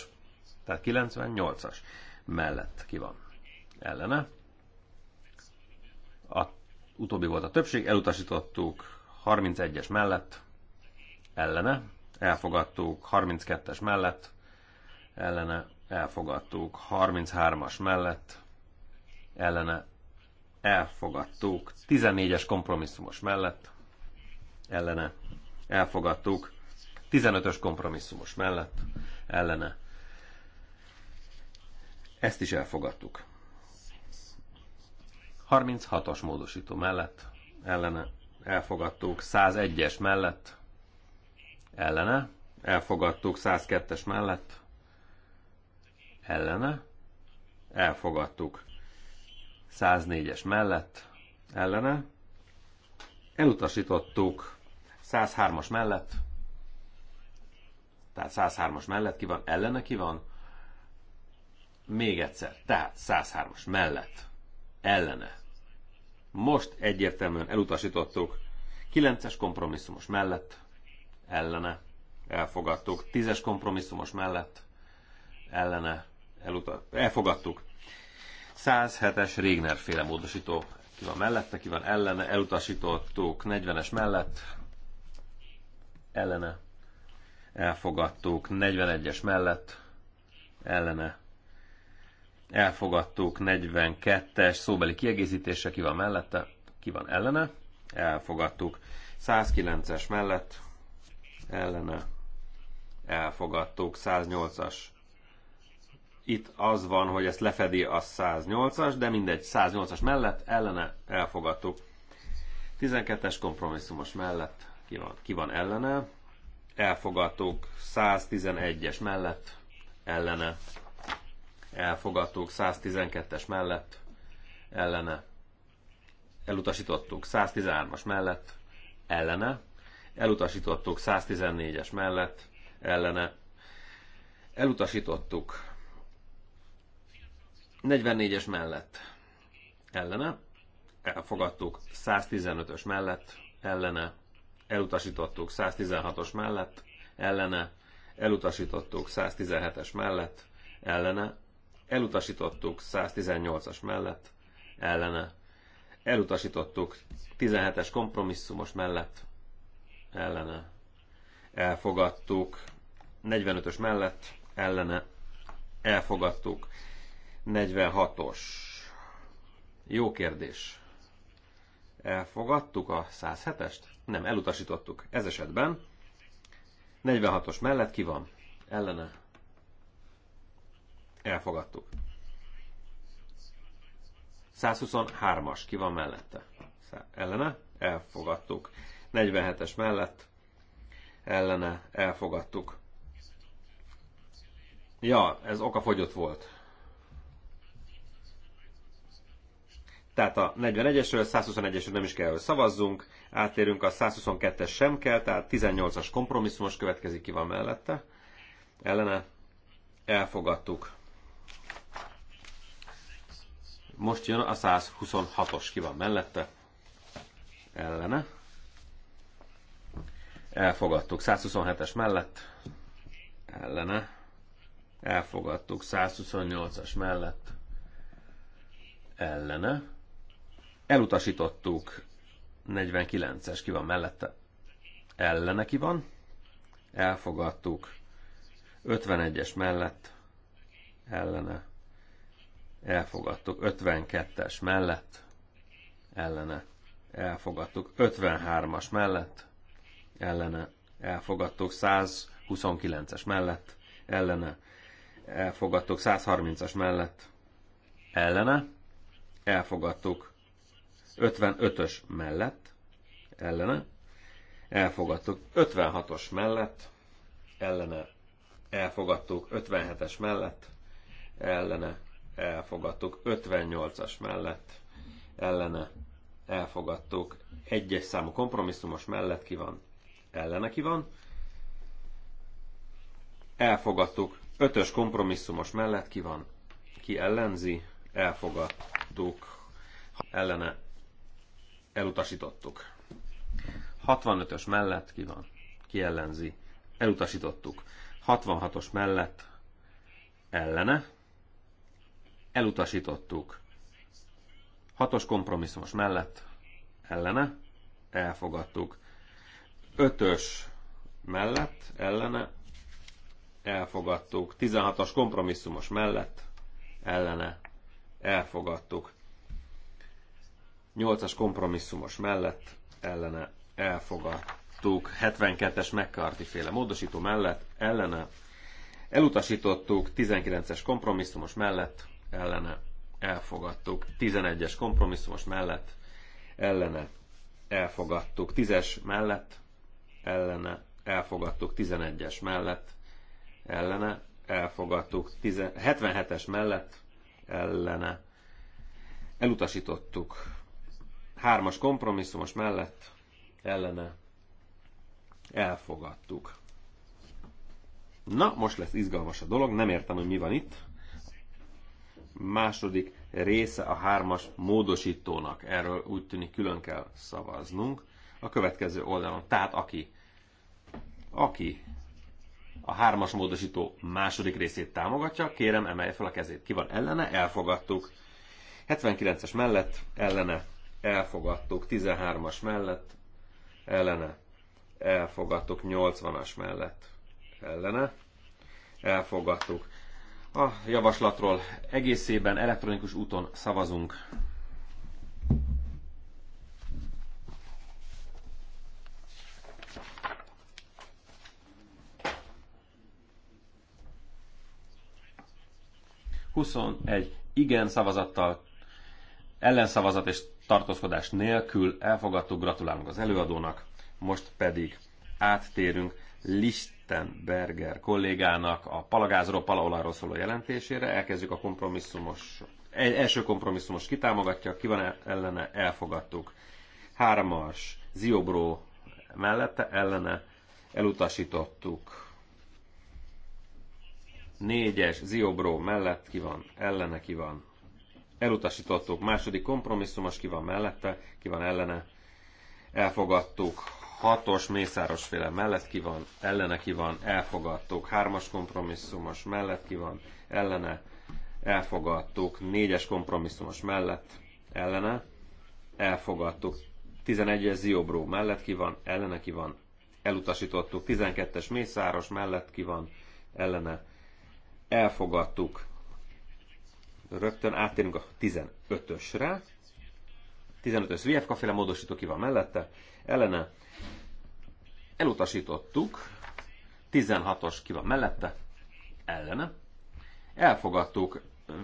Tehát 98-as mellett ki van. Ellene. A utóbbi volt a többség, elutasítottuk 31-es mellett, ellene, elfogadtuk 32-es mellett, ellene, elfogadtuk 33-as mellett, ellene, elfogadtuk 14-es kompromisszumos mellett, ellene, elfogadtuk 15-ös kompromisszumos mellett, ellene. Ezt is elfogadtuk. 36-os módosító mellett ellene elfogadtuk, 101-es mellett ellene elfogadtuk, 102-es mellett ellene elfogadtuk, 104-es mellett ellene elutasítottuk, 103-as mellett tehát 103-as mellett ki van, ellene ki van, még egyszer, tehát 103-as mellett, ellene, most egyértelműen elutasítottuk. 9-es kompromisszumos mellett, ellene, elfogadtuk. 10-es kompromisszumos mellett, ellene, eluta- elfogadtuk. 107-es Régner féle módosító ki van mellette, ki van ellene, elutasítottuk 40-es mellett, ellene, elfogadtuk 41-es mellett, ellene, elfogadtuk 42-es szóbeli kiegészítése, ki van mellette, ki van ellene, elfogadtuk 109-es mellett, ellene, elfogadtuk 108-as. Itt az van, hogy ezt lefedi a 108-as, de mindegy, 108-as mellett, ellene, elfogadtuk. 12-es kompromisszumos mellett, ki van, ki van ellene, elfogadtuk 111-es mellett, ellene, elfogadtuk, 112-es mellett ellene elutasítottuk, 113-as mellett ellene elutasítottuk, 114-es mellett ellene elutasítottuk, 44-es mellett ellene elfogadtuk, 115-ös mellett ellene elutasítottuk, 116-os mellett ellene elutasítottuk, 117-es mellett ellene Elutasítottuk 118-as mellett, ellene. Elutasítottuk 17-es kompromisszumos mellett, ellene. Elfogadtuk 45-ös mellett, ellene. Elfogadtuk 46-os. Jó kérdés. Elfogadtuk a 107-est? Nem, elutasítottuk. Ez esetben 46-os mellett ki van? Ellene Elfogadtuk. 123-as, ki van mellette? Ellene? Elfogadtuk. 47-es mellett? Ellene? Elfogadtuk. Ja, ez oka fogyott volt. Tehát a 41-esről, 121-esről nem is kell, hogy szavazzunk. Átérünk a 122-es sem kell, tehát 18-as kompromisszumos következik, ki van mellette. Ellene elfogadtuk. Most jön a 126-os, ki van mellette? Ellene. Elfogadtuk. 127-es mellett. Ellene. Elfogadtuk. 128-as mellett. Ellene. Elutasítottuk. 49-es, ki van mellette? Ellene ki van. Elfogadtuk. 51-es mellett. Ellene elfogadtuk. 52-es mellett, ellene, elfogadtuk. 53-as mellett, ellene, elfogadtuk. 129-es mellett, ellene, elfogadtuk. 130-as mellett, ellene, elfogadtuk. 55-ös mellett, ellene, elfogadtuk. 56-os mellett, ellene, elfogadtuk. 57-es mellett, ellene, elfogadtuk. 58-as mellett ellene elfogadtuk. Egyes számú kompromisszumos mellett ki van? Ellene ki van? Elfogadtuk. Ötös kompromisszumos mellett ki van? Ki ellenzi? Elfogadtuk. Ellene elutasítottuk. 65-ös mellett ki van? Ki ellenzi? Elutasítottuk. 66-os mellett ellene elutasítottuk. Hatos kompromisszumos mellett ellene elfogadtuk. Ötös mellett ellene elfogadtuk. 16-as kompromisszumos mellett ellene elfogadtuk. 8-as kompromisszumos mellett ellene elfogadtuk. 72-es McCarthy féle módosító mellett ellene elutasítottuk. 19-es kompromisszumos mellett ellene elfogadtuk. 11-es kompromisszumos mellett ellene elfogadtuk. 10-es mellett ellene elfogadtuk. 11-es mellett ellene elfogadtuk. 77-es mellett ellene elutasítottuk. 3-as kompromisszumos mellett ellene elfogadtuk. Na, most lesz izgalmas a dolog, nem értem, hogy mi van itt második része a hármas módosítónak. Erről úgy tűnik külön kell szavaznunk. A következő oldalon, tehát aki, aki a hármas módosító második részét támogatja, kérem emelje fel a kezét. Ki van ellene? Elfogadtuk. 79-es mellett ellene elfogadtuk, 13-as mellett ellene elfogadtuk, 80-as mellett ellene elfogadtuk, a javaslatról egészében elektronikus úton szavazunk. egy igen szavazattal, ellenszavazat és tartózkodás nélkül elfogadtuk, gratulálunk az előadónak, most pedig áttérünk list Lichtenberger kollégának a palagázról, Palaoláról szóló jelentésére. Elkezdjük a kompromisszumos, e- első kompromisszumos kitámogatja, ki van ellene, elfogadtuk. Hármas, Ziobró mellette, ellene, elutasítottuk. Négyes, Ziobró mellett ki van, ellene ki van. Elutasítottuk. Második kompromisszumos ki van mellette, ki van ellene. Elfogadtuk hatos féle mellett ki van, ellene ki van, elfogadtuk. Hármas kompromisszumos mellett ki van, ellene, elfogadtuk. Négyes kompromisszumos mellett, ellene, elfogadtuk. 11-es Ziobró mellett ki van, ellene ki van, elutasítottuk. 12-es Mészáros mellett ki van, ellene, elfogadtuk. Rögtön áttérünk a 15-ösre. 15-ös Vjevka féle módosító ki van mellette, ellene, Elutasítottuk. 16-os ki van mellette, ellene. Elfogadtuk.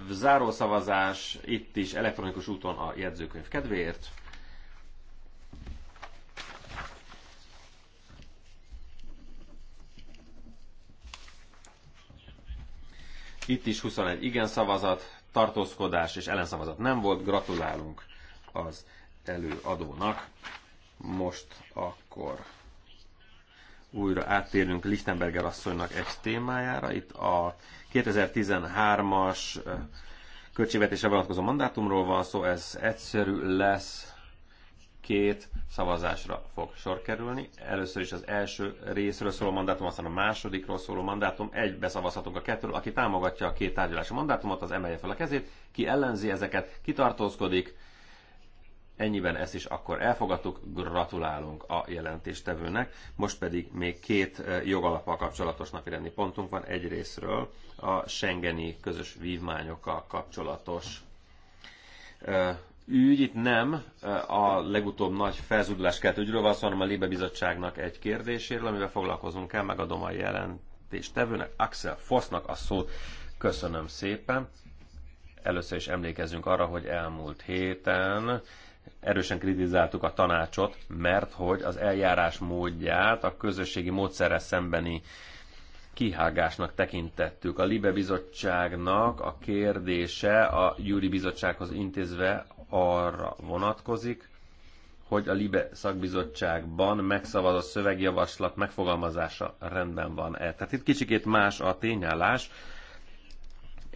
Zárószavazás itt is elektronikus úton a jegyzőkönyv kedvéért. Itt is 21 igen szavazat, tartózkodás és ellenszavazat nem volt. Gratulálunk az előadónak. Most akkor újra áttérünk Lichtenberger asszonynak egy témájára. Itt a 2013-as költségvetésre vonatkozó mandátumról van szó, ez egyszerű lesz, két szavazásra fog sor kerülni. Először is az első részről szóló mandátum, aztán a másodikról szóló mandátum. Egybe beszavazhatunk a kettőről. Aki támogatja a két tárgyalási mandátumot, az emelje fel a kezét. Ki ellenzi ezeket, ki Ennyiben ezt is akkor elfogadtuk, gratulálunk a jelentéstevőnek. Most pedig még két eh, jogalapal kapcsolatos napirendi pontunk van. Egyrésztről a Schengeni közös vívmányokkal kapcsolatos eh, ügy. Itt nem eh, a legutóbb nagy felzúdulás kelt ügyről van, hanem a Libe Bizottságnak egy kérdéséről, amivel foglalkozunk kell. Megadom a jelentéstevőnek, Axel Fosznak a szót. Köszönöm szépen. Először is emlékezzünk arra, hogy elmúlt héten erősen kritizáltuk a tanácsot, mert hogy az eljárás módját a közösségi módszerre szembeni kihágásnak tekintettük. A Libe bizottságnak a kérdése a Júri bizottsághoz intézve arra vonatkozik, hogy a Libe szakbizottságban megszavazott szövegjavaslat megfogalmazása rendben van-e. Tehát itt kicsikét más a tényállás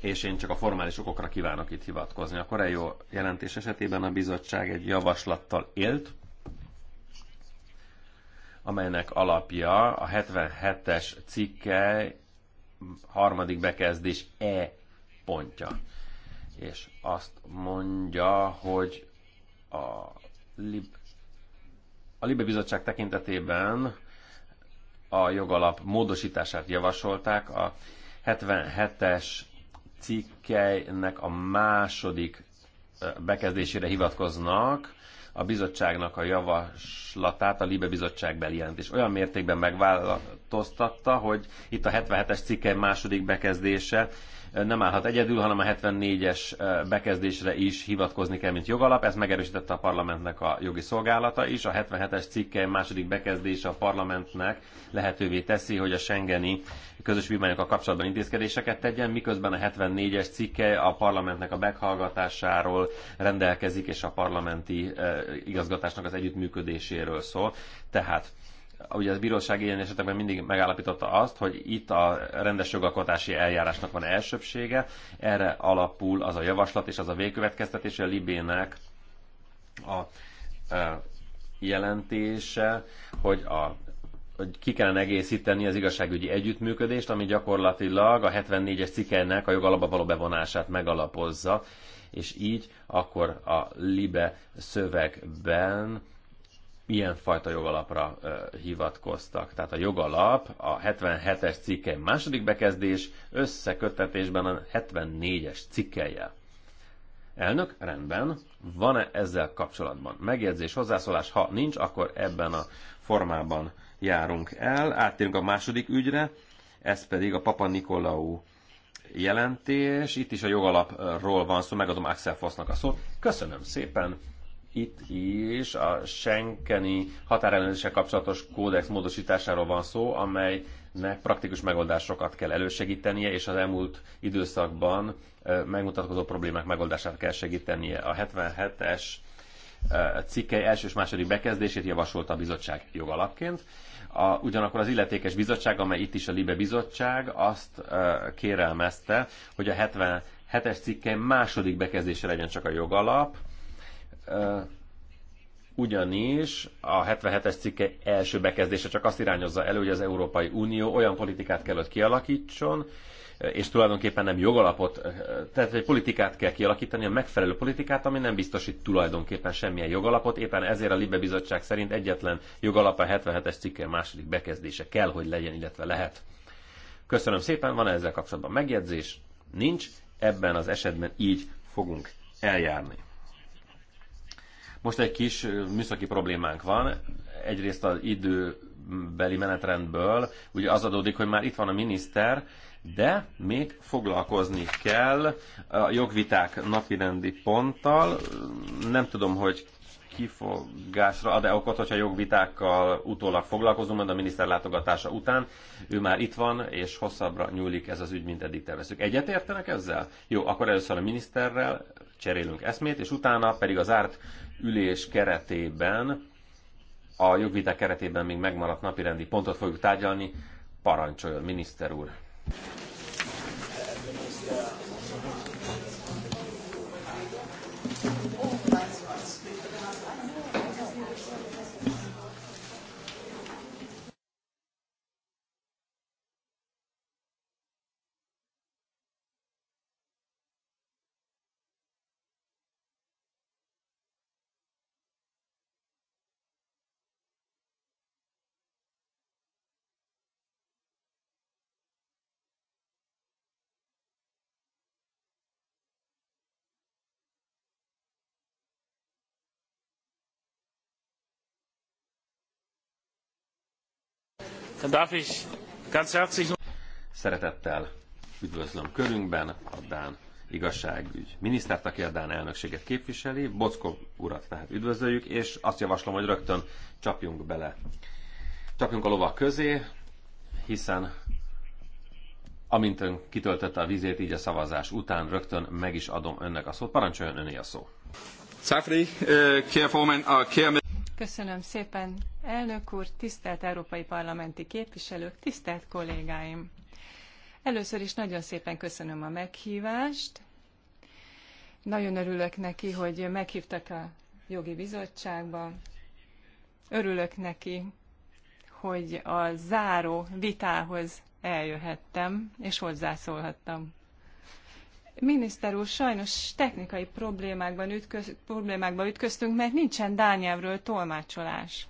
és én csak a formális okokra kívánok itt hivatkozni. A jó jelentés esetében a bizottság egy javaslattal élt, amelynek alapja a 77-es cikke harmadik bekezdés E pontja. És azt mondja, hogy a, Lib- a Libe Bizottság tekintetében a jogalap módosítását javasolták a 77-es cikkelynek a második bekezdésére hivatkoznak, a bizottságnak a javaslatát a Libe Bizottság bejelentés olyan mértékben megváltoztatta, hogy itt a 77-es cikke második bekezdése nem állhat egyedül, hanem a 74-es eh, bekezdésre is hivatkozni kell, mint jogalap. Ez megerősítette a parlamentnek a jogi szolgálata is. A 77-es cikke második bekezdése a parlamentnek lehetővé teszi, hogy a Schengeni közös vívmányokkal kapcsolatban intézkedéseket tegyen, miközben a 74-es cikke a parlamentnek a meghallgatásáról rendelkezik, és a parlamenti eh, igazgatásnak az együttműködéséről szól. Tehát ugye az bíróság ilyen esetekben mindig megállapította azt, hogy itt a rendes jogalkotási eljárásnak van elsőbsége, erre alapul az a javaslat és az a végkövetkeztetés, a Libének a, a jelentése, hogy a hogy ki kellene egészíteni az igazságügyi együttműködést, ami gyakorlatilag a 74-es cikkelynek a jogalapba való bevonását megalapozza, és így akkor a LIBE szövegben milyen fajta jogalapra hivatkoztak. Tehát a jogalap a 77-es cikkely második bekezdés összekötetésben a 74-es cikkelje. Elnök, rendben, van-e ezzel kapcsolatban megjegyzés, hozzászólás? Ha nincs, akkor ebben a formában járunk el. Áttérünk a második ügyre, ez pedig a Papa Nikolaou jelentés. Itt is a jogalapról van szó, megadom Axel Fosznak a szót. Köszönöm szépen! itt is a Schengeni határellenőrzéssel kapcsolatos kódex módosításáról van szó, amelynek praktikus megoldásokat kell elősegítenie, és az elmúlt időszakban megmutatkozó problémák megoldását kell segítenie. A 77-es cikkely első és második bekezdését javasolta a bizottság jogalapként. A, ugyanakkor az illetékes bizottság, amely itt is a Libe bizottság, azt e, kérelmezte, hogy a 77-es cikkely második bekezdése legyen csak a jogalap, ugyanis a 77-es cikke első bekezdése csak azt irányozza elő, hogy az Európai Unió olyan politikát kell, hogy kialakítson, és tulajdonképpen nem jogalapot, tehát egy politikát kell kialakítani, a megfelelő politikát, ami nem biztosít tulajdonképpen semmilyen jogalapot, éppen ezért a Libe Bizottság szerint egyetlen jogalap a 77-es cikke második bekezdése kell, hogy legyen, illetve lehet. Köszönöm szépen, van -e ezzel kapcsolatban megjegyzés? Nincs, ebben az esetben így fogunk eljárni. Most egy kis műszaki problémánk van. Egyrészt az időbeli menetrendből, ugye az adódik, hogy már itt van a miniszter, de még foglalkozni kell a jogviták napirendi ponttal. Nem tudom, hogy kifogásra ad-e okot, hogyha jogvitákkal utólag foglalkozunk, mert a miniszter látogatása után ő már itt van, és hosszabbra nyúlik ez az ügy, mint eddig Egyet értenek ezzel? Jó, akkor először a miniszterrel cserélünk eszmét, és utána pedig az árt ülés keretében, a jogvita keretében még megmaradt napirendi pontot fogjuk tárgyalni. Parancsoljon, miniszter úr! Szeretettel üdvözlöm körünkben a Dán igazságügy minisztert, aki a Dán elnökséget képviseli. Bockov urat tehát üdvözöljük, és azt javaslom, hogy rögtön csapjunk bele. Csapjunk a lovak közé, hiszen amint ön kitöltötte a vizét, így a szavazás után rögtön meg is adom önnek a szót. Parancsoljon öné a szó. Szafri, eh, kérformen, a kérme... Köszönöm szépen, elnök úr, tisztelt európai parlamenti képviselők, tisztelt kollégáim! Először is nagyon szépen köszönöm a meghívást. Nagyon örülök neki, hogy meghívtak a jogi bizottságba. Örülök neki, hogy a záró vitához eljöhettem, és hozzászólhattam. Miniszter úr, sajnos technikai problémákban ütköz, problémákba ütköztünk, mert nincsen Dánielről tolmácsolás.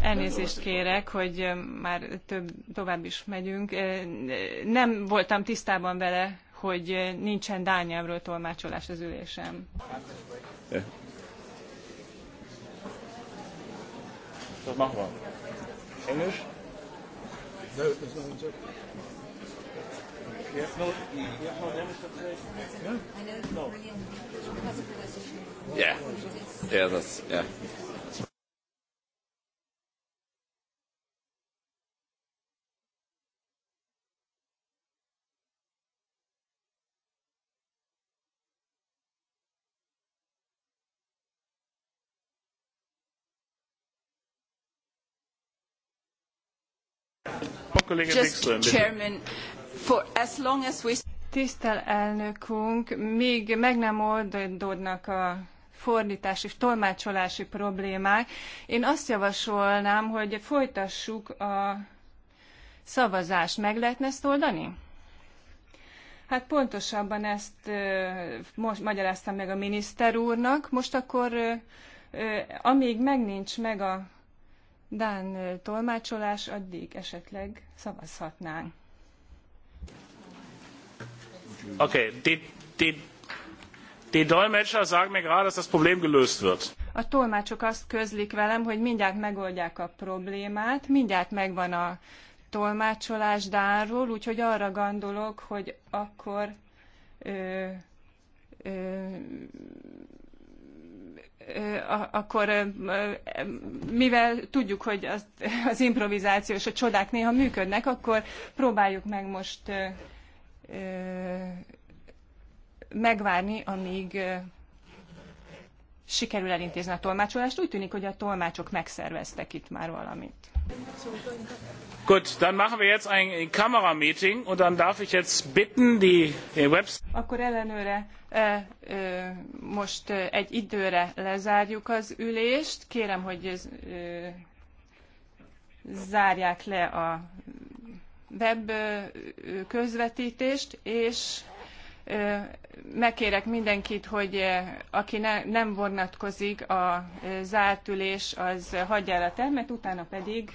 Elnézést kérek, hogy már több, tovább is megyünk. Nem voltam tisztában vele, hogy nincsen Dánielről tolmácsolás az ülésem. Yeah. Englisch? No, there's no English. You have no, you no Yeah. no. Yeah. Yeah, that's, yeah. Tisztel elnökünk, még meg nem oldódnak a fordítás és tolmácsolási problémák, én azt javasolnám, hogy folytassuk a szavazást. Meg lehetne ezt oldani? Hát pontosabban ezt most magyaráztam meg a miniszter úrnak. Most akkor, amíg meg nincs meg a Dán tolmácsolás, addig esetleg szavazhatnánk. Oké, okay. die, Dolmetscher sagen mir gerade, dass das Problem gelöst wird. A tolmácsok azt közlik velem, hogy mindjárt megoldják a problémát, mindjárt megvan a tolmácsolás Dánról, úgyhogy arra gondolok, hogy akkor ö, ö, akkor mivel tudjuk, hogy az, az improvizáció és a csodák néha működnek, akkor próbáljuk meg most megvárni, amíg sikerül elintézni a tolmácsolást. Úgy tűnik, hogy a tolmácsok megszerveztek itt már valamit. Gut, dann machen wir jetzt ein Kamerameeting und dann darf ich jetzt bitten, die, die Website. Akkor ellenőre e, e, most egy időre lezárjuk az ülést. Kérem, hogy e, zárják le a web közvetítést, és megkérek mindenkit, hogy aki ne, nem vonatkozik a zártülés, az hagyja el a termet, utána pedig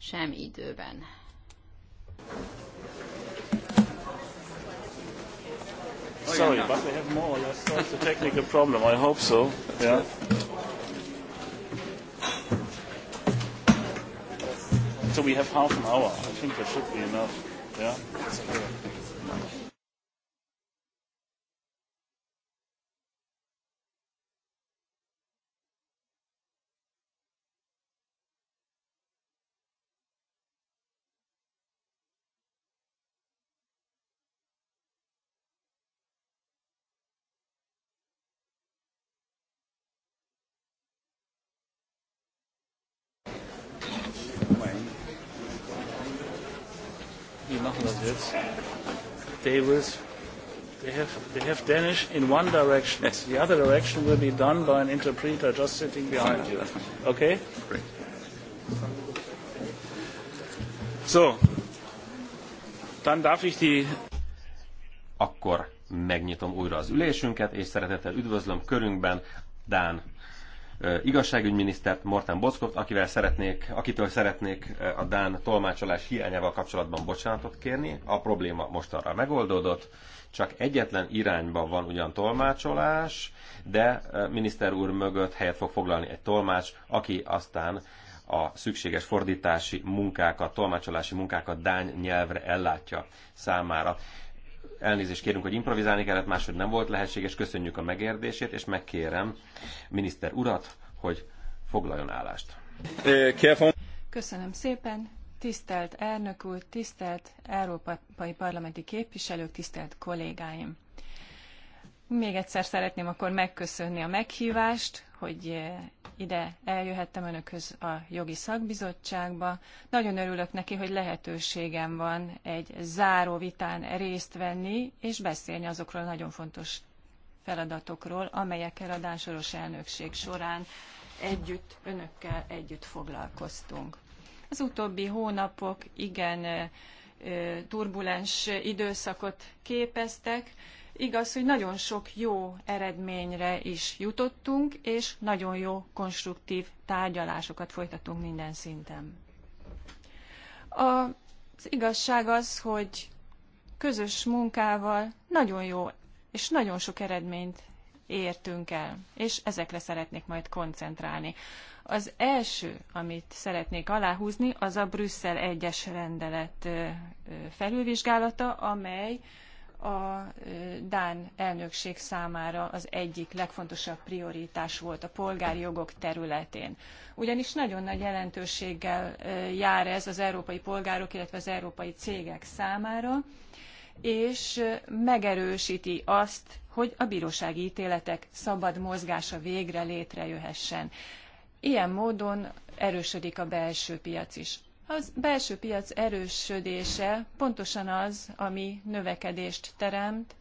sem időben. Sorry, but we have more or less solved the technical problem. I hope so. Yeah. So we have half an hour. I think that should be enough. Yeah. machen das jetzt. They will, they have, they have Danish in one direction. Yes. The other direction will be done by an interpreter just sitting behind you. Okay? Great. So, dann darf ich die... Akkor megnyitom újra az ülésünket, és szeretettel üdvözlöm körünkben Dán igazságügyminisztert, Morten Bockot, akivel szeretnék, akitől szeretnék a Dán tolmácsolás hiányával kapcsolatban bocsánatot kérni. A probléma mostanra megoldódott, csak egyetlen irányban van ugyan tolmácsolás, de miniszter úr mögött helyet fog foglalni egy tolmács, aki aztán a szükséges fordítási munkákat, tolmácsolási munkákat dán nyelvre ellátja számára elnézést kérünk, hogy improvizálni kellett, máshogy nem volt lehetséges, köszönjük a megérdését, és megkérem miniszter urat, hogy foglaljon állást. Köszönöm szépen, tisztelt elnök úr, tisztelt európai parlamenti képviselők, tisztelt kollégáim! Még egyszer szeretném akkor megköszönni a meghívást, hogy ide eljöhettem önökhöz a jogi szakbizottságba. Nagyon örülök neki, hogy lehetőségem van egy záró vitán részt venni, és beszélni azokról a nagyon fontos feladatokról, amelyekkel a Dánsoros elnökség során együtt, önökkel együtt foglalkoztunk. Az utóbbi hónapok igen turbulens időszakot képeztek, Igaz, hogy nagyon sok jó eredményre is jutottunk, és nagyon jó konstruktív tárgyalásokat folytatunk minden szinten. Az igazság az, hogy közös munkával nagyon jó és nagyon sok eredményt értünk el, és ezekre szeretnék majd koncentrálni. Az első, amit szeretnék aláhúzni, az a Brüsszel egyes rendelet felülvizsgálata, amely a Dán elnökség számára az egyik legfontosabb prioritás volt a polgári jogok területén. Ugyanis nagyon nagy jelentőséggel jár ez az európai polgárok, illetve az európai cégek számára, és megerősíti azt, hogy a bírósági ítéletek szabad mozgása végre létrejöhessen. Ilyen módon erősödik a belső piac is. Az belső piac erősödése pontosan az, ami növekedést teremt,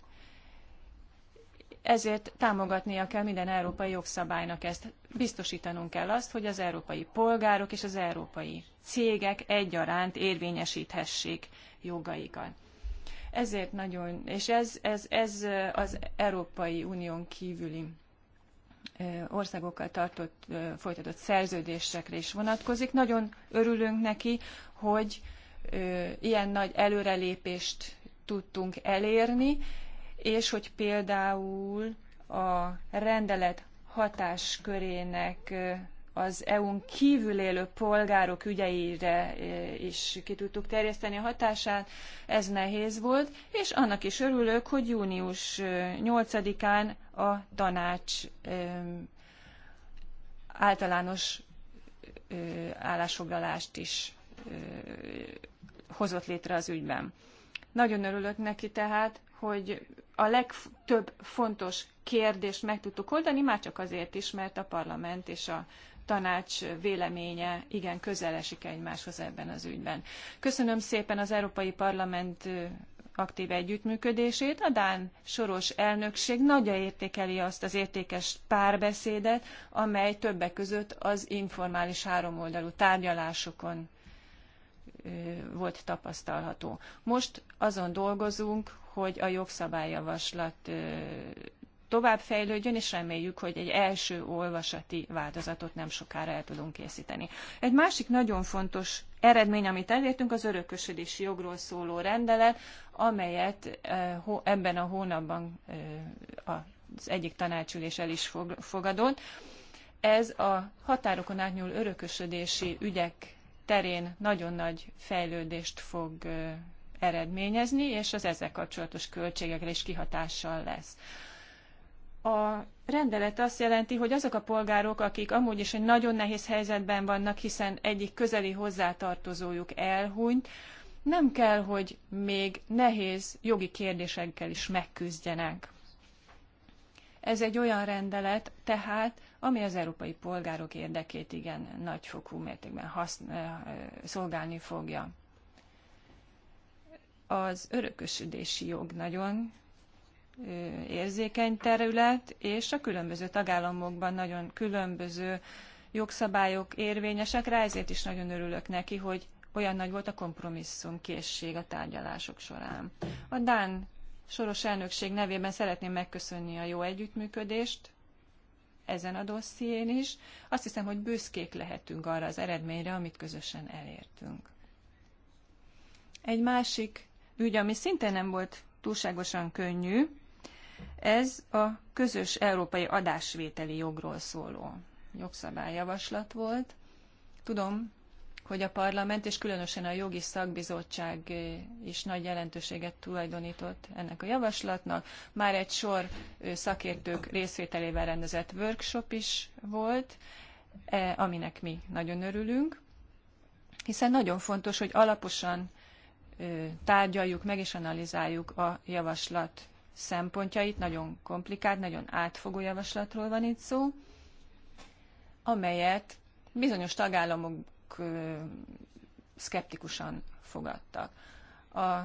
ezért támogatnia kell minden európai jogszabálynak ezt. Biztosítanunk kell azt, hogy az európai polgárok és az európai cégek egyaránt érvényesíthessék jogaikat. Ezért nagyon, és ez, ez, ez az Európai Unión kívüli országokkal tartott, folytatott szerződésekre is vonatkozik. Nagyon örülünk neki, hogy ilyen nagy előrelépést tudtunk elérni, és hogy például a rendelet hatáskörének az EU-n kívül élő polgárok ügyeire eh, is ki tudtuk terjeszteni a hatását, ez nehéz volt, és annak is örülök, hogy június 8-án eh, a tanács eh, általános állásfoglalást is hozott létre az ügyben. Nagyon örülök neki tehát, hogy a legtöbb fontos kérdést meg tudtuk oldani, már csak azért is, mert a parlament és a tanács véleménye igen közel esik egymáshoz ebben az ügyben. Köszönöm szépen az Európai Parlament aktív együttműködését. A Dán soros elnökség nagyja értékeli azt az értékes párbeszédet, amely többek között az informális háromoldalú tárgyalásokon volt tapasztalható. Most azon dolgozunk, hogy a jogszabályjavaslat továbbfejlődjön, és reméljük, hogy egy első olvasati változatot nem sokára el tudunk készíteni. Egy másik nagyon fontos eredmény, amit elértünk, az örökösödési jogról szóló rendelet, amelyet eh, ebben a hónapban eh, az egyik tanácsülés el is fogadott. Ez a határokon átnyúl örökösödési ügyek terén nagyon nagy fejlődést fog eh, eredményezni, és az ezzel kapcsolatos költségekre is kihatással lesz a rendelet azt jelenti, hogy azok a polgárok, akik amúgy is egy nagyon nehéz helyzetben vannak, hiszen egyik közeli hozzátartozójuk elhunyt, nem kell, hogy még nehéz jogi kérdésekkel is megküzdjenek. Ez egy olyan rendelet, tehát, ami az európai polgárok érdekét igen nagyfokú mértékben haszn- eh, szolgálni fogja. Az örökösödési jog nagyon érzékeny terület, és a különböző tagállamokban nagyon különböző jogszabályok érvényesek rá, ezért is nagyon örülök neki, hogy olyan nagy volt a kompromisszum készség a tárgyalások során. A Dán soros elnökség nevében szeretném megköszönni a jó együttműködést ezen a dosszién is. Azt hiszem, hogy büszkék lehetünk arra az eredményre, amit közösen elértünk. Egy másik ügy, ami szintén nem volt túlságosan könnyű, ez a közös európai adásvételi jogról szóló jogszabályjavaslat volt. Tudom, hogy a parlament és különösen a jogi szakbizottság eh, is nagy jelentőséget tulajdonított ennek a javaslatnak. Már egy sor eh, szakértők részvételével rendezett workshop is volt, eh, aminek mi nagyon örülünk, hiszen nagyon fontos, hogy alaposan tárgyaljuk meg és analizáljuk a javaslat szempontjait, nagyon komplikált, nagyon átfogó javaslatról van itt szó, amelyet bizonyos tagállamok szkeptikusan fogadtak. A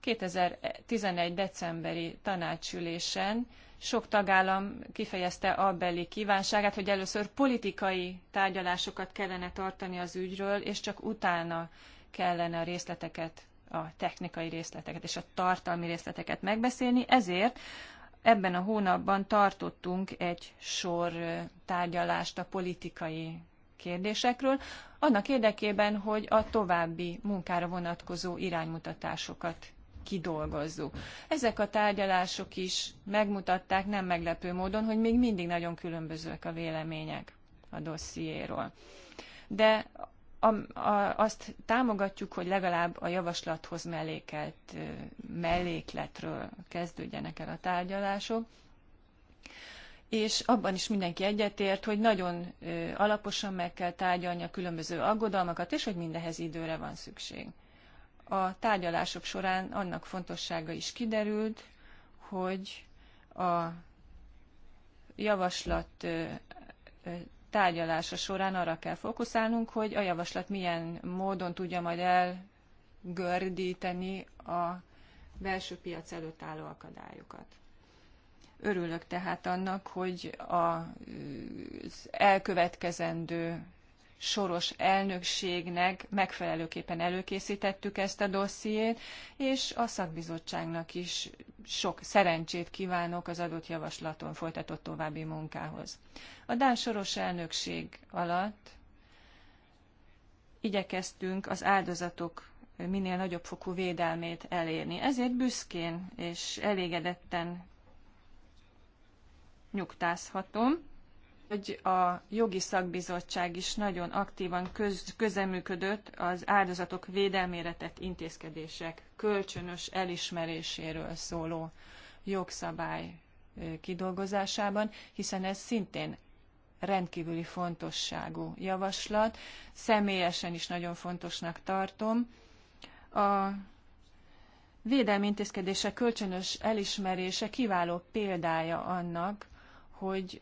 2011. decemberi tanácsülésen sok tagállam kifejezte abbeli kívánságát, hogy először politikai tárgyalásokat kellene tartani az ügyről, és csak utána kellene a részleteket a technikai részleteket és a tartalmi részleteket megbeszélni, ezért ebben a hónapban tartottunk egy sor tárgyalást a politikai kérdésekről, annak érdekében, hogy a további munkára vonatkozó iránymutatásokat kidolgozzuk. Ezek a tárgyalások is megmutatták nem meglepő módon, hogy még mindig nagyon különbözőek a vélemények a dossziéról. De a, a, azt támogatjuk, hogy legalább a javaslathoz mellékelt mellékletről kezdődjenek el a tárgyalások. És abban is mindenki egyetért, hogy nagyon alaposan meg kell tárgyalni a különböző aggodalmakat, és hogy mindehez időre van szükség. A tárgyalások során annak fontossága is kiderült, hogy a javaslat tárgyalása során arra kell fókuszálnunk, hogy a javaslat milyen módon tudja majd elgördíteni a belső piac előtt álló akadályokat. Örülök tehát annak, hogy az elkövetkezendő soros elnökségnek megfelelőképpen előkészítettük ezt a dossziét, és a szakbizottságnak is sok szerencsét kívánok az adott javaslaton folytatott további munkához. A Dán soros elnökség alatt igyekeztünk az áldozatok minél nagyobb fokú védelmét elérni. Ezért büszkén és elégedetten nyugtázhatom, hogy a jogi szakbizottság is nagyon aktívan köz, közeműködött az áldozatok védelmére tett intézkedések kölcsönös elismeréséről szóló jogszabály kidolgozásában, hiszen ez szintén rendkívüli fontosságú javaslat. Személyesen is nagyon fontosnak tartom. A védelmi intézkedése kölcsönös elismerése kiváló példája annak, hogy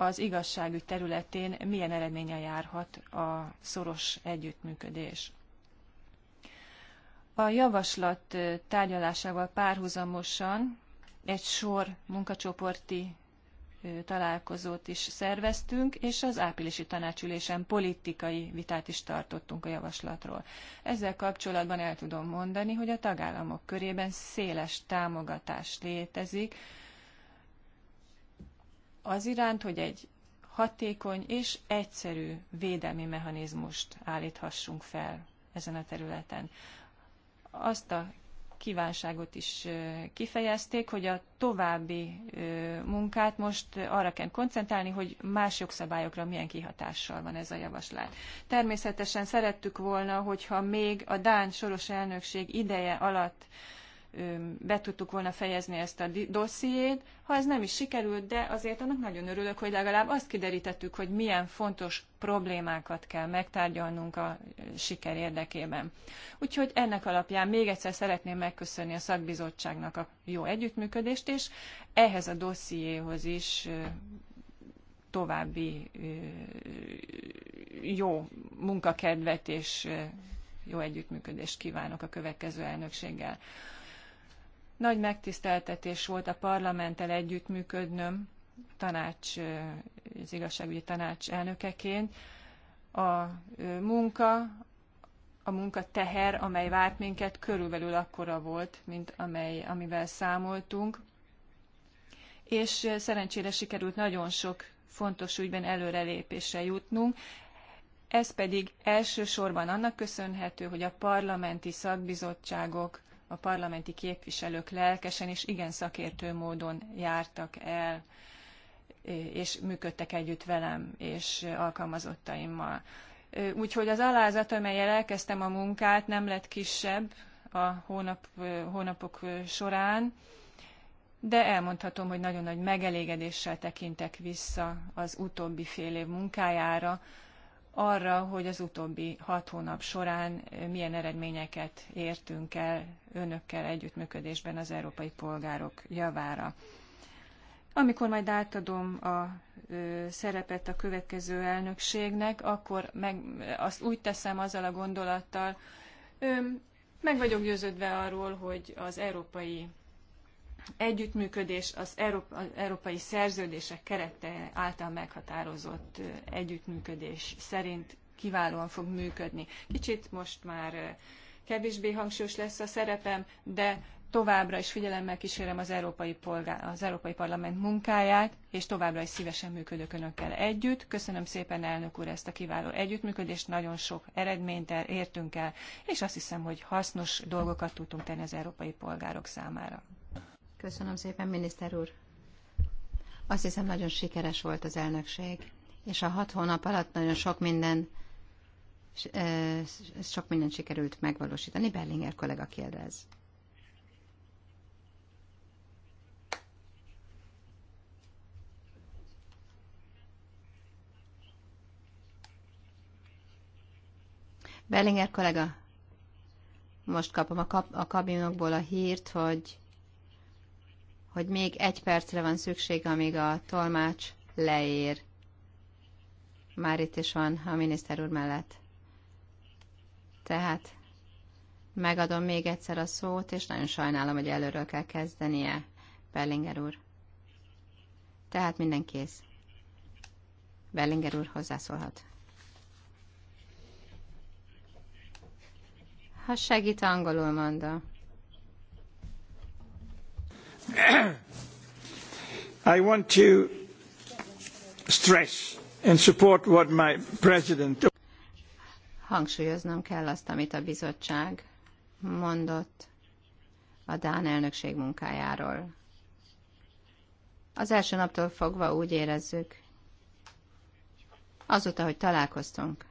az igazságügy területén milyen eredménye járhat a szoros együttműködés. A javaslat tárgyalásával párhuzamosan egy sor munkacsoporti találkozót is szerveztünk, és az áprilisi tanácsülésen politikai vitát is tartottunk a javaslatról. Ezzel kapcsolatban el tudom mondani, hogy a tagállamok körében széles támogatás létezik, az iránt, hogy egy hatékony és egyszerű védelmi mechanizmust állíthassunk fel ezen a területen. Azt a kívánságot is kifejezték, hogy a további munkát most arra kell koncentrálni, hogy más jogszabályokra milyen kihatással van ez a javaslat. Természetesen szerettük volna, hogyha még a Dán soros elnökség ideje alatt be tudtuk volna fejezni ezt a dossziét. Ha ez nem is sikerült, de azért annak nagyon örülök, hogy legalább azt kiderítettük, hogy milyen fontos problémákat kell megtárgyalnunk a siker érdekében. Úgyhogy ennek alapján még egyszer szeretném megköszönni a szakbizottságnak a jó együttműködést, és ehhez a dossziéhoz is további jó munkakedvet és jó együttműködést kívánok a következő elnökséggel. Nagy megtiszteltetés volt a parlamenttel együttműködnöm, tanács, az igazságügyi tanács elnökeként. A munka, a teher, amely várt minket, körülbelül akkora volt, mint amely, amivel számoltunk. És szerencsére sikerült nagyon sok fontos ügyben előrelépésre jutnunk. Ez pedig elsősorban annak köszönhető, hogy a parlamenti szakbizottságok a parlamenti képviselők lelkesen és igen szakértő módon jártak el, és működtek együtt velem és alkalmazottaimmal. Úgyhogy az alázat, amelyel elkezdtem a munkát, nem lett kisebb a hónap, hónapok során, de elmondhatom, hogy nagyon nagy megelégedéssel tekintek vissza az utóbbi fél év munkájára, arra, hogy az utóbbi hat hónap során eh, milyen eredményeket értünk el önökkel együttműködésben az európai polgárok javára. Amikor majd átadom a ö, szerepet a következő elnökségnek, akkor meg, azt úgy teszem azzal a gondolattal, ö, meg vagyok győződve arról, hogy az európai együttműködés az Európa, európai szerződések kerete által meghatározott együttműködés szerint kiválóan fog működni. Kicsit most már kevésbé hangsúlyos lesz a szerepem, de továbbra is figyelemmel kísérem az Európai, Polgár, az Európai Parlament munkáját, és továbbra is szívesen működök Önökkel együtt. Köszönöm szépen, elnök úr, ezt a kiváló együttműködést, nagyon sok eredményt értünk el, és azt hiszem, hogy hasznos dolgokat tudtunk tenni az európai polgárok számára. Köszönöm szépen, miniszter úr. Azt hiszem, nagyon sikeres volt az elnökség, és a hat hónap alatt nagyon sok minden sok mindent sikerült megvalósítani. Berlinger kollega kérdez. Berlinger kollega, most kapom a, kab- a kabinokból a hírt, hogy hogy még egy percre van szükség, amíg a tolmács leér. Már itt is van a miniszter úr mellett. Tehát megadom még egyszer a szót, és nagyon sajnálom, hogy előről kell kezdenie, Bellinger úr. Tehát minden kész. Bellinger úr hozzászólhat. Ha segít, angolul mondom. I want to stress and support what my president Hangsúlyoznom kell azt, amit a bizottság mondott a Dán elnökség munkájáról. Az első naptól fogva úgy érezzük, azóta, hogy találkoztunk,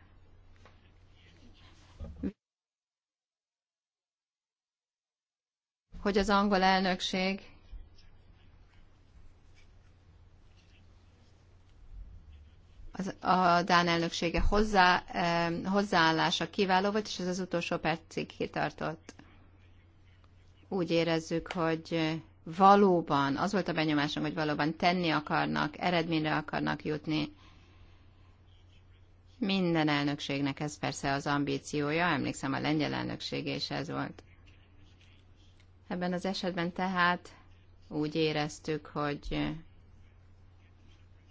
hogy az angol elnökség az, a Dán elnöksége hozzá, eh, hozzáállása kiváló volt, és ez az utolsó percig kitartott. Úgy érezzük, hogy valóban, az volt a benyomásom, hogy valóban tenni akarnak, eredményre akarnak jutni. Minden elnökségnek ez persze az ambíciója, emlékszem a lengyel elnöksége is ez volt. Ebben az esetben tehát úgy éreztük, hogy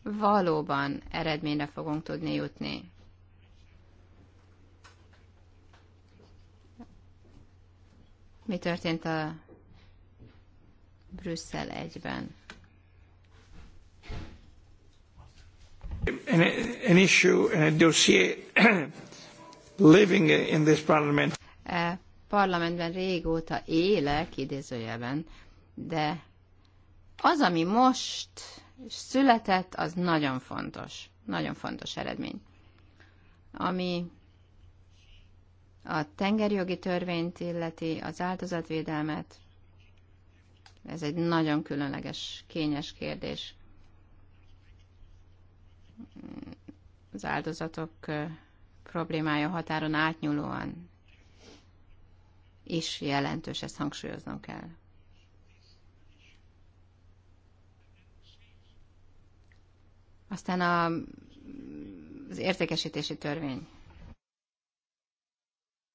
valóban eredményre fogunk tudni jutni. Mi történt a Brüsszel egyben? An, an issue, a dossier [CLEARS THROAT] living in this parliament. A e parlamentben régóta élek, idézőjelben, de az, ami most született, az nagyon fontos. Nagyon fontos eredmény. Ami a tengerjogi törvényt illeti, az áldozatvédelmet, ez egy nagyon különleges, kényes kérdés. Az áldozatok problémája határon átnyúlóan is jelentős, ezt hangsúlyoznom kell. Aztán a, az értékesítési törvény.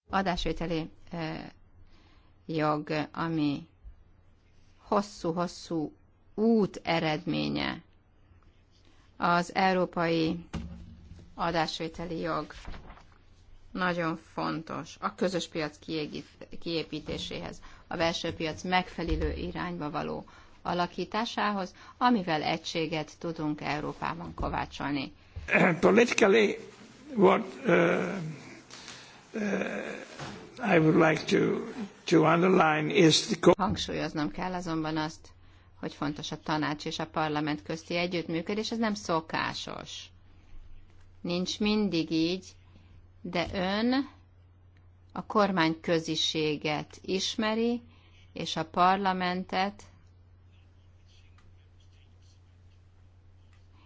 Adásvételi eh, jog, ami hosszú-hosszú út eredménye az európai adásvételi jog nagyon fontos a közös piac kiépítéséhez, a belső piac megfelelő irányba való alakításához, amivel egységet tudunk Európában kovácsolni. [CLEARS THROAT] Politically, what uh, uh, I would like to, to underline is the... Hangsúlyoznom kell azonban azt, hogy fontos a tanács és a parlament közti együttműködés, ez nem szokásos. Nincs mindig így, de ön a kormány köziséget ismeri, és a parlamentet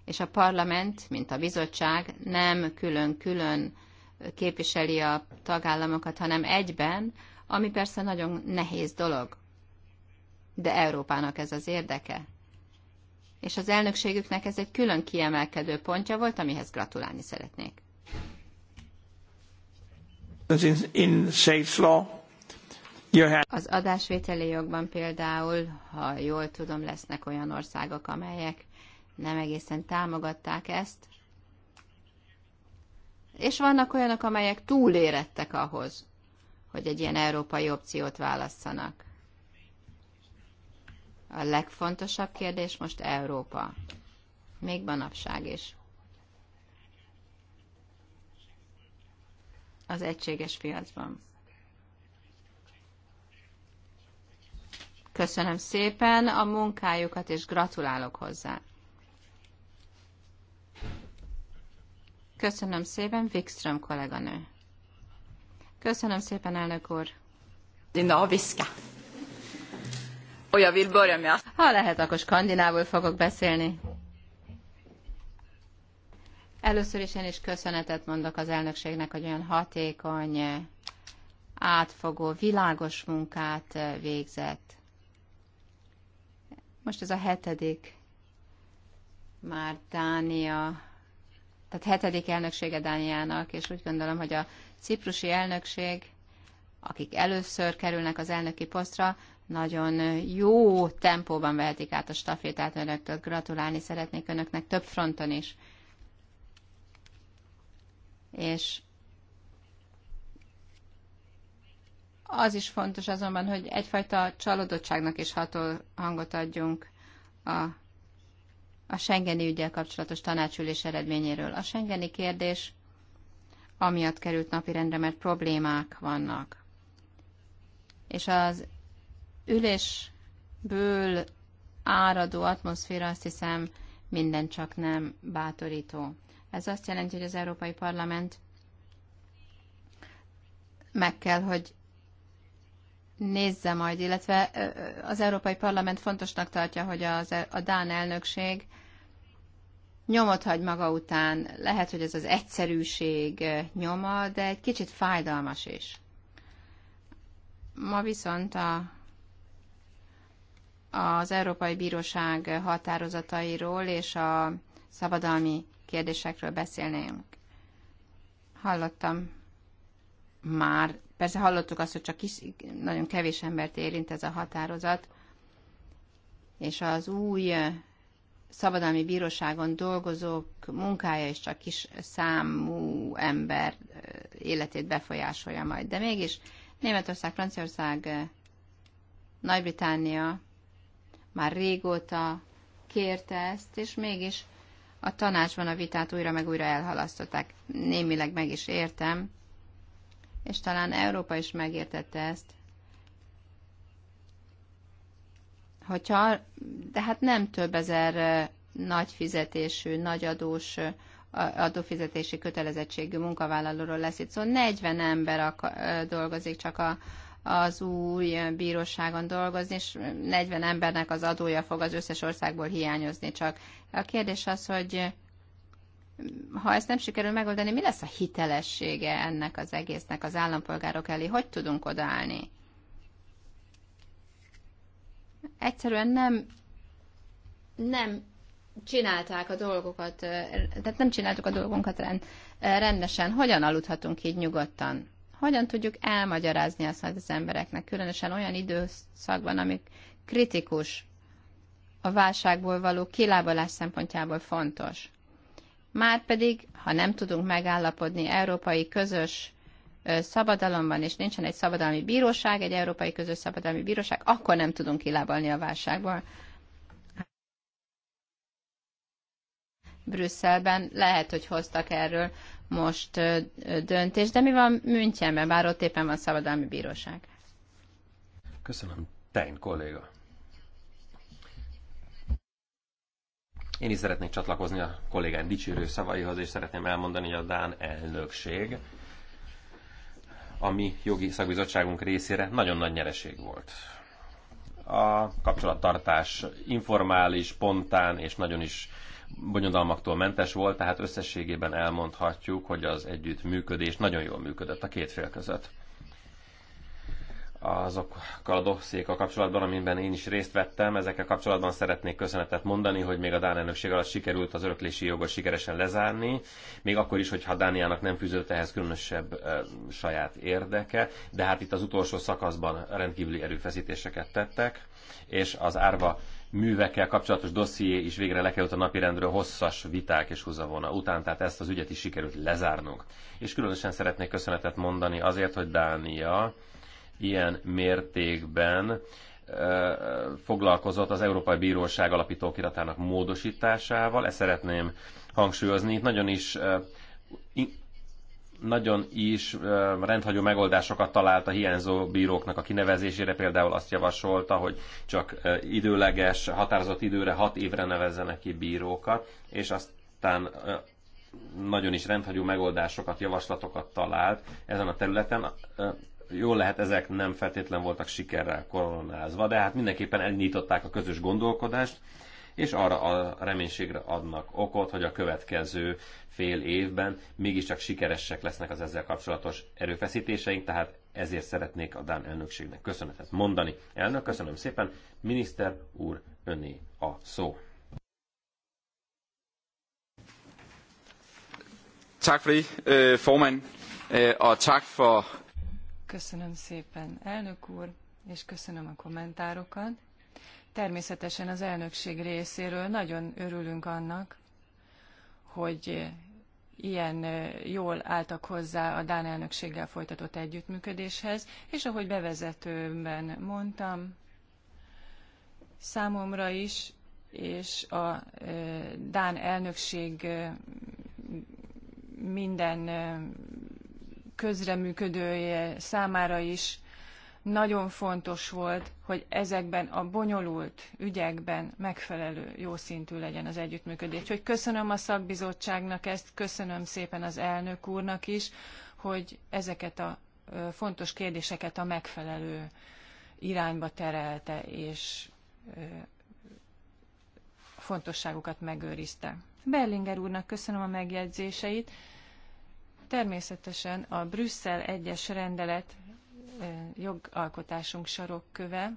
és a parlament, mint a bizottság nem külön-külön képviseli a tagállamokat, hanem egyben, ami persze nagyon nehéz dolog. De Európának ez az érdeke. És az elnökségüknek ez egy külön kiemelkedő pontja volt, amihez gratulálni szeretnék. Az adásvételi jogban például, ha jól tudom, lesznek olyan országok, amelyek nem egészen támogatták ezt. És vannak olyanok, amelyek túlérettek ahhoz, hogy egy ilyen európai opciót válasszanak. A legfontosabb kérdés most Európa. Még manapság is. Az egységes piacban. Köszönöm szépen a munkájukat, és gratulálok hozzá. Köszönöm szépen, Wikström kolléganő. Köszönöm szépen, elnök úr. Dinaviska. Olyan vill börjem Ha lehet, akkor skandinávul fogok beszélni. Először is én is köszönetet mondok az elnökségnek, hogy olyan hatékony, átfogó, világos munkát eh, végzett. Most ez a hetedik már Dánia tehát hetedik elnöksége Dániának, és úgy gondolom, hogy a ciprusi elnökség, akik először kerülnek az elnöki posztra, nagyon jó tempóban vehetik át a stafétát önöktől. Gratulálni szeretnék önöknek több fronton is. És az is fontos azonban, hogy egyfajta csalódottságnak is ható hangot adjunk a a Schengeni ügyel kapcsolatos tanácsülés eredményéről. A Schengeni kérdés amiatt került napirendre, mert problémák vannak. És az ülésből áradó atmoszféra azt hiszem minden csak nem bátorító. Ez azt jelenti, hogy az Európai Parlament meg kell, hogy nézze majd, illetve az Európai Parlament fontosnak tartja, hogy az, a Dán elnökség nyomot hagy maga után. Lehet, hogy ez az egyszerűség eh, nyoma, de egy kicsit fájdalmas is. Ma viszont a, az Európai Bíróság határozatairól és a szabadalmi kérdésekről beszélnénk. Hallottam már, persze hallottuk azt, hogy csak kis, nagyon kevés embert érint ez a határozat, és az új eh, szabadalmi bíróságon dolgozók munkája is csak kis számú ember életét befolyásolja majd. De mégis Németország, Franciaország, Nagy-Britannia már régóta kérte ezt, és mégis a tanácsban a vitát újra meg újra elhalasztották. Némileg meg is értem, és talán Európa is megértette ezt, Hogyha, de hát nem több ezer nagy fizetésű, nagy adós, adófizetési kötelezettségű munkavállalóról lesz itt szó. Szóval 40 ember dolgozik csak a, az új bíróságon dolgozni, és 40 embernek az adója fog az összes országból hiányozni csak. A kérdés az, hogy ha ezt nem sikerül megoldani, mi lesz a hitelessége ennek az egésznek az állampolgárok elé? Hogy tudunk odaállni? egyszerűen nem, nem csinálták a dolgokat, tehát nem csináltuk a dolgunkat rend, rendesen. Hogyan aludhatunk így nyugodtan? Hogyan tudjuk elmagyarázni azt az embereknek, különösen olyan időszakban, amik kritikus, a válságból való kilábalás szempontjából fontos. Márpedig, ha nem tudunk megállapodni európai közös van, és nincsen egy szabadalmi bíróság, egy európai közös szabadalmi bíróság, akkor nem tudunk kilábalni a válságból. Brüsszelben lehet, hogy hoztak erről most döntést, de mi van Münchenben, bár ott éppen van szabadalmi bíróság. Köszönöm, Tein kolléga. Én is szeretnék csatlakozni a kollégán dicsérő szavaihoz, és szeretném elmondani, hogy a Dán elnökség a mi jogi szakbizottságunk részére nagyon nagy nyereség volt. A kapcsolattartás informális, spontán és nagyon is bonyodalmaktól mentes volt, tehát összességében elmondhatjuk, hogy az együttműködés nagyon jól működött a két fél között azokkal a dossziékkal kapcsolatban, amiben én is részt vettem. Ezekkel kapcsolatban szeretnék köszönetet mondani, hogy még a Dán elnökség alatt sikerült az öröklési jogot sikeresen lezárni, még akkor is, hogyha Dániának nem fűződött ehhez különösebb e, saját érdeke, de hát itt az utolsó szakaszban rendkívüli erőfeszítéseket tettek, és az árva művekkel kapcsolatos dosszié is végre lekerült a napirendről hosszas viták és húzavona után, tehát ezt az ügyet is sikerült lezárnunk. És különösen szeretnék köszönetet mondani azért, hogy Dánia ilyen mértékben foglalkozott az Európai Bíróság alapítókiratának módosításával. Ezt szeretném hangsúlyozni. Itt nagyon is nagyon is rendhagyó megoldásokat talált a hiányzó bíróknak a kinevezésére. Például azt javasolta, hogy csak időleges, határozott időre, hat évre nevezzenek ki bírókat, és aztán nagyon is rendhagyó megoldásokat, javaslatokat talált ezen a területen jól lehet ezek nem feltétlen voltak sikerrel koronázva, de hát mindenképpen elnyitották a közös gondolkodást, és arra a reménységre adnak okot, hogy a következő fél évben mégiscsak sikeresek lesznek az ezzel kapcsolatos erőfeszítéseink, tehát ezért szeretnék a Dán elnökségnek köszönetet mondani. Elnök, köszönöm szépen, miniszter úr, önné a szó. Tak for det, øh, formand, øh, og tak for Köszönöm szépen, elnök úr, és köszönöm a kommentárokat. Természetesen az elnökség részéről nagyon örülünk annak, hogy ilyen jól álltak hozzá a Dán elnökséggel folytatott együttműködéshez, és ahogy bevezetőben mondtam, számomra is, és a Dán elnökség minden közreműködője számára is nagyon fontos volt, hogy ezekben a bonyolult ügyekben megfelelő jó szintű legyen az együttműködés. Úgyhogy köszönöm a szakbizottságnak ezt, köszönöm szépen az elnök úrnak is, hogy ezeket a fontos kérdéseket a megfelelő irányba terelte, és fontosságukat megőrizte. Berlinger úrnak köszönöm a megjegyzéseit természetesen a Brüsszel egyes rendelet jogalkotásunk sarokköve.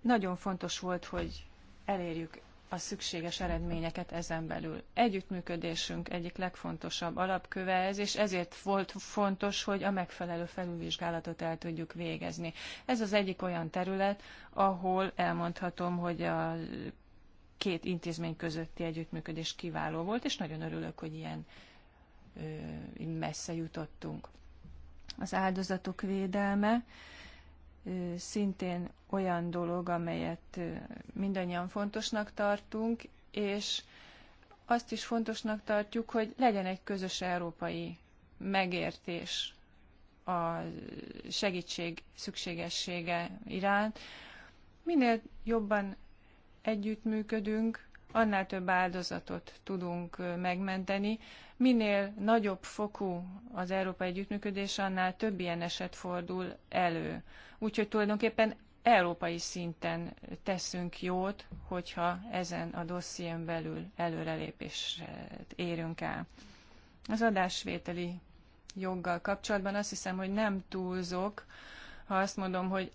Nagyon fontos volt, hogy elérjük a szükséges eredményeket ezen belül. Együttműködésünk egyik legfontosabb alapköve ez, és ezért volt fontos, hogy a megfelelő felülvizsgálatot el tudjuk végezni. Ez az egyik olyan terület, ahol elmondhatom, hogy a két intézmény közötti együttműködés kiváló volt, és nagyon örülök, hogy ilyen messze jutottunk. Az áldozatok védelme szintén olyan dolog, amelyet mindannyian fontosnak tartunk, és azt is fontosnak tartjuk, hogy legyen egy közös európai megértés a segítség szükségessége iránt. Minél jobban együttműködünk, annál több áldozatot tudunk megmenteni. Minél nagyobb fokú az európai együttműködés, annál több ilyen eset fordul elő. Úgyhogy tulajdonképpen európai szinten teszünk jót, hogyha ezen a dosszién belül előrelépést érünk el. Az adásvételi joggal kapcsolatban azt hiszem, hogy nem túlzok, ha azt mondom, hogy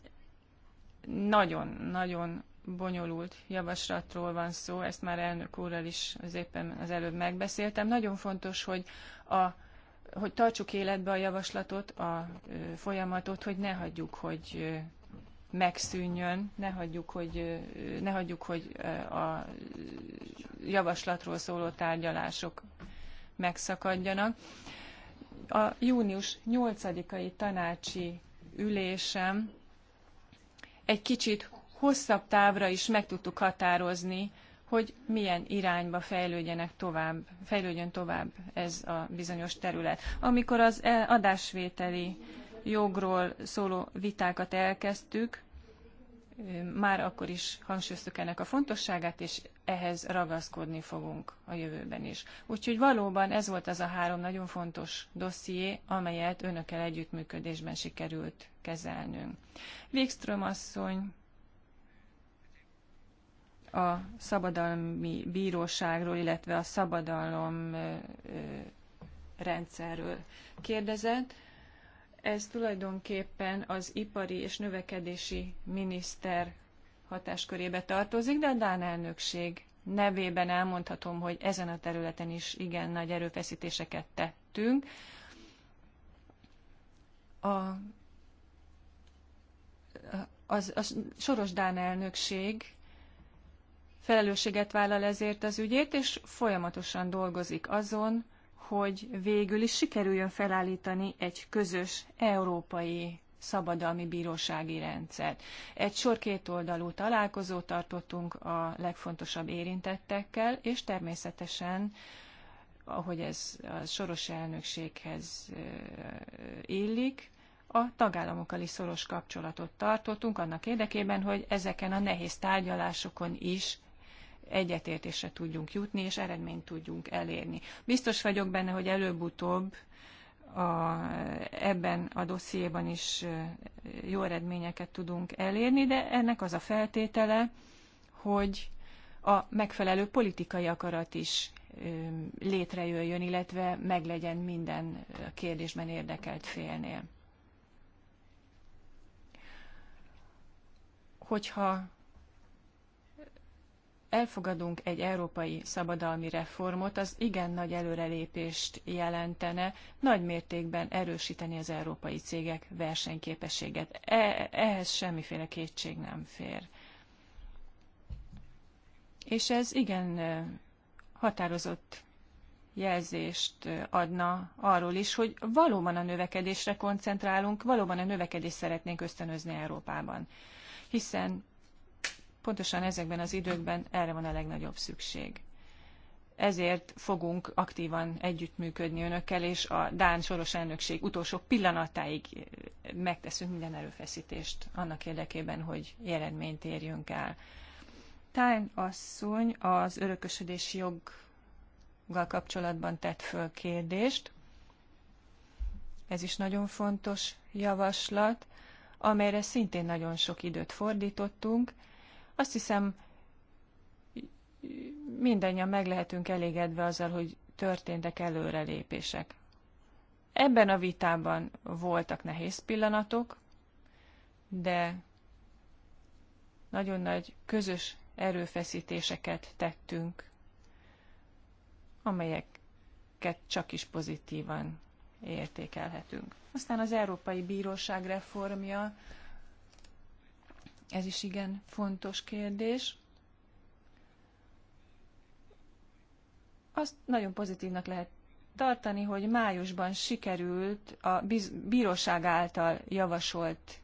nagyon-nagyon bonyolult javaslatról van szó, ezt már elnök úrral is az éppen az előbb megbeszéltem. Nagyon fontos, hogy, a, hogy tartsuk életbe a javaslatot, a folyamatot, hogy ne hagyjuk, hogy megszűnjön, ne hagyjuk, hogy, ne hagyjuk, hogy a javaslatról szóló tárgyalások megszakadjanak. A június 8-ai tanácsi ülésem egy kicsit hosszabb távra is meg tudtuk határozni, hogy milyen irányba fejlődjenek tovább, fejlődjön tovább ez a bizonyos terület. Amikor az e- adásvételi jogról szóló vitákat elkezdtük, már akkor is hangsúlyoztuk ennek a fontosságát, és ehhez ragaszkodni fogunk a jövőben is. Úgyhogy valóban ez volt az a három nagyon fontos dosszié, amelyet önökkel együttműködésben sikerült kezelnünk. Végström asszony a szabadalmi bíróságról, illetve a szabadalom rendszerről kérdezett. Ez tulajdonképpen az ipari és növekedési miniszter hatáskörébe tartozik, de a Dán elnökség nevében elmondhatom, hogy ezen a területen is igen nagy erőfeszítéseket tettünk. A, az, a soros Dán elnökség felelősséget vállal ezért az ügyét, és folyamatosan dolgozik azon, hogy végül is sikerüljön felállítani egy közös európai szabadalmi bírósági rendszer. Egy sor kétoldalú találkozót tartottunk a legfontosabb érintettekkel, és természetesen, ahogy ez a soros elnökséghez illik, a tagállamokkal is szoros kapcsolatot tartottunk annak érdekében, hogy ezeken a nehéz tárgyalásokon is egyetértésre tudjunk jutni, és eredményt tudjunk elérni. Biztos vagyok benne, hogy előbb-utóbb a, ebben a dossziéban is jó eredményeket tudunk elérni, de ennek az a feltétele, hogy a megfelelő politikai akarat is létrejöjjön, illetve meglegyen minden kérdésben érdekelt félnél. Hogyha elfogadunk egy európai szabadalmi reformot, az igen nagy előrelépést jelentene, nagy mértékben erősíteni az európai cégek versenyképességet. E, ehhez semmiféle kétség nem fér. És ez igen határozott jelzést adna arról is, hogy valóban a növekedésre koncentrálunk, valóban a növekedést szeretnénk ösztönözni Európában. Hiszen pontosan ezekben az időkben erre van a legnagyobb szükség. Ezért fogunk aktívan együttműködni önökkel, és a Dán soros elnökség utolsó pillanatáig eh, megteszünk minden erőfeszítést annak érdekében, hogy eredményt érjünk el. Tán asszony az örökösödési joggal kapcsolatban tett föl kérdést. Ez is nagyon fontos javaslat, amelyre szintén nagyon sok időt fordítottunk, azt hiszem, mindannyian meg lehetünk elégedve azzal, hogy történtek előrelépések. Ebben a vitában voltak nehéz pillanatok, de nagyon nagy közös erőfeszítéseket tettünk, amelyeket csak is pozitívan értékelhetünk. Aztán az Európai Bíróság reformja, ez is igen fontos kérdés. Azt nagyon pozitívnak lehet tartani, hogy májusban sikerült a bíróság által javasolt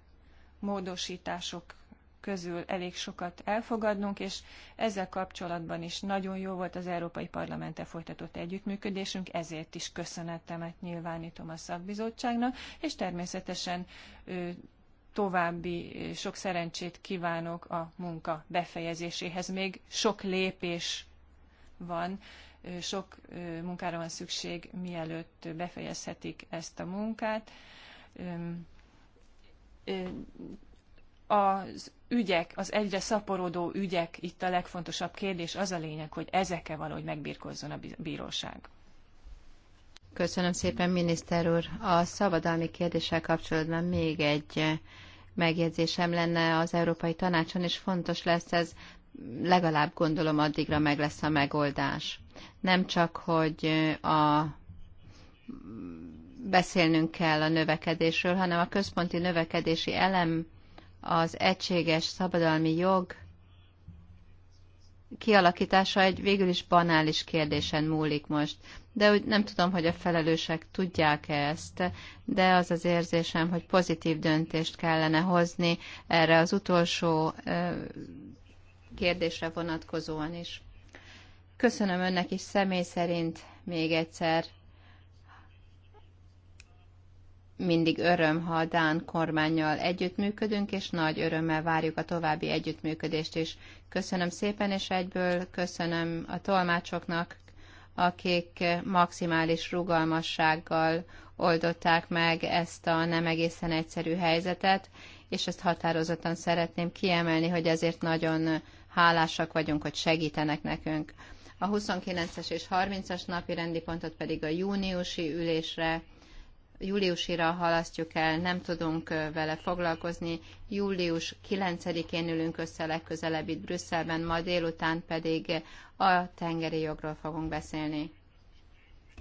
módosítások közül elég sokat elfogadnunk, és ezzel kapcsolatban is nagyon jó volt az Európai Parlamenttel folytatott együttműködésünk, ezért is köszönetemet nyilvánítom a szakbizottságnak, és természetesen további sok szerencsét kívánok a munka befejezéséhez. Még sok lépés van, sok munkára van szükség, mielőtt befejezhetik ezt a munkát. Az ügyek, az egyre szaporodó ügyek, itt a legfontosabb kérdés az a lényeg, hogy ezekkel valahogy megbírkozzon a bíróság. Köszönöm szépen, miniszter úr. A szabadalmi kérdéssel kapcsolatban még egy megjegyzésem lenne az Európai Tanácson, és fontos lesz ez, legalább gondolom addigra meg lesz a megoldás. Nem csak, hogy a beszélnünk kell a növekedésről, hanem a központi növekedési elem az egységes szabadalmi jog kialakítása egy végül is banális kérdésen múlik most de úgy nem tudom, hogy a felelősek tudják-e ezt, de az az érzésem, hogy pozitív döntést kellene hozni erre az utolsó kérdésre vonatkozóan is. Köszönöm önnek is személy szerint még egyszer. Mindig öröm, ha a Dán kormányjal együttműködünk, és nagy örömmel várjuk a további együttműködést is. Köszönöm szépen, és egyből köszönöm a tolmácsoknak, akik maximális rugalmassággal oldották meg ezt a nem egészen egyszerű helyzetet, és ezt határozottan szeretném kiemelni, hogy ezért nagyon hálásak vagyunk, hogy segítenek nekünk. A 29-es és 30-as napi rendi pontot pedig a júniusi ülésre júliusira halasztjuk el, nem tudunk vele foglalkozni. Július 9-én ülünk össze legközelebb itt Brüsszelben, ma délután pedig a tengeri jogról fogunk beszélni.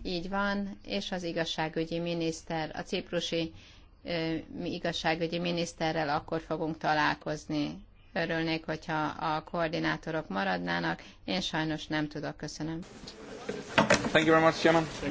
Így van, és az igazságügyi miniszter, a ciprusi mi igazságügyi miniszterrel akkor fogunk találkozni. Örülnék, hogyha a koordinátorok maradnának. Én sajnos nem tudok. Köszönöm. Thank you very much,